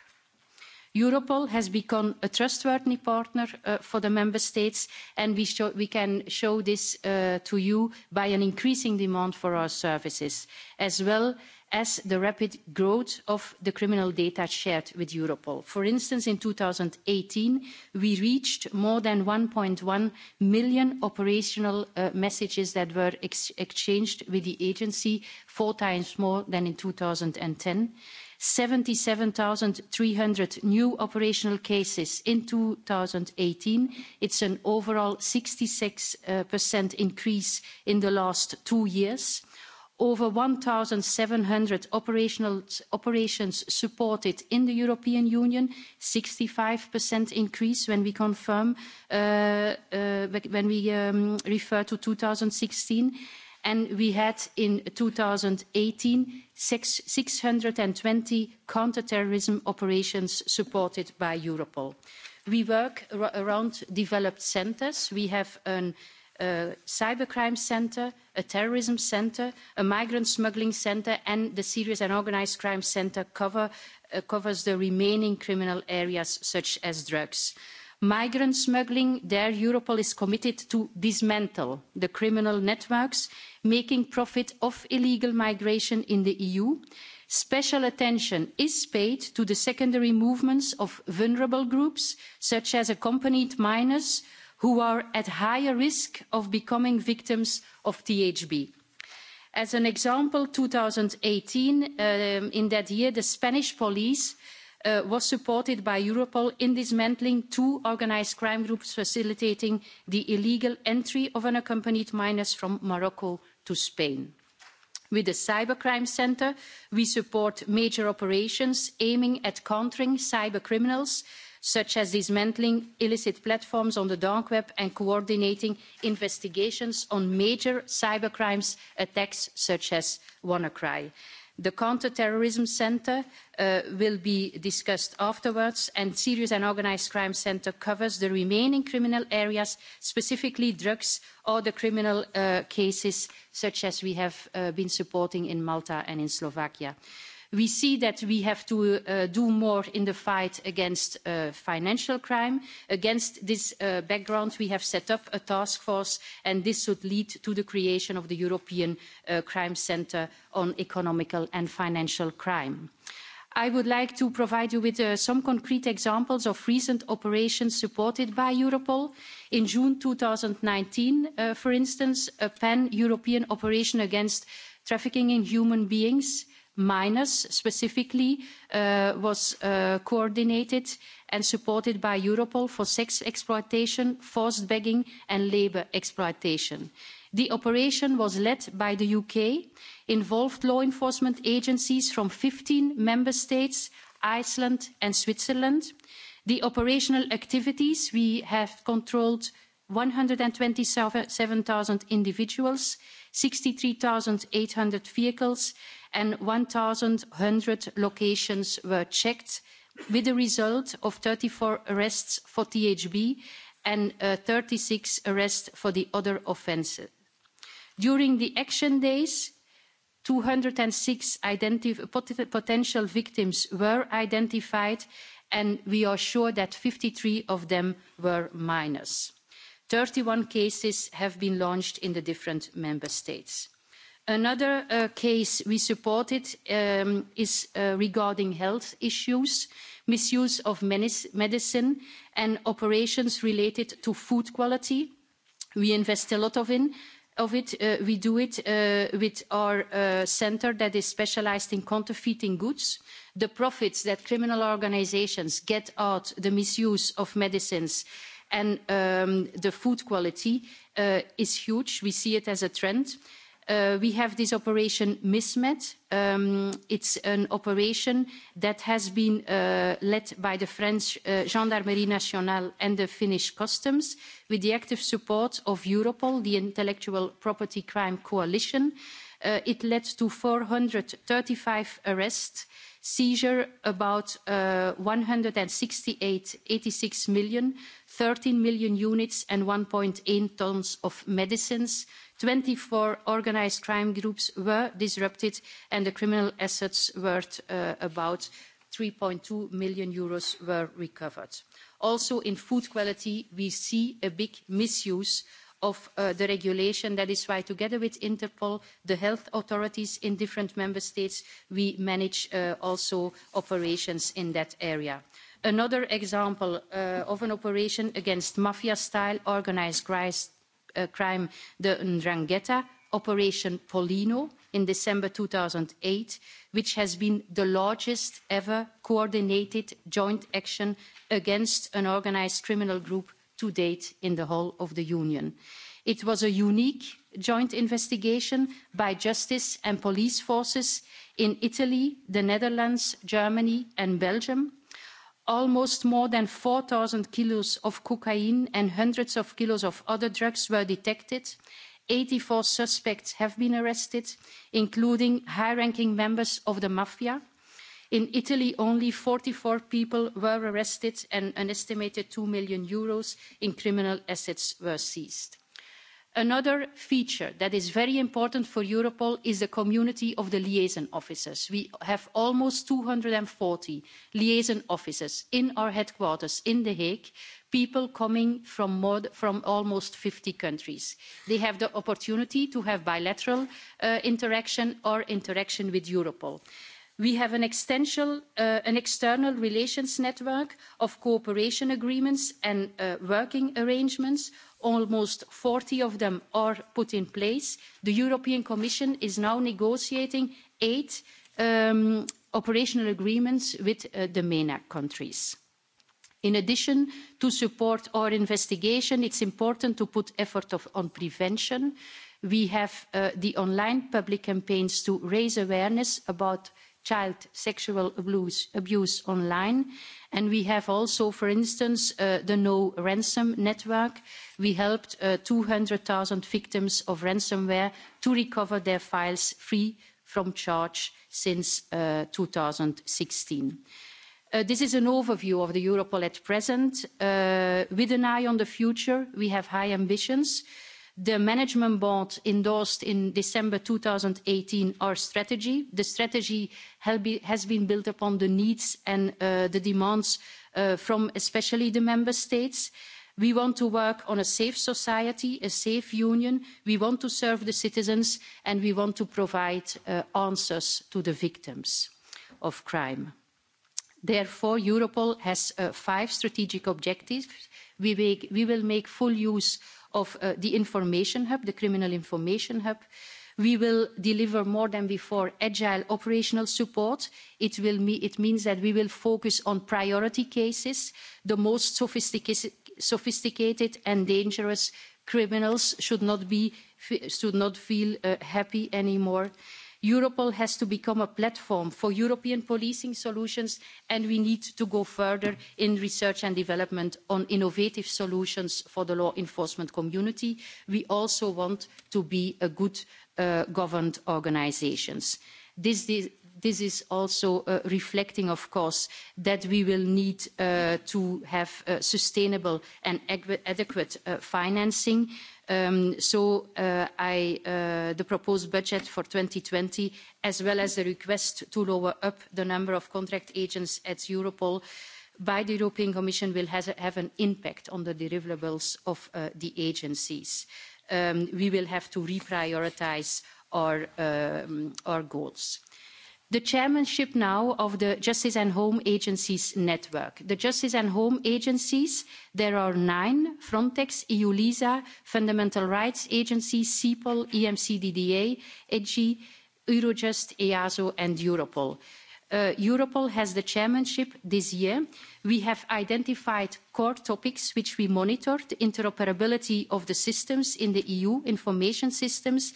Europol has become a trustworthy partner uh, for the member states, and we, show, we can show this uh, to you by an increasing demand for our services, as well as the rapid growth of the criminal data shared with Europol. For instance, in 2018, we reached more than 1.1 million operational uh, messages that were ex exchanged with the agency, four times more than in 2010. 77,300 new operational cases in 2018. It's an overall 66% uh, increase in the last two years over 1,700 operations supported in the European Union, 65% increase when we confirm, uh, uh, when we um, refer to 2016. And we had in 2018, six, 620 counter-terrorism operations supported by Europol. We work around developed centers. We have an a cybercrime centre, a terrorism centre, a migrant smuggling centre, and the serious and organised crime centre cover, uh, covers the remaining criminal areas such as drugs. Migrant smuggling, there Europol is committed to dismantle the criminal networks making profit off illegal migration in the EU. Special attention is paid to the secondary movements of vulnerable groups, such as accompanied minors, who are at higher risk of becoming victims of thb. as an example two thousand and eighteen um, in that year the spanish police uh, was supported by europol in dismantling two organised crime groups facilitating the illegal entry of unaccompanied minors from morocco to spain. with the cybercrime centre we support major operations aiming at countering cybercriminals and such as dismantling illicit platforms on the dark web and coordinating investigations on major cybercrimes attacks such as WannaCry. The Counter-Terrorism Centre uh, will be discussed afterwards, and Serious and Organised Crime Centre covers the remaining criminal areas, specifically drugs or the criminal uh, cases such as we have uh, been supporting in Malta and in Slovakia. Uh, We see that we have to uh, do more in the fight against uh, financial crime. Against this uh, background, we have set up a task force, and this should lead to the creation of the European uh, Crime Centre on Economical and Financial Crime. I would like to provide you with uh, some concrete examples of recent operations supported by Europol. In June 2019, uh, for instance, a pan-European operation against trafficking in human beings uh, minus specifically uh, was uh, coordinated and supported by europol for sex exploitation forced begging and labour exploitation. the operation was led by the uk involved law enforcement agencies from fifteen member states iceland and switzerland. the operational activities we have controlled one hundred and twenty seven zero individuals sixty three eight hundred vehicles and and one one hundred locations were checked with the result of thirty four arrests for thb and uh, thirty six arrests for the other offences. during the action days two hundred and six potential victims were identified and we are sure that fifty three of them were minors. thirty one cases have been launched in the different member states. Another uh, case we supported um, is uh, regarding health issues, misuse of medicine and operations related to food quality. We invest a lot of in of it. Uh, we do it uh, with our uh, center that is specialized in counterfeiting goods. The profits that criminal organizations get out the misuse of medicines and um, the food quality uh, is huge. We see it as a trend. Uh, uh, we have this operation MISMET. Um, it's an operation that has been uh, led by the French uh, Gendarmerie Nationale and the Finnish Customs with the active support of Europol, the Intellectual Property Crime Coalition. Uh, it led to 435 arrests, seizure about uh, 168.86 million, 13 million units and 1.8 tons of medicines, uh, twenty four organised crime groups were disrupted and the criminal assets worth uh, about eur. three two million Euros were recovered. also in food quality we see a big misuse of uh, the regulation. That is why, together with Interpol, the health authorities in different member states, we manage uh, also operations in that area. Another example uh, of an operation against mafia-style organized crimes uh, crime the Ndrangheta, Operation Polino in December 2008, which has been the largest ever coordinated joint action against an organized criminal group to date in the whole of the Union. It was a unique joint investigation by justice and police forces in Italy, the Netherlands, Germany and Belgium almost more than 4,000 kilos of cocaine and hundreds of kilos of other drugs were detected. 84 suspects have been arrested, including high-ranking members of the mafia. In Italy, only 44 people were arrested and an estimated 2 million euros in criminal assets were seized another feature that is very important for europol is the community of the liaison officers. we have almost two hundred and forty liaison officers in our headquarters in the hague people coming from, more, from almost fifty countries. they have the opportunity to have bilateral uh, interaction or interaction with europol we have an, uh, an external relations network of cooperation agreements and uh, working arrangements almost forty of them are put in place. the european commission is now negotiating eight um, operational agreements with uh, the mena countries. in addition to support our investigation it's important to put effort of, on prevention. we have uh, the online public campaigns to raise awareness about child sexual abuse, abuse online. And we have also, for instance, uh, the No Ransom Network. We helped uh, 200,000 victims of ransomware to recover their files free from charge since uh, 2016. Uh, this is an overview of the Europol at present. Uh, with an eye on the future, we have high ambitions. Uh, The management board endorsed in December 2018 our strategy. The strategy has been built upon the needs and uh, the demands uh, from especially the member states. We want to work on a safe society, a safe union. We want to serve the citizens and we want to provide uh, answers to the victims of crime. Therefore, Europol has uh, five strategic objectives. We, make, we will make full use of of uh, the information hub, the criminal information hub. We will deliver more than before agile operational support. It, will me it means that we will focus on priority cases. The most sophisticated, sophisticated and dangerous criminals should not, be, should not feel uh, happy anymore. Uh, europol has to become a platform for european policing solutions and we need to go further in research and development on innovative solutions for the law enforcement community. we also want to be a good uh, governed organisation. This, this, this is also uh, reflecting of course that we will need uh, to have uh, sustainable and adequate uh, financing. Um, so uh, I, uh, the proposed budget for 2020, as well as the request to lower up the number of contract agents at Europol by the European Commission will has, have an impact on the deliverables of uh, the agencies. Um, we will have to reprioritize our, um, our goals the chairmanship now of the justice and home agencies network. the justice and home agencies there are nine frontex eu lisa fundamental rights agency cepol emcdda eg eurojust easo and europol. Uh, europol has the chairmanship this year. we have identified core topics which we monitor the interoperability of the systems in the eu information systems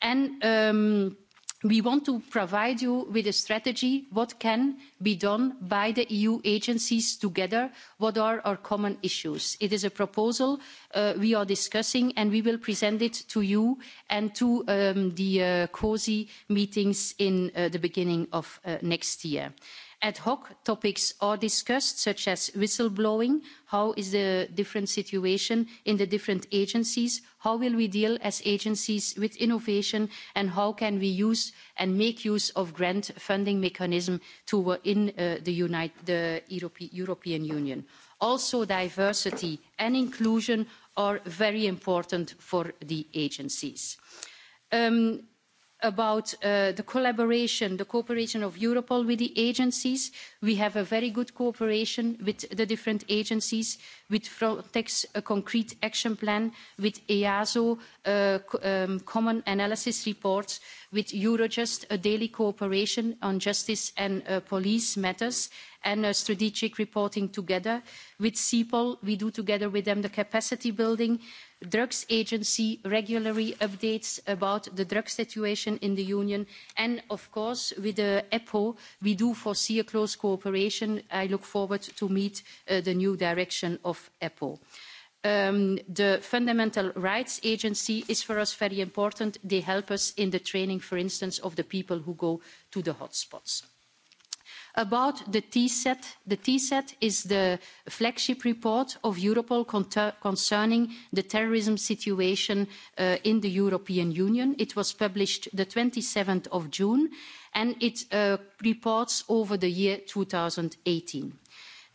and um, we want to provide you with a strategy what can be done by the eu agencies together what are our common issues. it is a proposal uh, we are discussing and we will present it to you and to um, the uh, cosi meetings in uh, the beginning of uh, next year ad hoc topics are discussed such as whistleblowing how is the different situation in the different agencies how will we deal as agencies with innovation and how can we use and make use of grant funding mechanisms uh, in uh, the, United, the Europe, european union. also diversity and inclusion are very important for the agencies. Um, about uh, the collaboration, the cooperation of Europol with the agencies. We have a very good cooperation with the different agencies, with Frontex, a concrete action plan, with EASO, uh, um, common analysis reports, with Eurojust, a daily cooperation on justice and uh, police matters, and uh, strategic reporting together. With CEPOL, we do together with them the capacity building, drugs agency regularly updates about the drug situation in the union and of course with the EPO we do foresee a close cooperation. I look forward to meet uh, the new direction of EPO. Um, the Fundamental Rights Agency is for us very important. They help us in the training, for instance, of the people who go to the hotspots. spots about the TSET. The TSET is the flagship report of Europol concerning the terrorism situation uh, in the European Union. It was published the 27th of June and it uh, reports over the year 2018.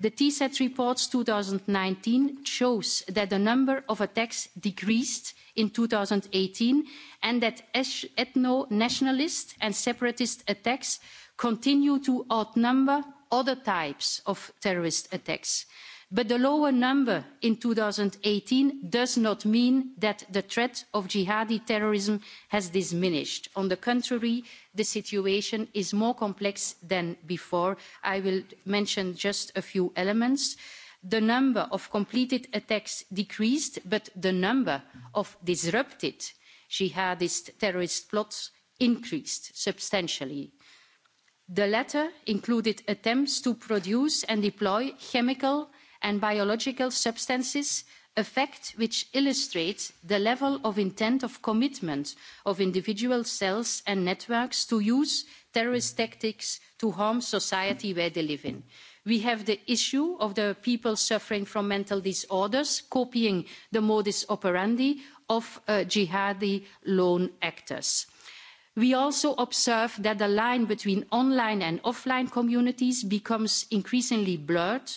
The TSET reports 2019 shows that the number of attacks decreased in 2018 and that ethno-nationalist and separatist attacks uh, continue to outnumber other types of terrorist attacks but the lower number in two thousand and eighteen does not mean that the threat of jihadi terrorism has diminished. on the contrary the situation is more complex than before. i will mention just a few elements. the number of completed attacks decreased but the number of disrupted jihadist terrorist plots increased substantially the latter included attempts to produce and deploy chemical and biological substances a fact which illustrates the level of intent of commitment of individual cells and networks to use terrorist tactics to harm society where they live in. We have the issue of the people suffering from mental disorders copying the modus operandi of uh, jihadi lone actors we also observe that the line between online and offline communities becomes increasingly blurred.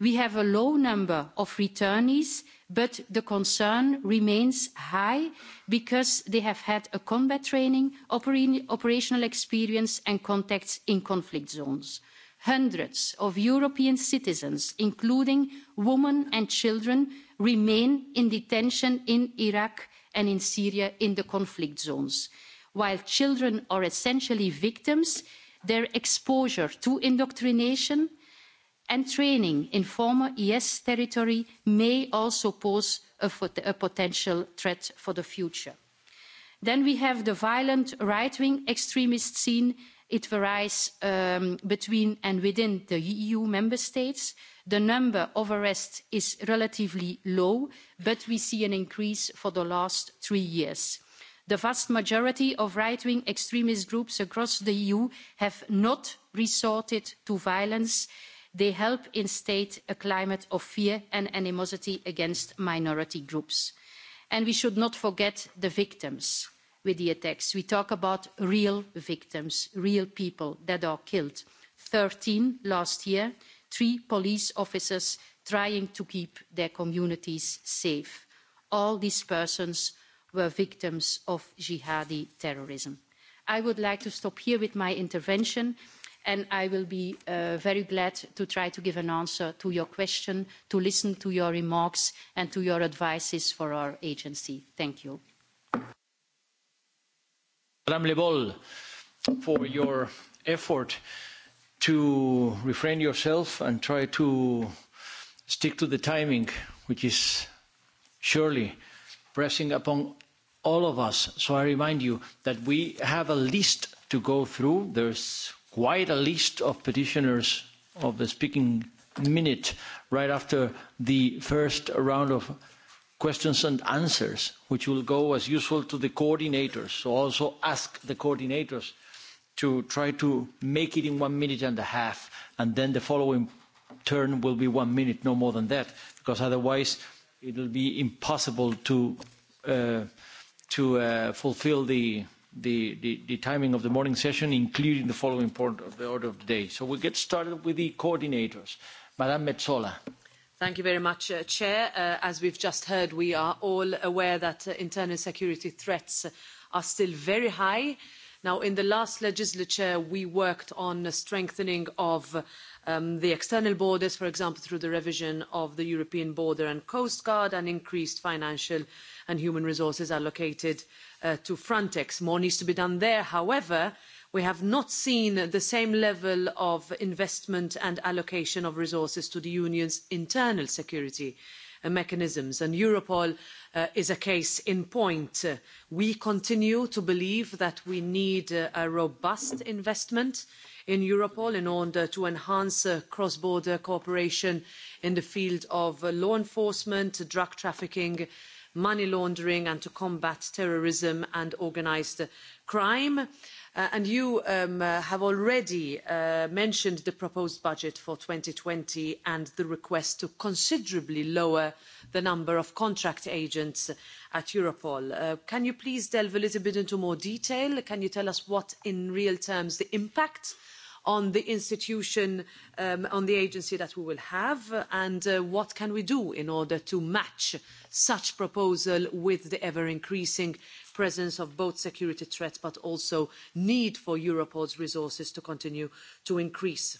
we have a low number of returnees but the concern remains high because they have had a combat training operational experience and contacts in conflict zones. hundreds of european citizens including women and children remain in detention in iraq and in syria in the conflict zones while children are essentially victims their exposure to indoctrination and training in former is e territory may also pose a, a potential threat for the future. then we have the violent right wing extremist scene it varies um, between and within the eu member states. the number of arrests is relatively low but we see an increase for the last three years the vast majority of right wing extremist groups across the eu have not resorted to violence they help instate a climate of fear and animosity against minority groups. and we should not forget the victims with the attacks. we talk about real victims real people that are killed thirteen last year three police officers trying to keep their communities safe. all these persons were victims of jihadi terrorism. I would like to stop here with my intervention and I will be uh, very glad to try to give an answer to your question, to listen to your remarks and to your advices for our agency. Thank you. Madame Le Bol, for your effort to refrain yourself and try to stick to the timing, which is surely pressing upon all of us. So I remind you that we have a list to go through. There's quite a list of petitioners of the speaking minute right after the first round of questions and answers, which will go as usual to the coordinators. So also ask the coordinators to try to make it in one minute and a half, and then the following turn will be one minute, no more than that, because otherwise it will be impossible to uh, to uh, fulfill the, the, the, the timing of the morning session, including the following point of the order of the day. So we'll get started with the coordinators. Madame Metsola. Thank you very much, uh, Chair. Uh, as we've just heard, we are all aware that uh, internal security threats are still very high. Now, in the last legislature, we worked on strengthening of um, the external borders, for example, through the revision of the European Border and Coast Guard and increased financial uh, and human resources allocated uh, to frontex. more needs to be done there. however we have not seen the same level of investment and allocation of resources to the union's internal security uh, mechanisms and europol uh, is a case in point. Uh, we continue to believe that we need uh, a robust investment in europol in order to enhance uh, cross border cooperation in the field of uh, law enforcement drug trafficking and money laundering and to combat terrorism and organised crime. Uh, and you um, uh, have already uh, mentioned the proposed budget for 2020 and the request to considerably lower the number of contract agents at Europol. Uh, can you please delve a little bit into more detail? Can you tell us what, in real terms, the impact uh, on the institution, um, on the agency that we will have, and uh, what can we do in order to match such proposal with the ever-increasing presence of both security threats but also need for Europol's resources to continue to increase.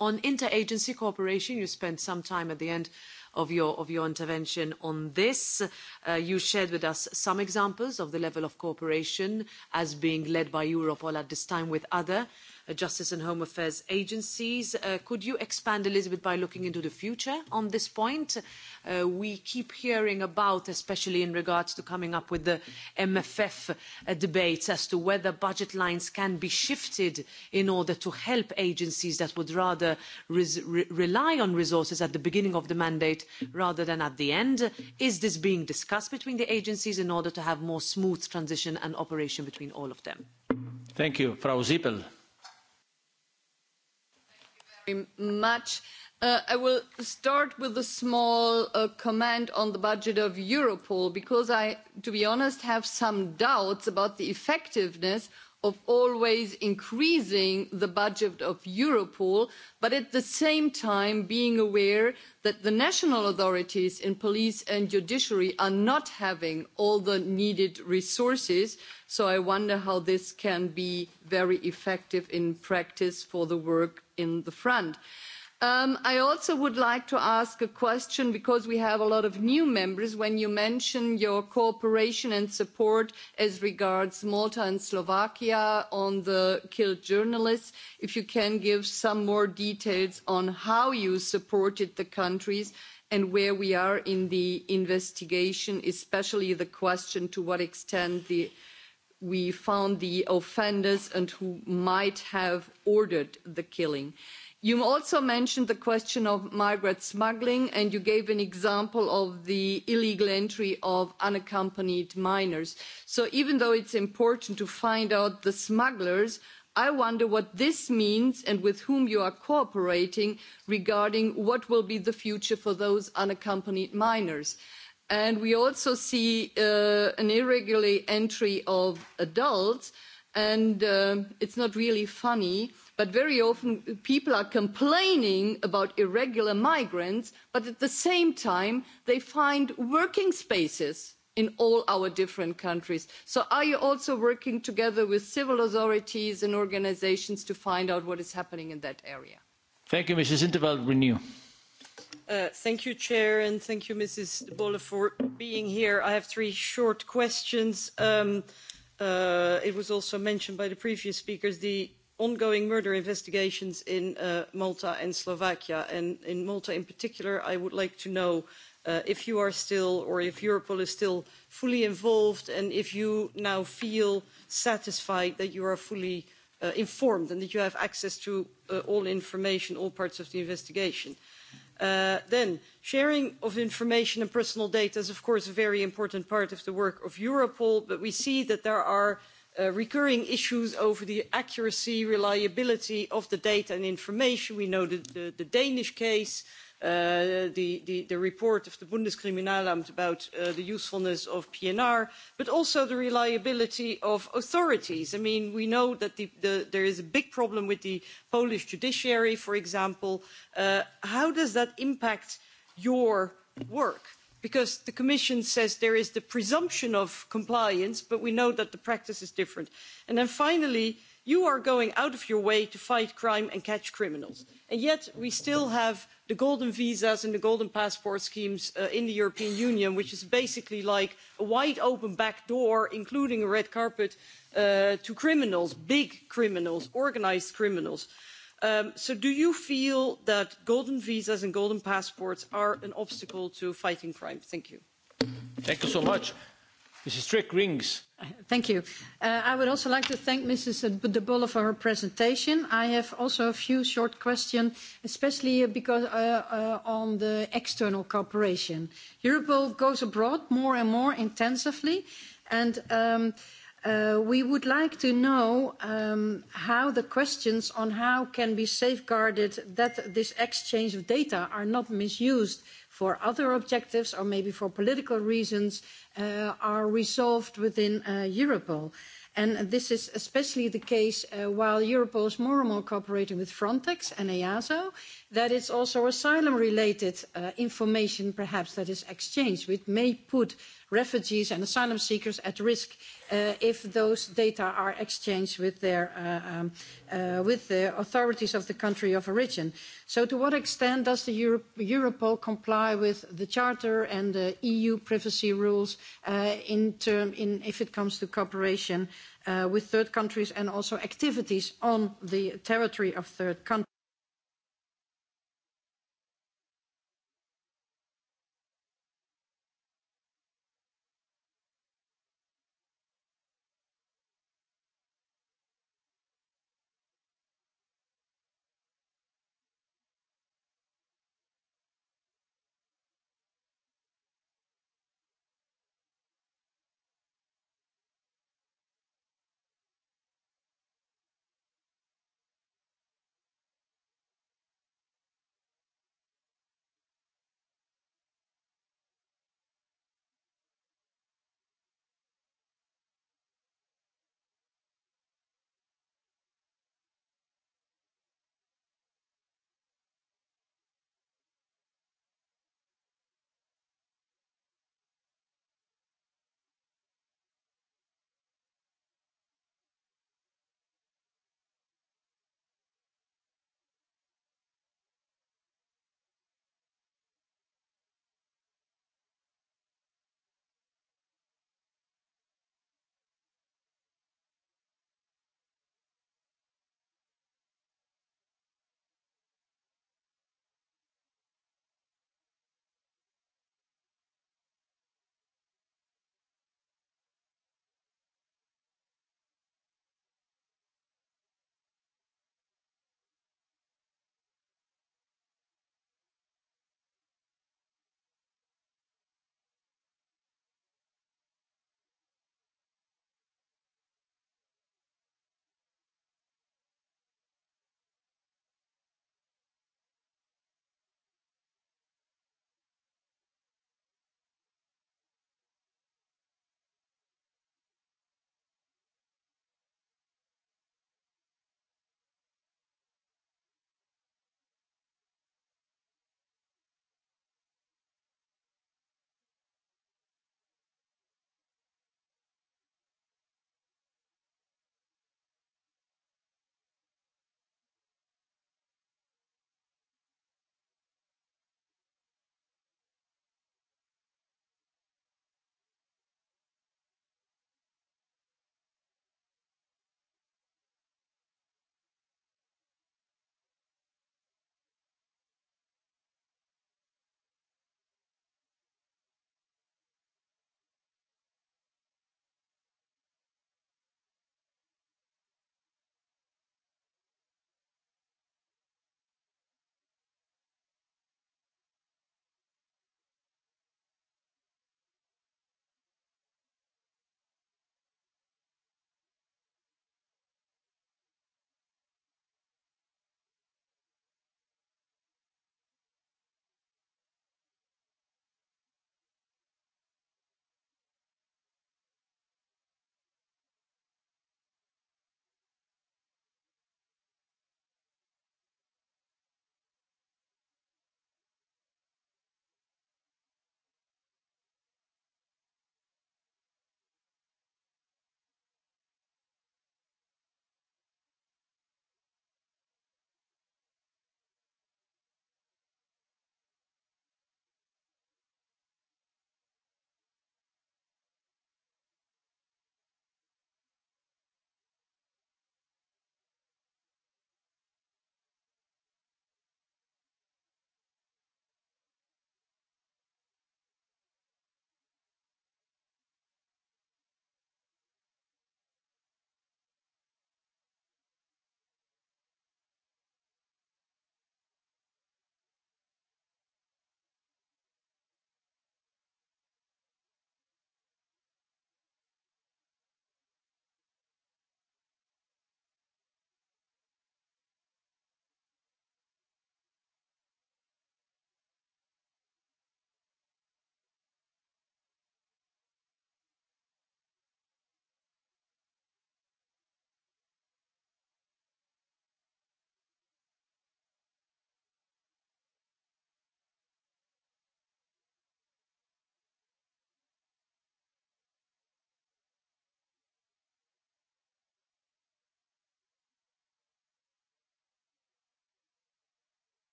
On interagency cooperation, you spent some time at the end of your, of your intervention on this. Uh, you shared with us some examples of the level of cooperation as being led by Europol at this time with other Uh, Justice and Home Affairs agencies. Uh, could you expand a little bit by looking into the future on this point? Uh, we keep hearing about, especially in regards to coming up with the MFF uh, debates, as to whether budget lines can be shifted in order to help agencies that would rather res- re- rely on resources at the beginning of the mandate rather than at the end. Is this being discussed between the agencies in order to have more smooth transition and operation between all of them? Thank you. Frau Siepel much. Uh, I will start with a small uh, comment on the budget of Europol because I, to be honest, have some doubts about the effectiveness of always increasing the budget of Europol, but at the same time being aware that the national authorities in police and judiciary are not having all the needed resources. So I wonder how this can be very effective in practice for the work in the front. Um, I also would like to ask a question because we have a lot of new members when you mention your cooperation and support as regards Malta and Slovakia on the killed journalists. If you can give some more details on how you supported the countries and where we are in the investigation, especially the question to what extent the uh, we found the offenders and who might have ordered the killing. You also mentioned the question of migrant smuggling, and you gave an example of the illegal entry of unaccompanied minors. So even though it's important to find out the smugglers, I wonder what this means and with whom you are cooperating regarding what will be the future for those unaccompanied minors. Uh, And we also see uh, an irregular entry of adults. And um, it's not really funny, but very often people are complaining about irregular migrants, but at the same time, they find working spaces in all our different countries. So are you also working together with civil authorities and organizations to find out what is happening in that area? Thank you, Mrs. Intervall Renew. Uh, thank you, Chair, and thank you, Mrs. Bolle, for being here. I have three short questions. Um, uh, it was also mentioned by the previous speakers, the ongoing murder investigations in uh, Malta and Slovakia. And in Malta in particular, I would like to know uh, if you are still, or if Europol is still fully involved, and if you now feel satisfied that you are fully uh, informed and that you have access to uh, all information, all parts of the investigation. Uh, Uh, then sharing of information and personal data is of course a very important part of the work of europol but we see that there are uh, recurring issues over the accuracy reliability of the data and information we know the, the, the danish case uh, uh, the, the, the report of the Bundeskriminalamt about uh, the usefulness of PNR, but also the reliability of authorities. I mean, we know that the, the, there is a big problem with the Polish judiciary, for example. Uh, how does that impact your work? Because the Commission says there is the presumption of compliance, but we know that the practice is different. And then finally, uh, you are going out of your way to fight crime and catch criminals and yet we still have the golden visas and the golden passport schemes uh, in the european union which is basically like a wide open back door including a red carpet uh, to criminals big criminals organised criminals. Um, so do you feel that golden visas and golden passports are an obstacle to fighting crime? thank you. thank you so much. Mrs. Trick Rings. Thank you. Uh, I would also like to thank Mrs. De Bolle for her presentation. I have also a few short questions, especially because uh, uh, on the external cooperation. Europol goes abroad more and more intensively, and um, uh, Uh, we would like to know um, how the questions on how can be safeguarded that this exchange of data are not misused for other objectives or maybe for political reasons uh, are resolved within uh, Europol. And this is especially the case uh, while Europol is more and more cooperating with Frontex and EASO that it's also asylum-related uh, information perhaps that is exchanged, which may put refugees and asylum seekers at risk uh, if those data are exchanged with, their, uh, um, uh, with the authorities of the country of origin. So to what extent does the Euro Europol comply with the Charter and the EU privacy rules uh, in term, in, if it comes to cooperation uh, with third countries and also activities on the territory of third countries?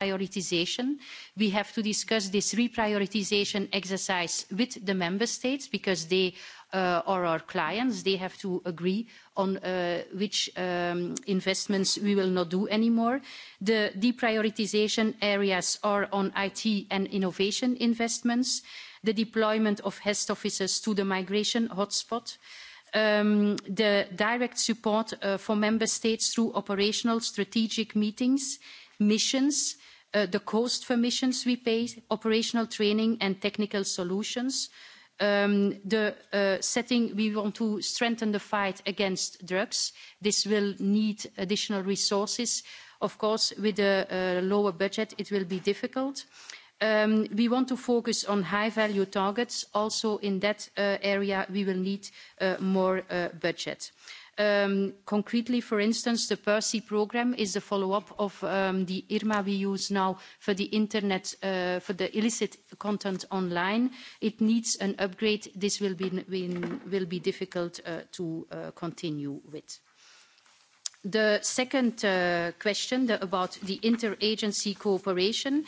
prioritization. We have to discuss this reprioritization exercise with the member states because they uh, or our clients, they have to agree on uh, which um, investments we will not do anymore. The deprioritization areas are on IT and innovation investments, the deployment of HEST officers to the migration hotspot, um, the direct support uh, for member states through operational strategic meetings, missions, uh, the cost for missions we pay, operational training and technical solutions. Um, the uh, setting, we want to strengthen the fight against drugs. This will need additional resources. Of course, with a, a lower budget, it will be difficult. Um, we want to focus on high-value targets. Also, in that uh, area, we will need uh, more uh, budget. Uh, um, concretely, for instance, the Percy program is the follow-up of um, the IRMA we use now for the internet, uh, for the illicit content online. It needs an upgrade. This will be, will be difficult uh, to uh, continue with. The second uh, question the, about the interagency cooperation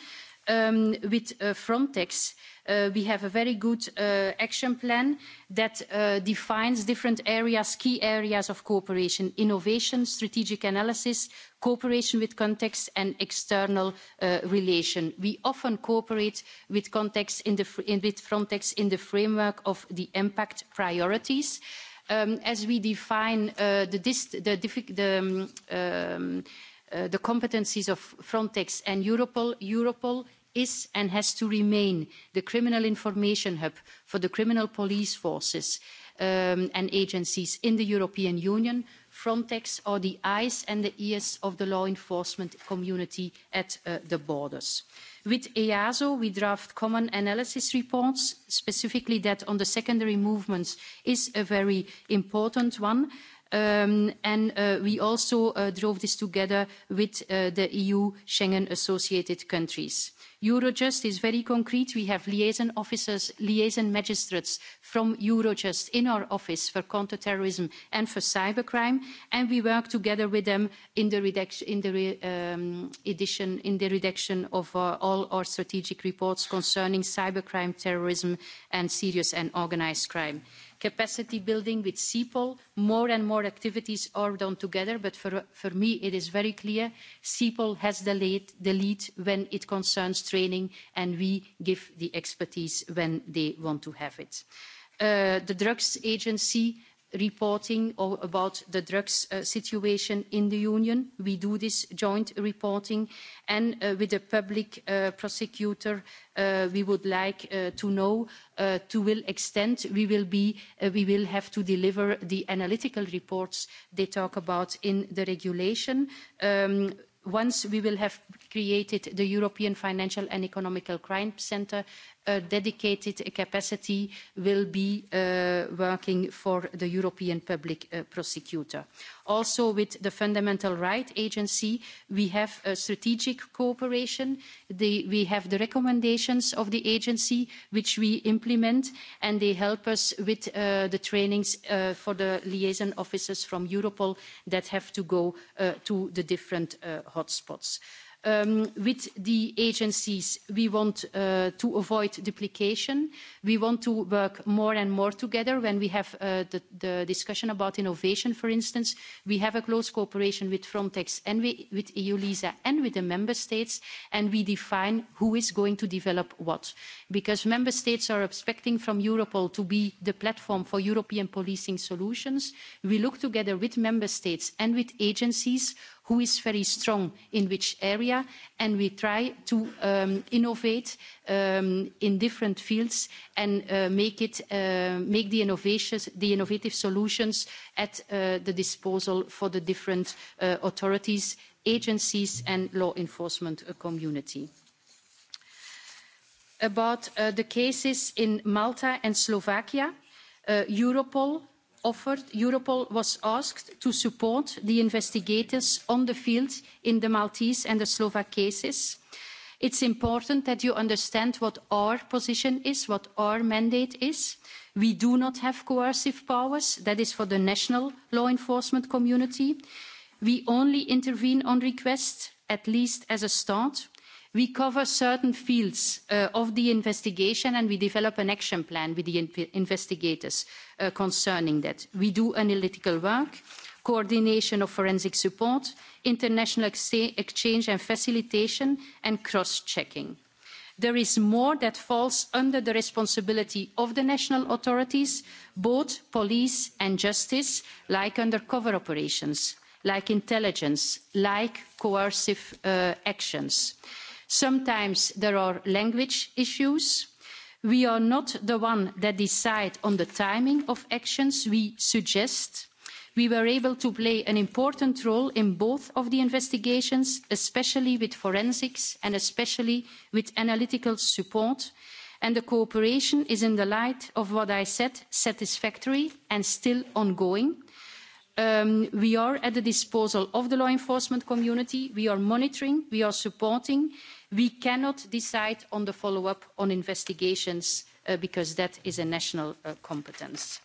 um, with uh, Frontex. Uh, uh, we have a very good uh, action plan that uh, defines different areas, key areas of cooperation, innovation, strategic analysis, cooperation with context and external uh, relation. We often cooperate with, context in the, in, with Frontex in the framework of the impact priorities. Um, as we define uh, the, dist the, the, um, um, uh, the competencies of Frontex and Europol, Europol is and has to remain the criminal information hub for the criminal police forces um, and agencies in the European Union. Frontex are the eyes and the ears of the law enforcement community at uh, the borders. With EASO, we draft common analysis reports, specifically that on the secondary movements is a very important one. Um, and uh, we also uh, drove this together with uh, the EU Schengen associated countries. Eurojust is very concrete. We have liaison officers, liaison magistrates from Eurojust in our office for counterterrorism and for cybercrime, and we work together with them in the, redaction, in the, re, um, edition, in the redaction of uh, all our strategic reports concerning cybercrime, terrorism, and serious and organized crime. Uh, capacity building with cepol more and more activities are done together but for, for me it is very clear cepol has the lead, the lead when it concerns training and we give the expertise when they want to have it. Uh, the drugs agency reporting or about the drugs uh, situation in the Union. We do this joint reporting. And uh, with the public uh, prosecutor, uh, we would like uh, to know uh, to what extent we will, be, uh, we will have to deliver the analytical reports they talk about in the regulation. Um, once we will have created the European Financial and Economical Crime Centre, uh, dedicated capacity will be uh, working for the European Public uh, Prosecutor. Also with the Fundamental Rights Agency, we have a strategic cooperation. The, we have the recommendations of the agency, which we implement, and they help us with uh, the trainings uh, for the liaison officers from Europol that have to go uh, to the different uh, hotspots. Uh, um, with the agencies, we want uh, to avoid duplication. We want to work more and more together. When we have uh, the, the discussion about innovation, for instance, we have a close cooperation with Frontex and we, with EULISA and with the member states, and we define who is going to develop what. Because member states are expecting from Europol to be the platform for European policing solutions, we look together with member states and with agencies who is very strong in which area and we try to um, innovate um, in different fields and uh, make it uh, make the innovations the innovative solutions at uh, the disposal for the different uh, authorities agencies and law enforcement uh, community about uh, the cases in malta and slovakia uh, europol offered, Europol was asked to support the investigators on the field in the Maltese and the Slovak cases. It's important that you understand what our position is, what our mandate is. We do not have coercive powers. That is for the national law enforcement community. We only intervene on request, at least as a start we cover certain fields uh, of the investigation and we develop an action plan with the in investigators uh, concerning that. we do analytical work coordination of forensic support international ex exchange and facilitation and cross checking. there is more that falls under the responsibility of the national authorities both police and justice like undercover operations like intelligence like coercive uh, actions. Uh, sometimes there are language issues we are not the ones that decide on the timing of actions we suggest. we were able to play an important role in both of the investigations especially with forensics and especially with analytical support and the cooperation is in the light of what i said satisfactory and still ongoing. Um, we are at the disposal of the law enforcement community we are monitoring we are supporting and we cannot decide on the follow up on investigations uh, because that is a national uh, competence.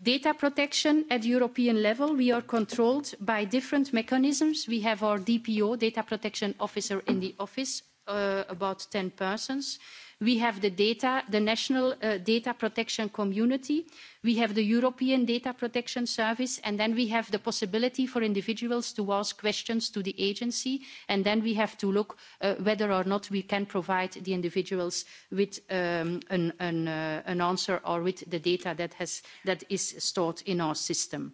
Data protection at European level, we are controlled by different mechanisms. We have our DPO, Data Protection Officer in the office, uh, about 10 persons. Uh, We have the data, the National uh, Data Protection Community. We have the European Data Protection Service. And then we have the possibility for individuals to ask questions to the agency. And then we have to look uh, whether or not we can provide the individuals with um, an, an, uh, an answer or with the data that, has, that is stored in our system.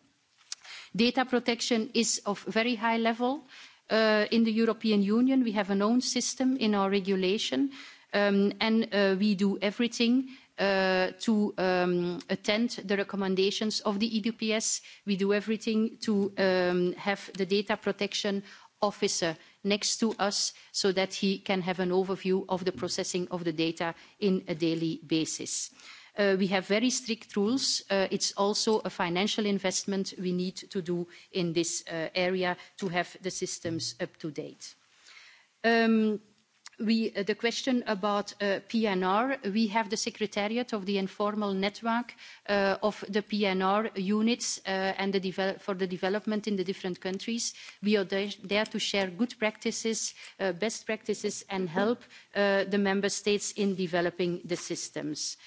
Data protection is of very high level. Uh, in the European Union, we have an own system in our regulation um, and uh, we do everything uh, to um, attend the recommendations of the EDPS. We do everything to um, have the data protection officer next to us so that he can have an overview of the processing of the data in a daily basis. Uh, we have very strict rules. Uh, it's also a financial investment we need to do in this uh, area to have the systems up to date. Um, we, uh, the question about uh, PNR, we have the secretariat of the informal network uh, of the PNR units uh, and the develop for the development in the different countries. We are there, there to share good practices, uh, best practices, and help uh, the member states in developing the systems. Uh,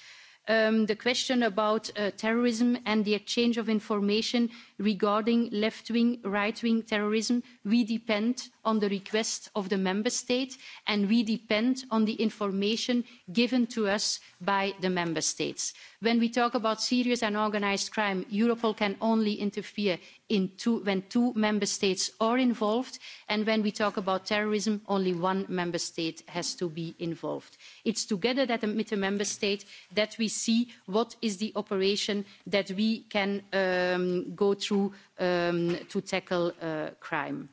um, the question about uh, terrorism and the exchange of information regarding left-wing, right-wing terrorism, we depend on the request of the member state and we depend on the information given to us by the member states. When we talk about serious and organized crime, Europol can only interfere in two, when two member states are involved and when we talk about terrorism only one member state has to be involved. it's together that, uh, with the member state that we see what is the operation that we can um, go through um, to tackle uh, crime.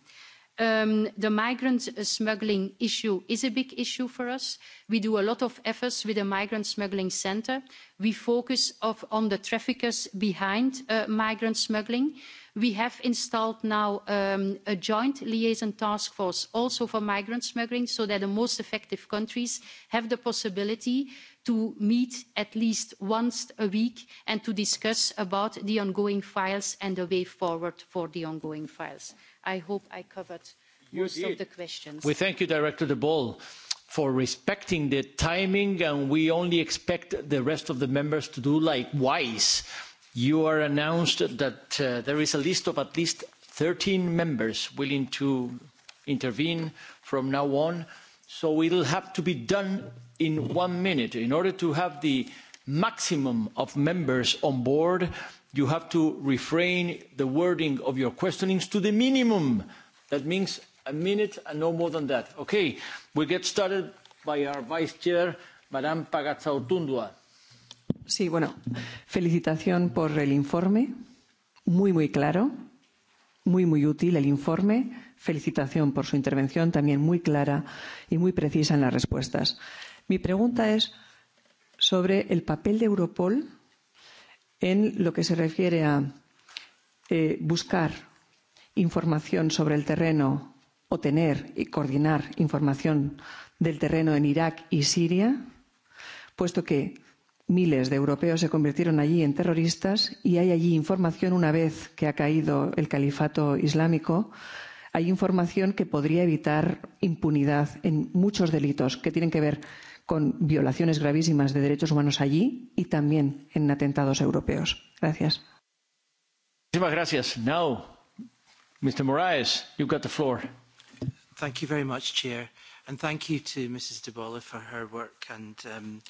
Um, the migrant smuggling issue is a big issue for us. We do a lot of efforts with the Migrant Smuggling Centre. We focus of, on the traffickers behind uh, migrant smuggling. Uh, We have installed now um, a joint liaison task force also for migrant smuggling so that the most effective countries have the possibility to meet at least once a week and to discuss about the ongoing files and the way forward for the ongoing files. I hope I covered you most did. of the questions. We thank you, Director de Bol, for respecting the timing, and we only expect the rest of the members to do likewise you are announced that uh, there is a list of at least 13 members willing to intervene from now on. So it'll have to be done in one minute. In order to have the maximum of members on board, you have to refrain the wording of your questionings to the minimum. That means a minute and no more than that. Okay, we'll get started by our Vice Chair, Madame Pagazautundua. Sí, bueno, felicitación por el informe, muy, muy claro, muy, muy útil el informe. Felicitación por su intervención, también muy clara y muy precisa en las respuestas. Mi pregunta es sobre el papel de Europol en lo que se refiere a eh, buscar información sobre el terreno o tener y coordinar información del terreno en Irak y Siria, puesto que Miles de europeos se convirtieron allí en terroristas y hay allí información una vez que ha caído el califato islámico hay información que podría evitar impunidad en muchos delitos que tienen que ver con violaciones gravísimas de derechos humanos allí y también en atentados europeos. Gracias. Muchísimas gracias. Now, Mr. Moraes, you've got the floor. Thank you very much, Chair, and thank you to Mrs. Debola for her work and um,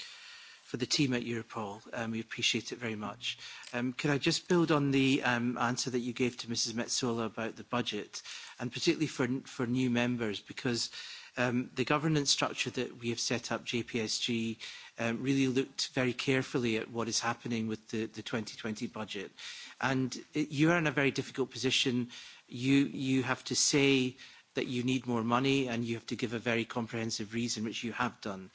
for the team at Europol. Um, we appreciate it very much. Um, could I just build on the um, answer that you gave to Mrs. Metsola about the budget, and particularly for, for new members, because um, the governance structure that we have set up, JPSG, um, really looked very carefully at what is happening with the, the 2020 budget. And it, you are in a very difficult position. You, you have to say that you need more money and you have to give a very comprehensive reason, which you have done.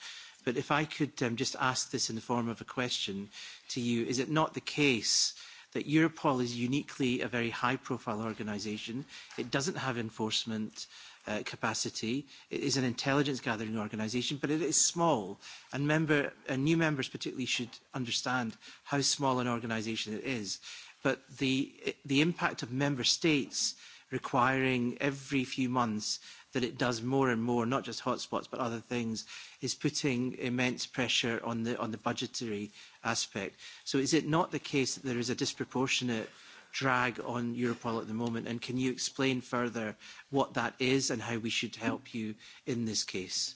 But if I could um, just ask this in the form of a question to you, is it not the case that Europol is uniquely a very high-profile organisation? It doesn't have enforcement uh, capacity. It is an intelligence-gathering organisation, but it is small. And member, uh, new members particularly should understand how small an organisation it is. But the, the impact of member states requiring every few months that it does more and more, not just hotspots but other things, is putting immense pressure on the, on the budgetary aspect. So is it not the case that there is a disproportionate drag on Europol at the moment? And can you explain further what that is and how we should help you in this case?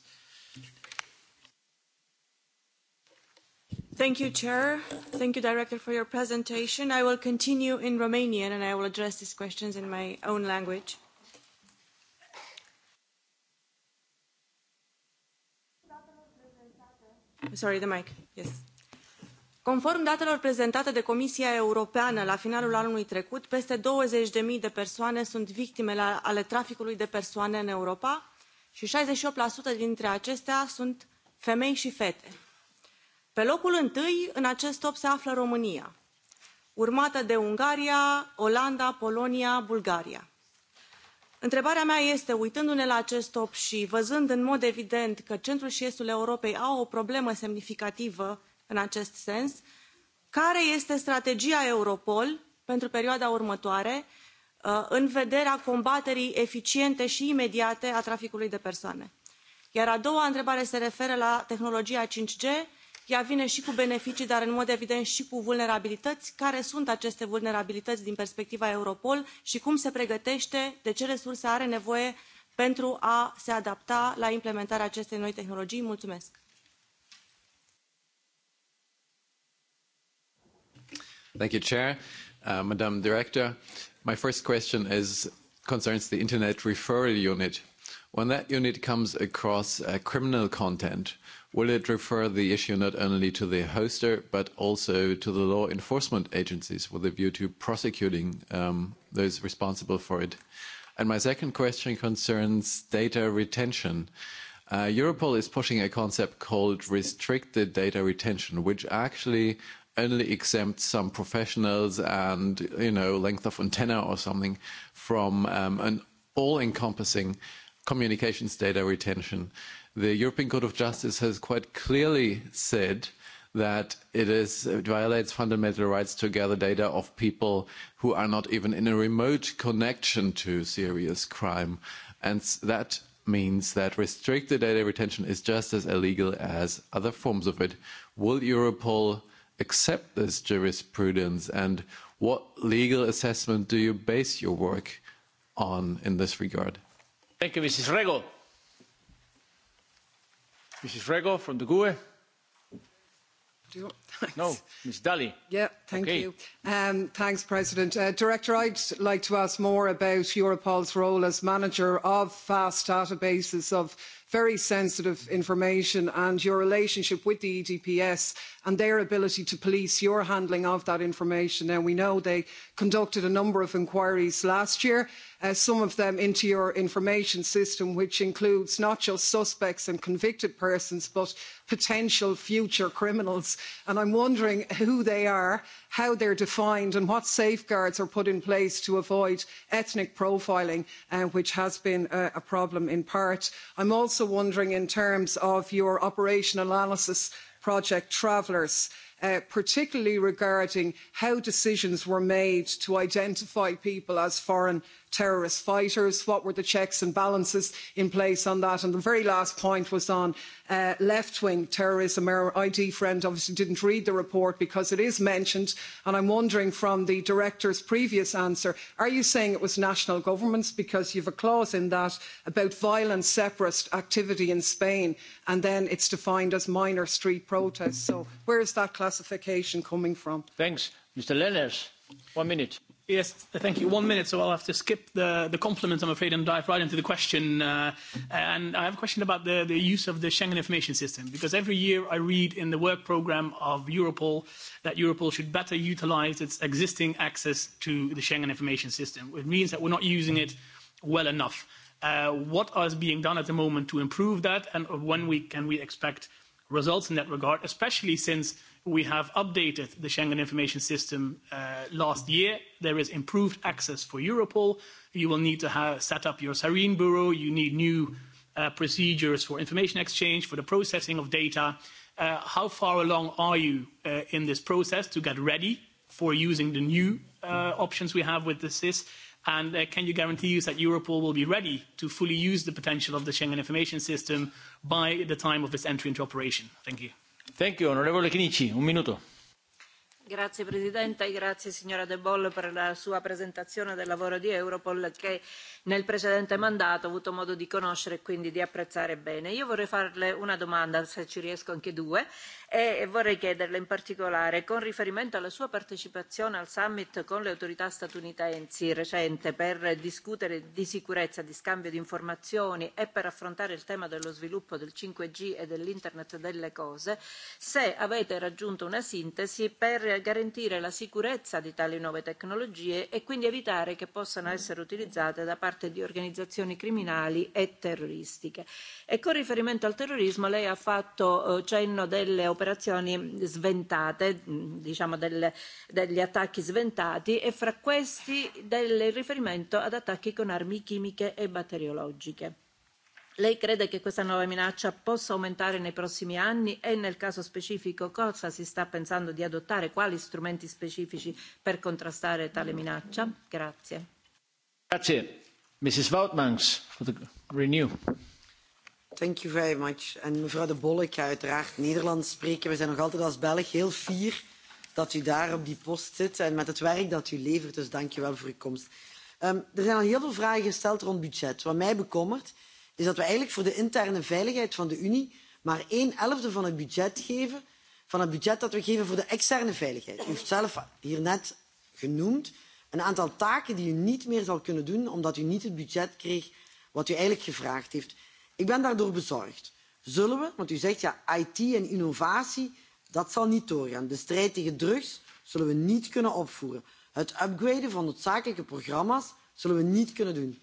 Thank you, Chair. Thank you, Director, for your presentation. I will continue in Romanian and I will address these questions in my own language. sorry, the mic. Yes. Conform datelor prezentate de Comisia Europeană la finalul anului trecut, peste 20.000 de persoane sunt victimele ale traficului de persoane în Europa și 68% dintre acestea sunt femei și fete. Pe locul întâi, în acest top, se află România, urmată de Ungaria, Olanda, Polonia, Bulgaria întrebarea mea este uitându ne la acest top și văzând în mod evident că centrul și estul europei au o problemă semnificativă în acest sens care este strategia europol pentru perioada următoare uh, în vederea combaterii eficiente și imediate a traficului de persoane? iar a doua întrebare se referă la tehnologia cinci g ea vine și cu beneficii dar în mod evident și cu vulnerabilități care sunt aceste vulnerabilități din perspectiva europol și cum se pregătește de ce resurse are nevoie pentru a se adapta la implementarea acestei noi tehnologii. mulțumesc. Thank you, Chair. Uh, Madam Director, my first question is, concerns the Internet Referral Unit. When that unit comes across uh, criminal content, Will it refer the issue not only to the hoster but also to the law enforcement agencies with a view to prosecuting um, those responsible for it? And my second question concerns data retention. Uh, Europol is pushing a concept called restricted data retention, which actually only exempt some professionals and you know length of antenna or something from um, an all-encompassing communications data retention the European Court of Justice has quite clearly said that it is it violates fundamental rights to gather data of people who are not even in a remote connection to serious crime and that means that restricted data retention is just as illegal as other forms of it will europol accept this jurisprudence and what legal assessment do you base your work on in this regard thank you mrs rego Mrs. Rego from the GUE. You, no, Ms. Daly. Yeah, thank okay. you. Um, thanks, President. Uh, Director, I'd like to ask more about Europol's role as manager of vast databases of very sensitive information and your relationship with the edps and their ability to police your handling of that information. now we know they conducted a number of inquiries last year uh, some of them into your information system which includes not just suspects and convicted persons but potential future criminals and i'm wondering who they are how they're defined and what safeguards are put in place to avoid ethnic profiling uh, which has been uh, a problem in part. i'm also wondering in terms of your operation analysis project travellers uh, particularly regarding how decisions were made to identify people as foreign terrorist fighters what were the checks and balances in place on that? and the very last point was on uh, left wing terrorism. our id friend obviously didn't read the report because it is mentioned and i'm wondering from the director's previous answer are you saying it was national governments because you've a clause in that about violent separatist activity in spain and then it's defined as minor street protests so where is that classification coming from? thanks. mr lenaers one minute. Yes, thank you. One minute, so I'll have to skip the, the compliment, I'm afraid, and dive right into the question. Uh, and I have a question about the, the use of the Schengen Information System, because every year I read in the work program of Europol that Europol should better utilize its existing access to the Schengen Information System, which means that we're not using it well enough. Uh, what is being done at the moment to improve that, and when we, can we expect results in that regard, especially since We have updated the Schengen Information System uh, last year. There is improved access for Europol. You will need to have, set up your Serene Bureau. You need new uh, procedures for information exchange, for the processing of data. Uh, how far along are you uh, in this process to get ready for using the new uh, options we have with the SIS? And uh, can you guarantee us that Europol will be ready to fully use the potential of the Schengen Information System by the time of its entry into operation? Thank you. Thank you, onorevole Chinici, un minuto. Grazie Presidente, e grazie signora De Boll per la sua presentazione del lavoro di Europol che nel precedente mandato ho avuto modo di conoscere e quindi di apprezzare bene. Io vorrei farle una domanda, se ci riesco anche due, e vorrei chiederle in particolare con riferimento alla sua partecipazione al summit con le autorità statunitensi recente per discutere di sicurezza, di scambio di informazioni e per affrontare il tema dello sviluppo del 5G e dell'Internet delle cose, se avete raggiunto una sintesi per garantire la sicurezza di tali nuove tecnologie e quindi evitare che possano essere utilizzate da parte parte di organizzazioni criminali e terroristiche. E con riferimento al terrorismo lei ha fatto eh, cenno delle operazioni sventate, mm, diciamo del, degli attacchi sventati e fra questi del riferimento ad attacchi con armi chimiche e batteriologiche. Lei crede che questa nuova minaccia possa aumentare nei prossimi anni e nel caso specifico cosa si sta pensando di adottare, quali strumenti specifici per contrastare tale minaccia? Grazie. Grazie Mrs. Woutmans voor de Renew. Thank you very much. En mevrouw De Bolle, ik ga uiteraard Nederlands spreken. We zijn nog altijd als Belg heel fier dat u daar op die post zit en met het werk dat u levert. Dus dank je wel voor uw komst. Um, er zijn al heel veel vragen gesteld rond budget. Wat mij bekommert is dat we eigenlijk voor de interne veiligheid van de Unie maar één elfde van het budget geven, van het budget dat we geven voor de externe veiligheid. U heeft zelf hier net genoemd Een aantal taken die u niet meer zal kunnen doen omdat u niet het budget kreeg wat u eigenlijk gevraagd heeft. Ik ben daardoor bezorgd. Zullen we, want u zegt ja, IT en innovatie, dat zal niet doorgaan. De strijd tegen drugs zullen we niet kunnen opvoeren. Het upgraden van noodzakelijke programma's zullen we niet kunnen doen.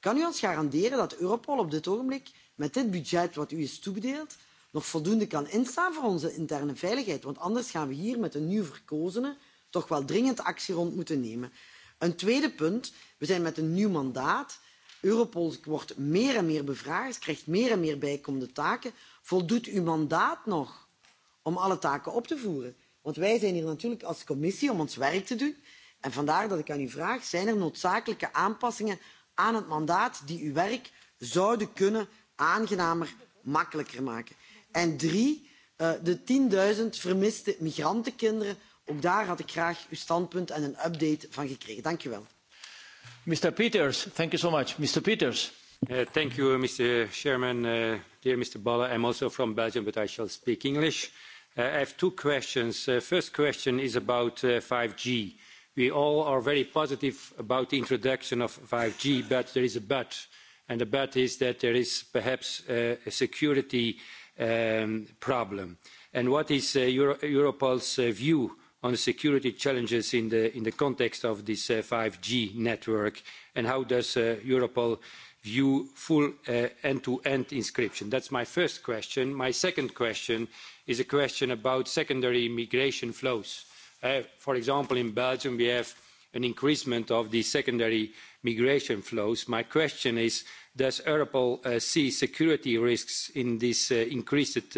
Kan u ons garanderen dat Europol op dit ogenblik met dit budget wat u is toebedeeld nog voldoende kan instaan voor onze interne veiligheid? Want anders gaan we hier met een nieuw verkozene toch wel dringend actie rond moeten nemen. Een tweede punt. We zijn met een nieuw mandaat. Europol wordt meer en meer bevraagd, krijgt meer en meer bijkomende taken. Voldoet uw mandaat nog om alle taken op te voeren? Want wij zijn hier natuurlijk als commissie om ons werk te doen. En vandaar dat ik aan u vraag, zijn er noodzakelijke aanpassingen aan het mandaat die uw werk zouden kunnen aangenamer, makkelijker maken? En drie, eh, de 10.000 vermiste migrantenkinderen Ook daar had ik graag uw standpunt en een update van gekregen. Dank u wel. Mr. Peters, thank you so much. Mr. Peters. Uh, thank you, Mr. Chairman. Uh, dear Mr. Balla, I'm also from Belgium, but I shall speak English. Uh, I have two questions. Uh, first question is about uh, 5G. We all are very positive about the introduction of 5G, but there is a but. And the but is that there is perhaps uh, a security um, problem. And what is uh, Euro Europol's uh, view on the security challenges in the, in the context of this uh, 5G network, and how does uh, Europol view full uh, end-to-end uh, -end inscription? That's my first question. My second question is a question about secondary migration flows. Uh, for example, in Belgium, we have an increasement of the secondary migration flows. My question is, does Europol uh, see security risks in this increased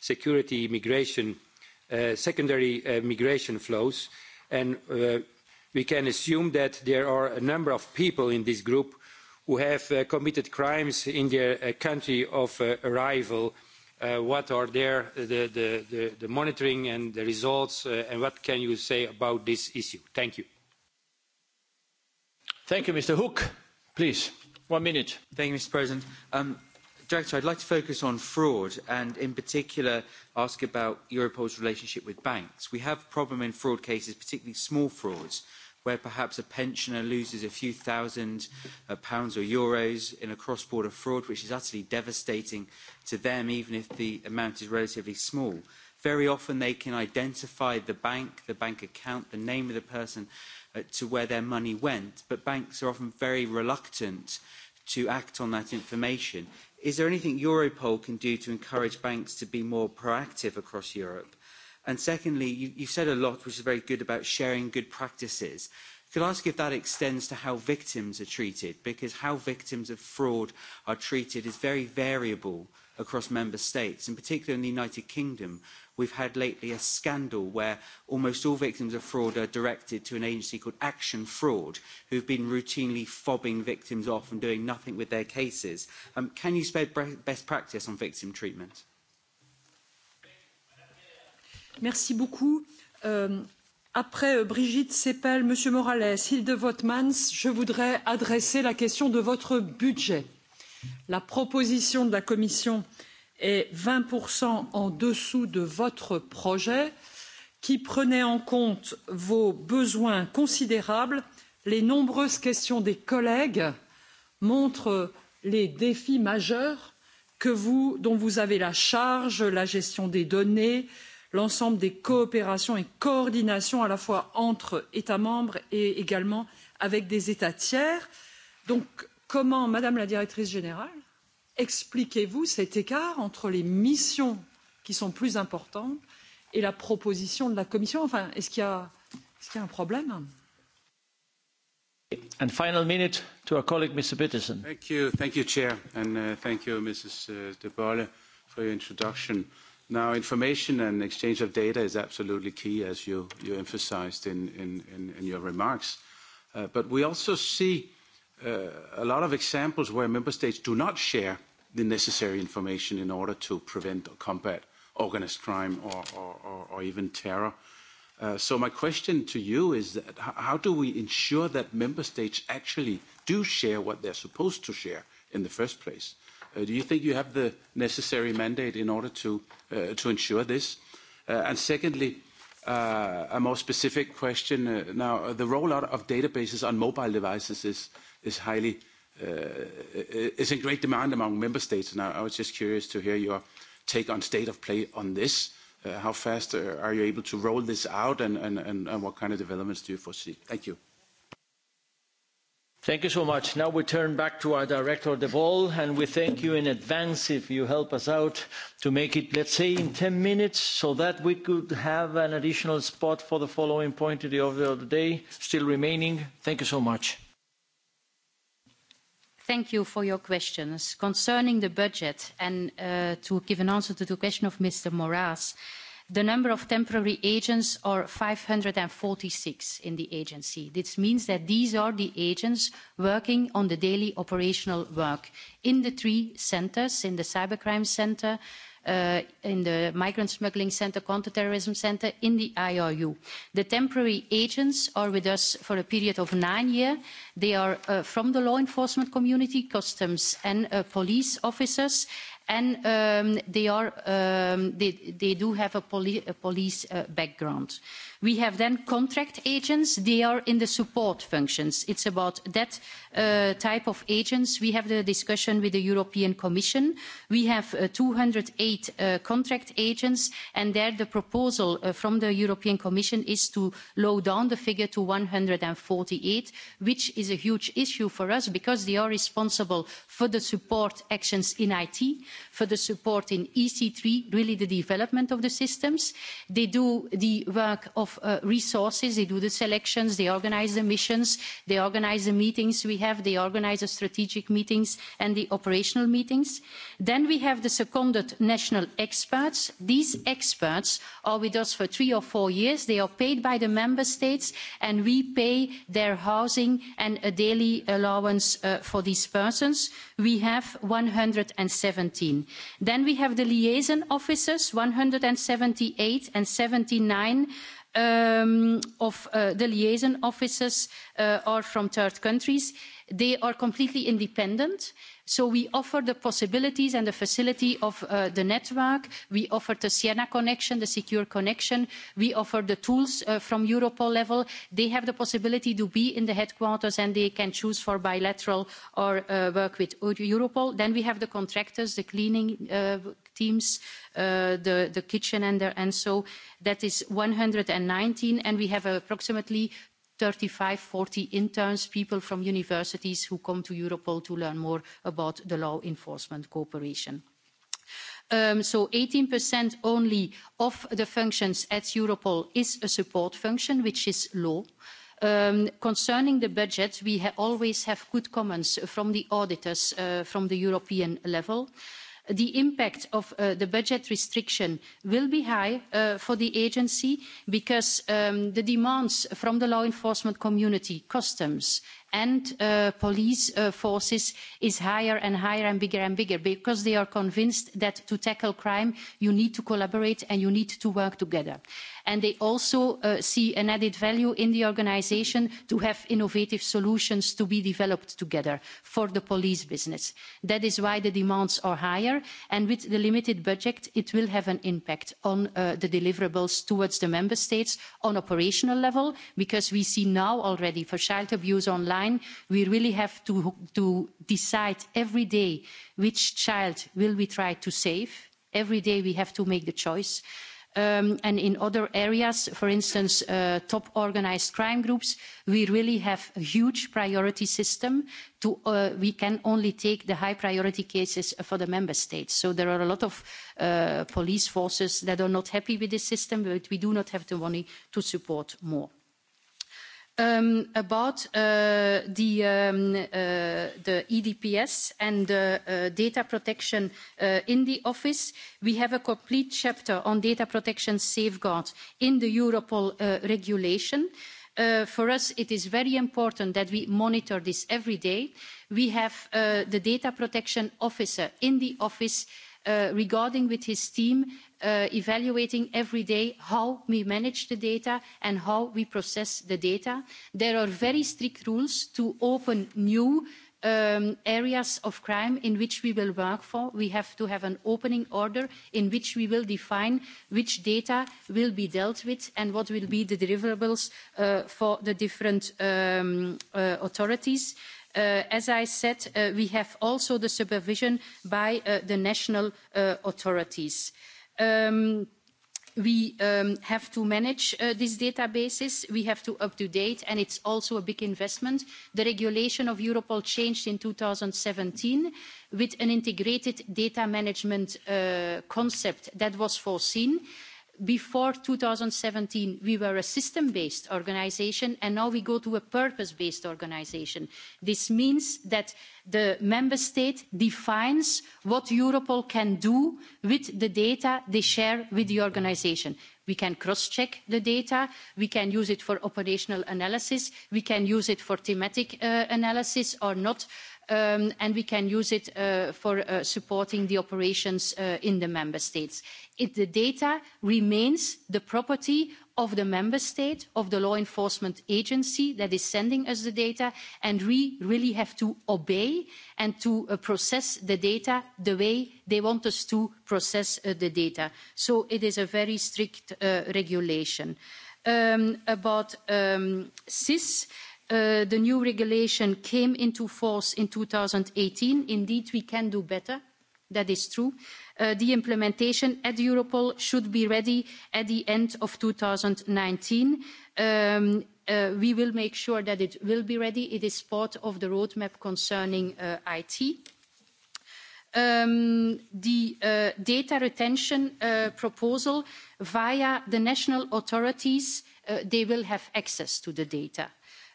security migration flows? uh, secondary uh, migration flows. And uh, we can assume that there are a number of people in this group who have uh, committed crimes in their uh, country of uh, arrival. Uh, what are their, uh, the, the, the, the monitoring and the results, uh, and what can you say about this issue? Thank you. Thank you, Mr. Hook. Please, one minute. Thank you, Mr. President. Um, Director, I'd like to focus on fraud and in particular ask about Europol's relationship with banks. We have problem in fraud cases, particularly small frauds, where perhaps a pensioner loses a few thousand uh, pounds or euros in a cross-border fraud, which is utterly devastating to them, even if the amount is relatively small. Very often they can identify the bank, the bank account, the name of the person uh, to where their money went, but banks are often very reluctant to act on that information. Is there anything Europol can do to encourage banks to be more proactive across Europe? And secondly, you, you've said a lot which is very good about sharing good practices. Could I ask if that extends to how victims are treated? Because how victims of fraud are treated is very variable across member states, in particular in the United Kingdom, We've had lately a scandal where almost all victims of fraud are directed to an agency called Action Fraud, who've been routinely fobbing victims off and doing nothing with their cases. Um, can you spread best practice on victim treatment? Merci beaucoup. Euh, après euh, Brigitte Seppel, Monsieur Morales, Hilde Votmans, je voudrais adresser la question de votre budget. La proposition de la Commission euh, et vingt en dessous de votre projet qui prenait en compte vos besoins considérables les nombreuses questions des collègues montrent les défis majeurs vous, dont vous avez la charge la gestion des données l'ensemble des coopérations et coordinations à la fois entre états membres et également avec des états tiers. donc comment madame la directrice générale expliquez-vous cet écart entre les missions qui sont plus importantes et la proposition de la Commission Enfin, est-ce qu'il y, a, est qu y a un problème And final minute to our colleague, Mr. Peterson. Thank you, thank you, Chair, and uh, thank you, Mrs. Uh, De Bolle, for your introduction. Now, information and exchange of data is absolutely key, as you, you emphasized in, in, in, in your remarks. Uh, but we also see uh, a lot of examples where member states do not share uh, the necessary information in order to prevent or combat organized crime or, or, or, or even terror. Uh, so my question to you is that how do we ensure that member states actually do share what they're supposed to share in the first place? Uh, do you think you have the necessary mandate in order to, uh, to ensure this? Uh, and secondly, uh, a more specific question. Uh, now, uh, the rollout of databases on mobile devices is, is highly uh, Uh, is in great demand among member states. And I, I was just curious to hear your take on state of play on this. Uh, how fast uh, are you able to roll this out, and, and, and what kind of developments do you foresee? Thank you. Thank you so much. Now we turn back to our director, De Vol, and we thank you in advance if you help us out to make it, let's say, in 10 minutes, so that we could have an additional spot for the following point of the order of the day still remaining. Thank you so much thank you for your questions. Concerning the budget, and uh, to give an answer to the question of Mr. Moraes, the number of temporary agents are 546 in the agency. This means that these are the agents working on the daily operational work in the three centers, in the cybercrime center, uh, in the Migrant Smuggling Center, Counterterrorism Center, in the IOU. The temporary agents are with us for a period of nine years. They are uh, from the law enforcement community, customs and uh, police officers, and um, they, are, um, they, they do have a, poli a police uh, background. Uh, We have then contract agents. They are in the support functions. It's about that uh, type of agents. We have the discussion with the European Commission. We have uh, 208 uh, contract agents, and there the proposal uh, from the European Commission is to low down the figure to 148, which is a huge issue for us because they are responsible for the support actions in IT, for the support in EC3, really the development of the systems. They do the work of of uh, resources. They do the selections, they organize the missions, they organize the meetings we have, they organize the strategic meetings and the operational meetings. Then we have the seconded national experts. These experts are with us for three or four years. They are paid by the member states and we pay their housing and a daily allowance uh, for these persons. We have 117. Then we have the liaison officers, 178 and 79 um, of uh, the liaison officers uh, are from third countries. They are completely independent. Uh, So we offer the possibilities and the facility of uh, the network. We offer the Siena connection, the secure connection. We offer the tools uh, from Europol level. They have the possibility to be in the headquarters and they can choose for bilateral or uh, work with Europol. Then we have the contractors, the cleaning uh, teams, uh, the, the kitchen and, the, and so that is 119 and we have approximately 35, 40 interns, people from universities who come to Europol to learn more about the law enforcement cooperation. Um, so 18% only of the functions at Europol is a support function, which is low. Um, concerning the budget, we ha always have good comments from the auditors uh, from the European level. Uh, the impact of uh, the budget restriction will be high uh, for the agency because um, the demands from the law enforcement community, customs, and uh, police uh, forces is higher and higher and bigger and bigger because they are convinced that to tackle crime you need to collaborate and you need to work together. And they also uh, see an added value in the organisation to have innovative solutions to be developed together for the police business. That is why the demands are higher and with the limited budget it will have an impact on uh, the deliverables towards the member states on operational level because we see now already for child abuse online online, we really have to, to decide every day which child will we try to save. Every day we have to make the choice. Um, and in other areas, for instance, uh, top organized crime groups, we really have a huge priority system. To, uh, we can only take the high priority cases for the member states. So there are a lot of uh, police forces that are not happy with this system, but we do not have the money to support more um, about uh, the, um, uh, the EDPS and the uh, data protection uh, in the office. We have a complete chapter on data protection safeguard in the Europol uh, regulation. Uh, for us, it is very important that we monitor this every day. We have uh, the data protection officer in the office uh, regarding with his team uh, evaluating every day how we manage the data and how we process the data. There are very strict rules to open new um, areas of crime in which we will work for. We have to have an opening order in which we will define which data will be dealt with and what will be the deliverables uh, for the different um, uh, authorities. Uh, as I said, uh, we have also the supervision by uh, the national uh, authorities. Uh, Um, we um, have to manage uh, these databases. We have to up-to-date, and it's also a big investment. The regulation of Europol changed in 2017 with an integrated data management uh, concept that was foreseen. Uh, before 2017, we were a system-based organization, and now we go to a purpose-based organization. This means that the member state defines what Europol can do with the data they share with the organization. We can cross-check the data. We can use it for operational analysis. We can use it for thematic uh, analysis or not. Uh, um, and we can use it uh, for uh, supporting the operations uh, in the member states. It, the data remains the property of the member state, of the law enforcement agency that is sending us the data, and we really have to obey and to uh, process the data the way they want us to process uh, the data. So it is a very strict uh, regulation. Um, about um, CIS, uh, Uh, the new regulation came into force in 2018. Indeed, we can do better. That is true. Uh, the implementation at Europol should be ready at the end of 2019. Um, uh, we will make sure that it will be ready. It is part of the roadmap concerning uh, IT. Um, the uh, data retention uh, proposal via the national authorities, uh, they will have access to the data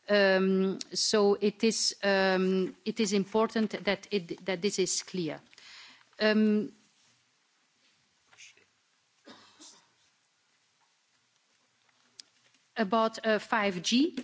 Um, so it is, um, it is important that, it, that this is clear. Um, about uh, 5G,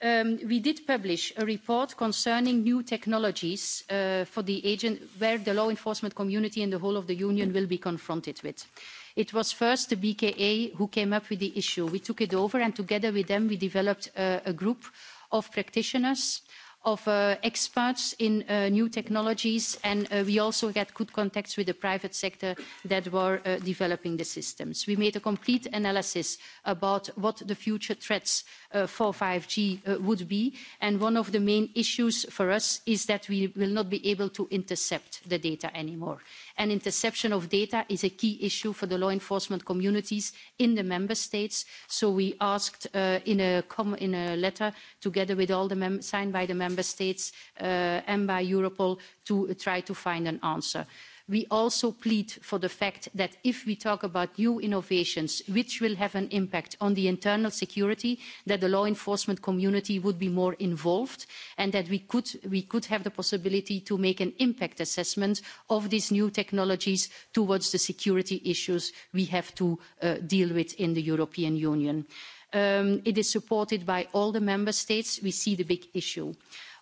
um, we did publish a report concerning new technologies uh, for the agent where the law enforcement community and the whole of the union will be confronted with. Uh, It was first the BKA who came up with the issue. We took it over and together with them we developed uh, a group of practitioners of uh, experts in uh, new technologies, and uh, we also had good contacts with the private sector that were uh, developing the systems. We made a complete analysis about what the future threats uh, for 5G uh, would be, and one of the main issues for us is that we will not be able to intercept the data anymore and interception of data is a key issue for the law enforcement communities in the member states. So we asked uh, in, a com in a letter together with all the mem signed by the member states uh, and by Europol to uh, try to find an answer. Uh, we also plead for the fact that if we talk about new innovations which will have an impact on the internal security that the law enforcement community would be more involved and that we could we could have the possibility to make an impact assessment of these new technologies towards the security issues we have to uh, deal with in the european union. Um, it is supported by all the member states we see the big issue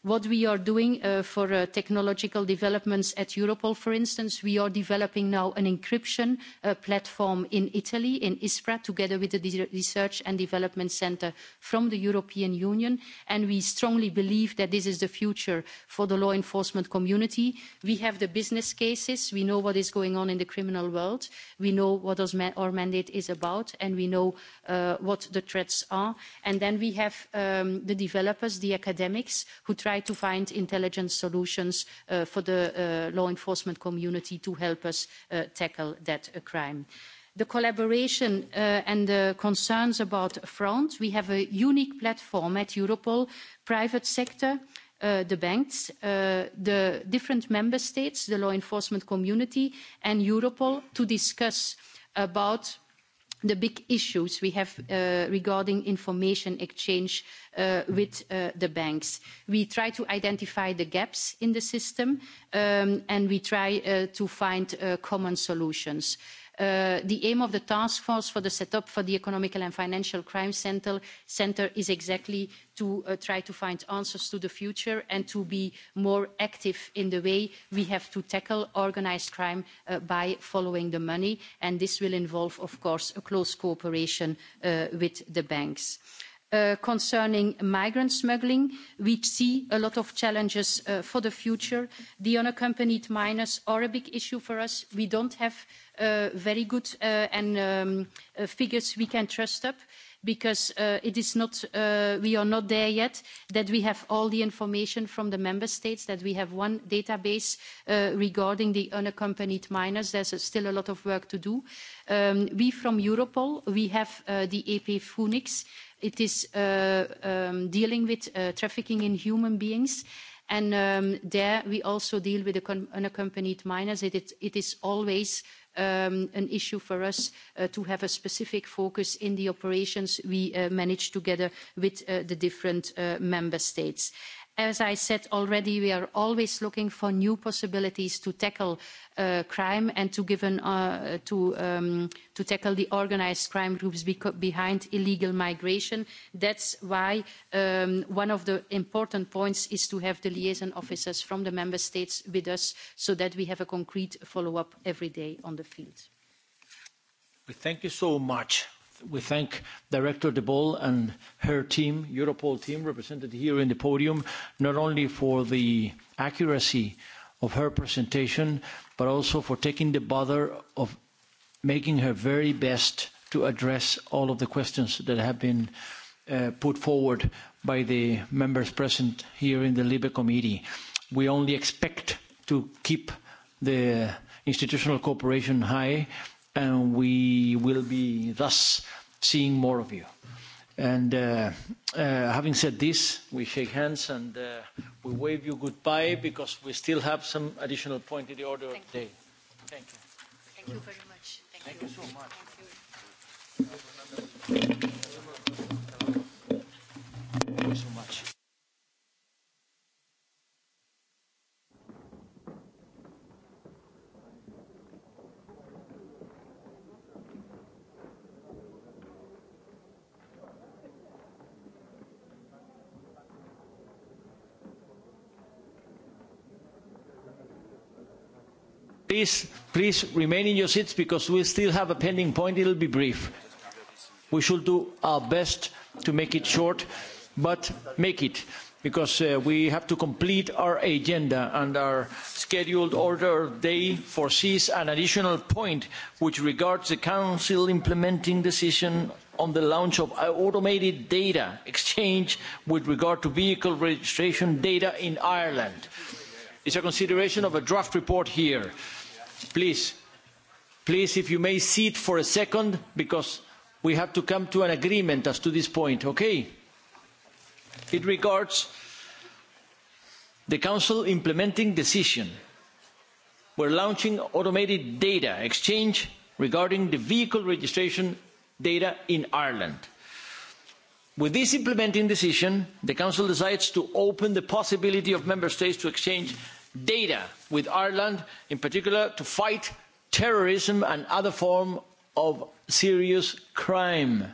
what we are doing uh, for uh, technological developments at Europol, for instance, we are developing now an encryption uh, platform in Italy, in ISPRA, together with the Research and Development Center from the European Union. And we strongly believe that this is the future for the law enforcement community. We have the business cases. We know what is going on in the criminal world. We know what our mandate is about, and we know uh, what the threats are. And then we have um, the developers, the academics, who try try to find intelligent solutions uh, for the uh, law enforcement community to help us uh, tackle that uh, crime the collaboration uh, and the concerns about front. We have a unique platform at Europol, private sector, uh, the banks, uh, the different member states, the law enforcement community, and Europol to discuss about the big issues we have uh, regarding information exchange uh, with uh, the banks. We try to identify the gaps in the system um, and we try uh, to find uh, common solutions. Uh, Uh, the aim of the task force for the setup for the Economical and Financial Crime Center, Center is exactly to uh, try to find answers to the future and to be more active in the way we have to tackle organized crime uh, by following the money. And this will involve, of course, a close cooperation uh, with the banks. Uh, uh, concerning migrant smuggling. We see a lot of challenges uh, for the future. The unaccompanied minors are a big issue for us. We don't have uh, very good uh, and um, uh, figures we can trust up because uh, it is not, uh, we are not there yet that we have all the information from the member states, that we have one database uh, regarding the unaccompanied minors. There's uh, still a lot of work to do. Um, we from Europol, we have uh, the AP Phoenix, It is uh, um, dealing with uh, trafficking in human beings. And um, there we also deal with unaccompanied minors. It, it, it is always um, an issue for us uh, to have a specific focus in the operations we uh, manage together with uh, the different uh, member states. As I said already, we are always looking for new possibilities to tackle uh, crime and to, give an, uh, to, um, to tackle the organized crime groups behind illegal migration. That's why um, one of the important points is to have the liaison officers from the member states with us so that we have a concrete follow-up every day on the field. Well, thank you so much we thank Director de Boll and her team, Europol team, represented here in the podium, not only for the accuracy of her presentation, but also for taking the bother of making her very best to address all of the questions that have been uh, put forward by the members present here in the Libe Committee. We only expect to keep the institutional cooperation high and we will be thus seeing more of you. And uh, uh, having said this, we shake hands and uh, we wave you goodbye because we still have some additional point in the order Thank of the day. Thank you. Thank you very much. Thank, Thank you. you so much. Thank you. Please, please remain in your seats because we still have a pending point. It'll be brief. We should do our best to make it short, but make it because uh, we have to complete our agenda and our scheduled order day foresees an additional point which regards the council implementing decision on the launch of automated data exchange with regard to vehicle registration data in Ireland. It's a consideration of a draft report here. Uh, please, please, if you may sit for a second, because we have to come to an agreement as to this point, okay? It regards the Council implementing decision. We're launching automated data exchange regarding the vehicle registration data in Ireland. With this implementing decision, the Council decides to open the possibility of Member States to exchange data with ireland in particular to fight terrorism and other forms of serious crime.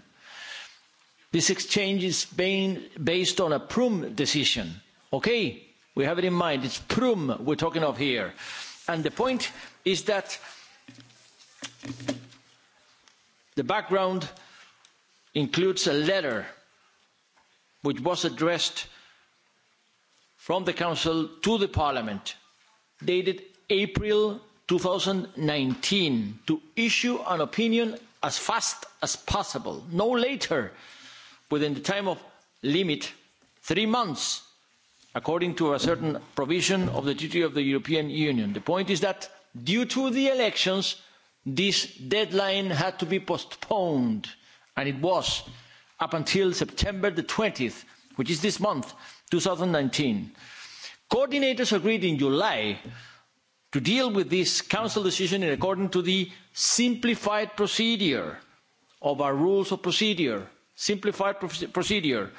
this exchange is being based on a prm decision. okay we have it in mind it's prm we're talking of here and the point is that the background includes a letter which was addressed from the council to the parliament dated april two thousand and nineteen to issue an opinion as fast as possible no later within the time limit three months according to a certain provision of the treaty of the european union. the point is that due to the elections this deadline had to be postponed and it was up until september twenty which is this month two thousand and nineteen coordinators agreed in july to deal with this council decision according to the simplified procedure of our rules of procedure simplified procedure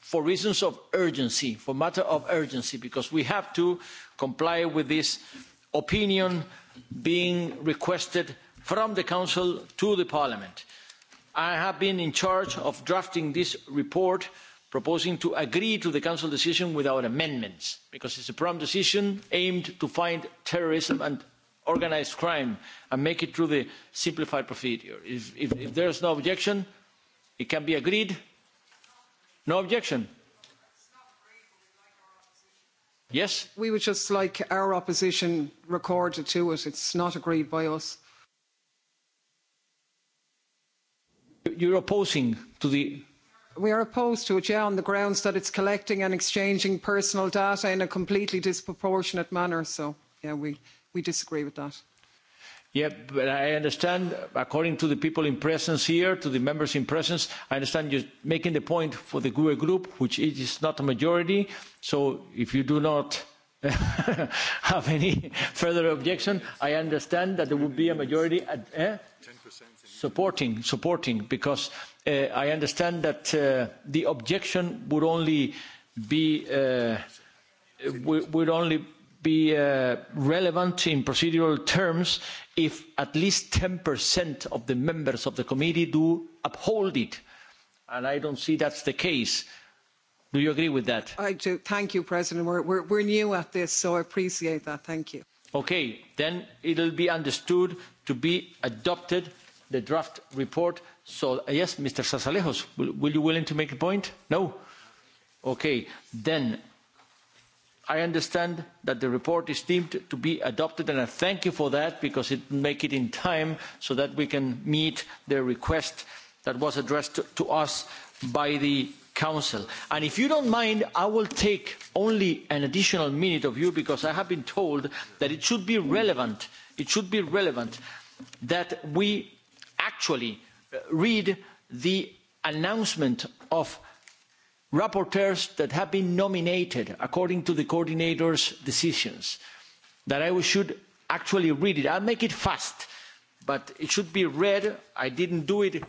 for reasons of urgency for matter of urgency because we have to comply with this opinion being requested from the council to the parliament. i have been in charge of drafting this report proposing to agree to the council decision without amendments because it's a prompt decision aimed to fight terrorism and organised crime and make it through the simplified procedure. If, if, if there is no objection, it can be agreed. No objection. Yes? We would just like our opposition recorded to it. It's not agreed by us. You're opposing to the we are opposed to it yeah, on the grounds that it's collecting and exchanging personal data in a completely disproportionate manner. So yeah, we, we disagree with that. Yeah, but I understand, according to the people in presence here, to the members in presence, I understand you're making the point for the GUE group, which it is not a majority. So if you do not have any further objection, I understand that there would be a majority at, eh? 10% supporting, supporting, because uh, I understand that uh, the objection would only be uh, would only be uh, relevant in procedural terms if at least 10% of the members of the committee do uphold it. And I don't see that's the case. Do you agree with that? I do. Thank you, President. We're, we're, we're new at this, so I appreciate that. Thank you. Okay, then it'll be understood to be adopted the draft report. So, uh, yes, Mr. Sasalejos, will, will you willing to make a point? No? Okay, then I understand that the report is deemed to be adopted, and I thank you for that because it make it in time so that we can meet the request that was addressed to, to us by the Council. And if you don't mind, I will take only an additional minute of you because I have been told that it should be relevant. It should be relevant that we actually uh, read the announcement of rapporteurs that have been nominated according to the coordinators' decisions that I should actually read it. I'll make it fast, but it should be read. I didn't do it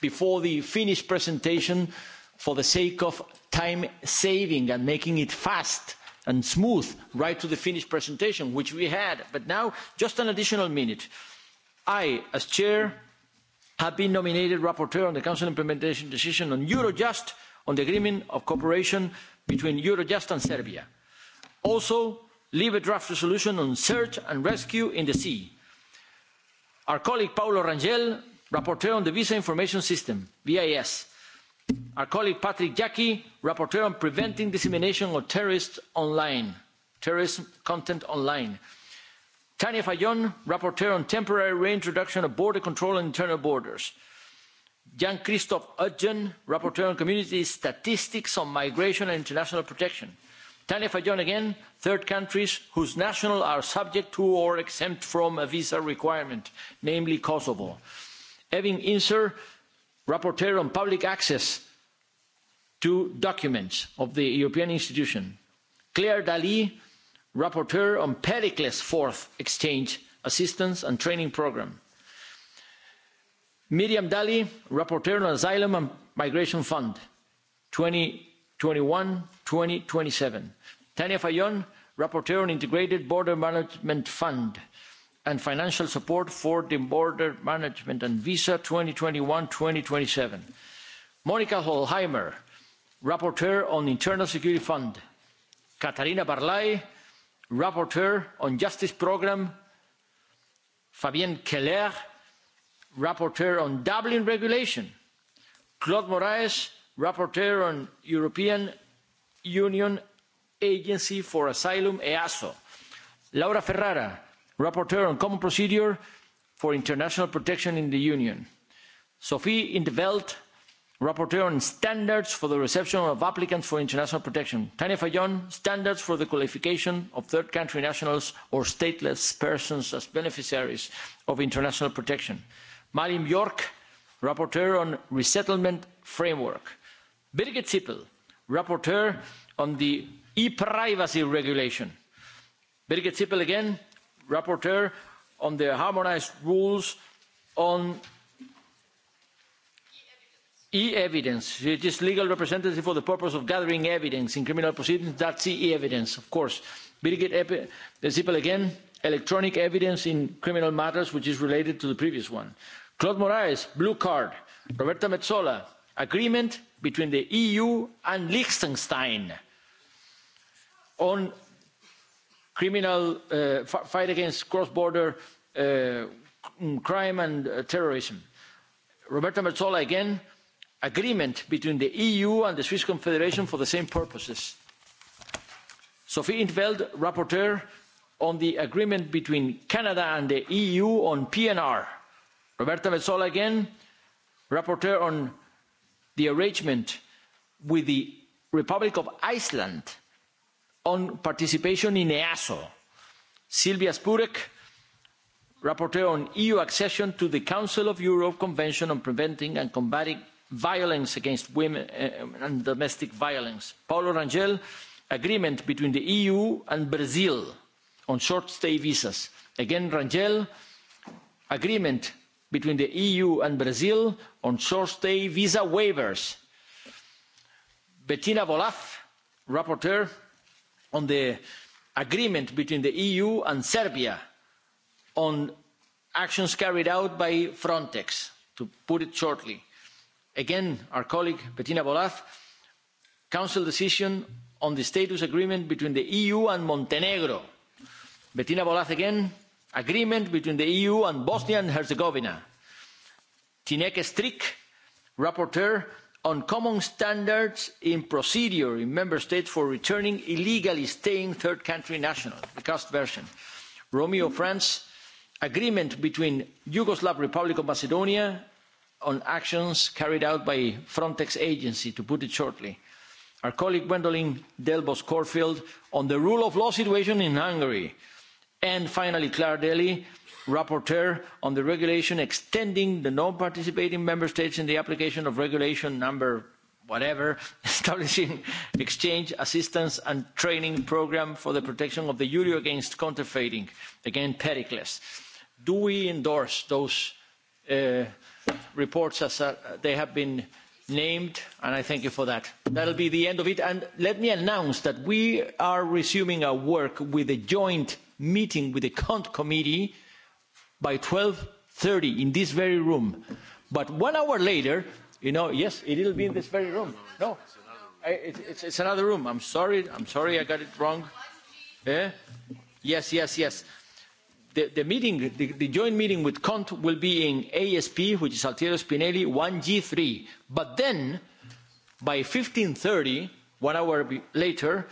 before the finished presentation for the sake of time saving and making it fast and smooth right to the finished presentation, which we had. But now, just an additional minute. I, as chair have been nominated rapporteur on the council implementation decision on eurojust on the agreement of cooperation between eurojust and serbia. also leave a draft resolution on search and rescue in the sea. our colleague paulo rangel rapporteur on the visa information system vis our colleague patrick jaki rapporteur on preventing dissemination of terrorist online terrorist content online tanja fajon rapporteur on temporary reintroduction of border control and internal borders; jan christophe hudson rapporteur on community statistics on migration and international protection; tanja fajon again third countries whose nationals are subject to or exempt from a visa requirement namely kosovo; evin inzer rapporteur on public access to documents of the european institutions; claire dalli rapporteur on pericles' fourth exchange assistance and training programme miriam dalli rapporteur on asylum and migration fund two thousand and twenty one two thousand and twenty seven tanja fajon rapporteur on integrated border management fund and financial support for the border management and visa two thousand and twenty one two thousand and twenty seven monica hohlheimer rapporteur on the internal security fund; katarina barlai rapporteur on justice programme fabienne keller rapporteur on dublin regulation claude moraes rapporteur on european union agency for asylum easo laura ferrara rapporteur on common procedure for international protection in the union sophia in 't veld rapporteur on standards for the reception of applicants for international protection; tanja fajon standards for the qualification of third country nationals or stateless persons as beneficiaries of international protection; malin bjork rapporteur on resettlement framework; birgit sippel rapporteur on the e privacy regulation; birgit sippel again rapporteur on the harmonised rules on e-evidence, it is legal representative for the purpose of gathering evidence in criminal proceedings. That's e-evidence, of course. Birgit uh, Zippel again, electronic evidence in criminal matters, which is related to the previous one. Claude Moraes, blue card. Roberta Metsola, agreement between the EU and Liechtenstein on criminal uh, fight against cross-border uh, crime and uh, terrorism. Roberta Metsola again, agreement between the eu and the swiss confederation for the same purposes. sophia in 't veld rapporteur on the agreement between canada and the eu on pnr roberta metsola again rapporteur on the arrangement with the republic of iceland on participation in easo silvia spurek rapporteur on eu accession to the council of europe convention on preventing and combating violence against women eh, and domestic violence paulo rangel agreement between the eu and brazil on short stay visas again rangel agreement between the eu and brazil on short stay visa waivers bettina wolf rapporteur on the agreement between the eu and serbia on actions carried out by frontex to put it shortly again our colleague bettina bollaz council decision on the status agreement between the eu and montenegro bettina bollaz again agreement between the eu and bosnia and herzegovina tineke strik rapporteur on common standards in procedure in member states for returning illegally staying third country nationals the cast version romeo france agreement between yugoslav republic of macedonia on actions carried out by the frontex agency to put it shortly our colleague gwendolyn delbos corfield on the rule of law situation in hungary and finally clare daly rapporteur on the regulation extending the non participating member states in the application of regulation number whatever establishing exchange assistance and training programme for the protection of the euro against counterfeiting again pericles. do we endorse those uh, reports as uh, they have been named, and I thank you for that. That'll be the end of it. And let me announce that we are resuming our work with a joint meeting with the Cont Committee by 12.30 in this very room. But one hour later, you know, yes, it'll be in this very room. No, it's, it's, it's another room. I'm sorry. I'm sorry I got it wrong. Eh? Yes, yes, yes the, the meeting, the, the joint meeting with Cont will be in ASP, which is Altiero Spinelli 1G3. But then, by 15.30, one hour later,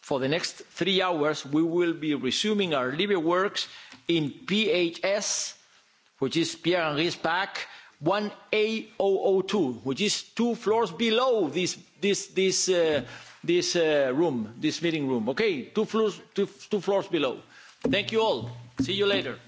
for the next three hours, we will be resuming our Libya works in PHS, which is Pierre-Henri's back, 1A002, which is two floors below this, this, this, uh, this uh, room, this meeting room. Okay, two floors, two, two floors below. Thank you all. See you later.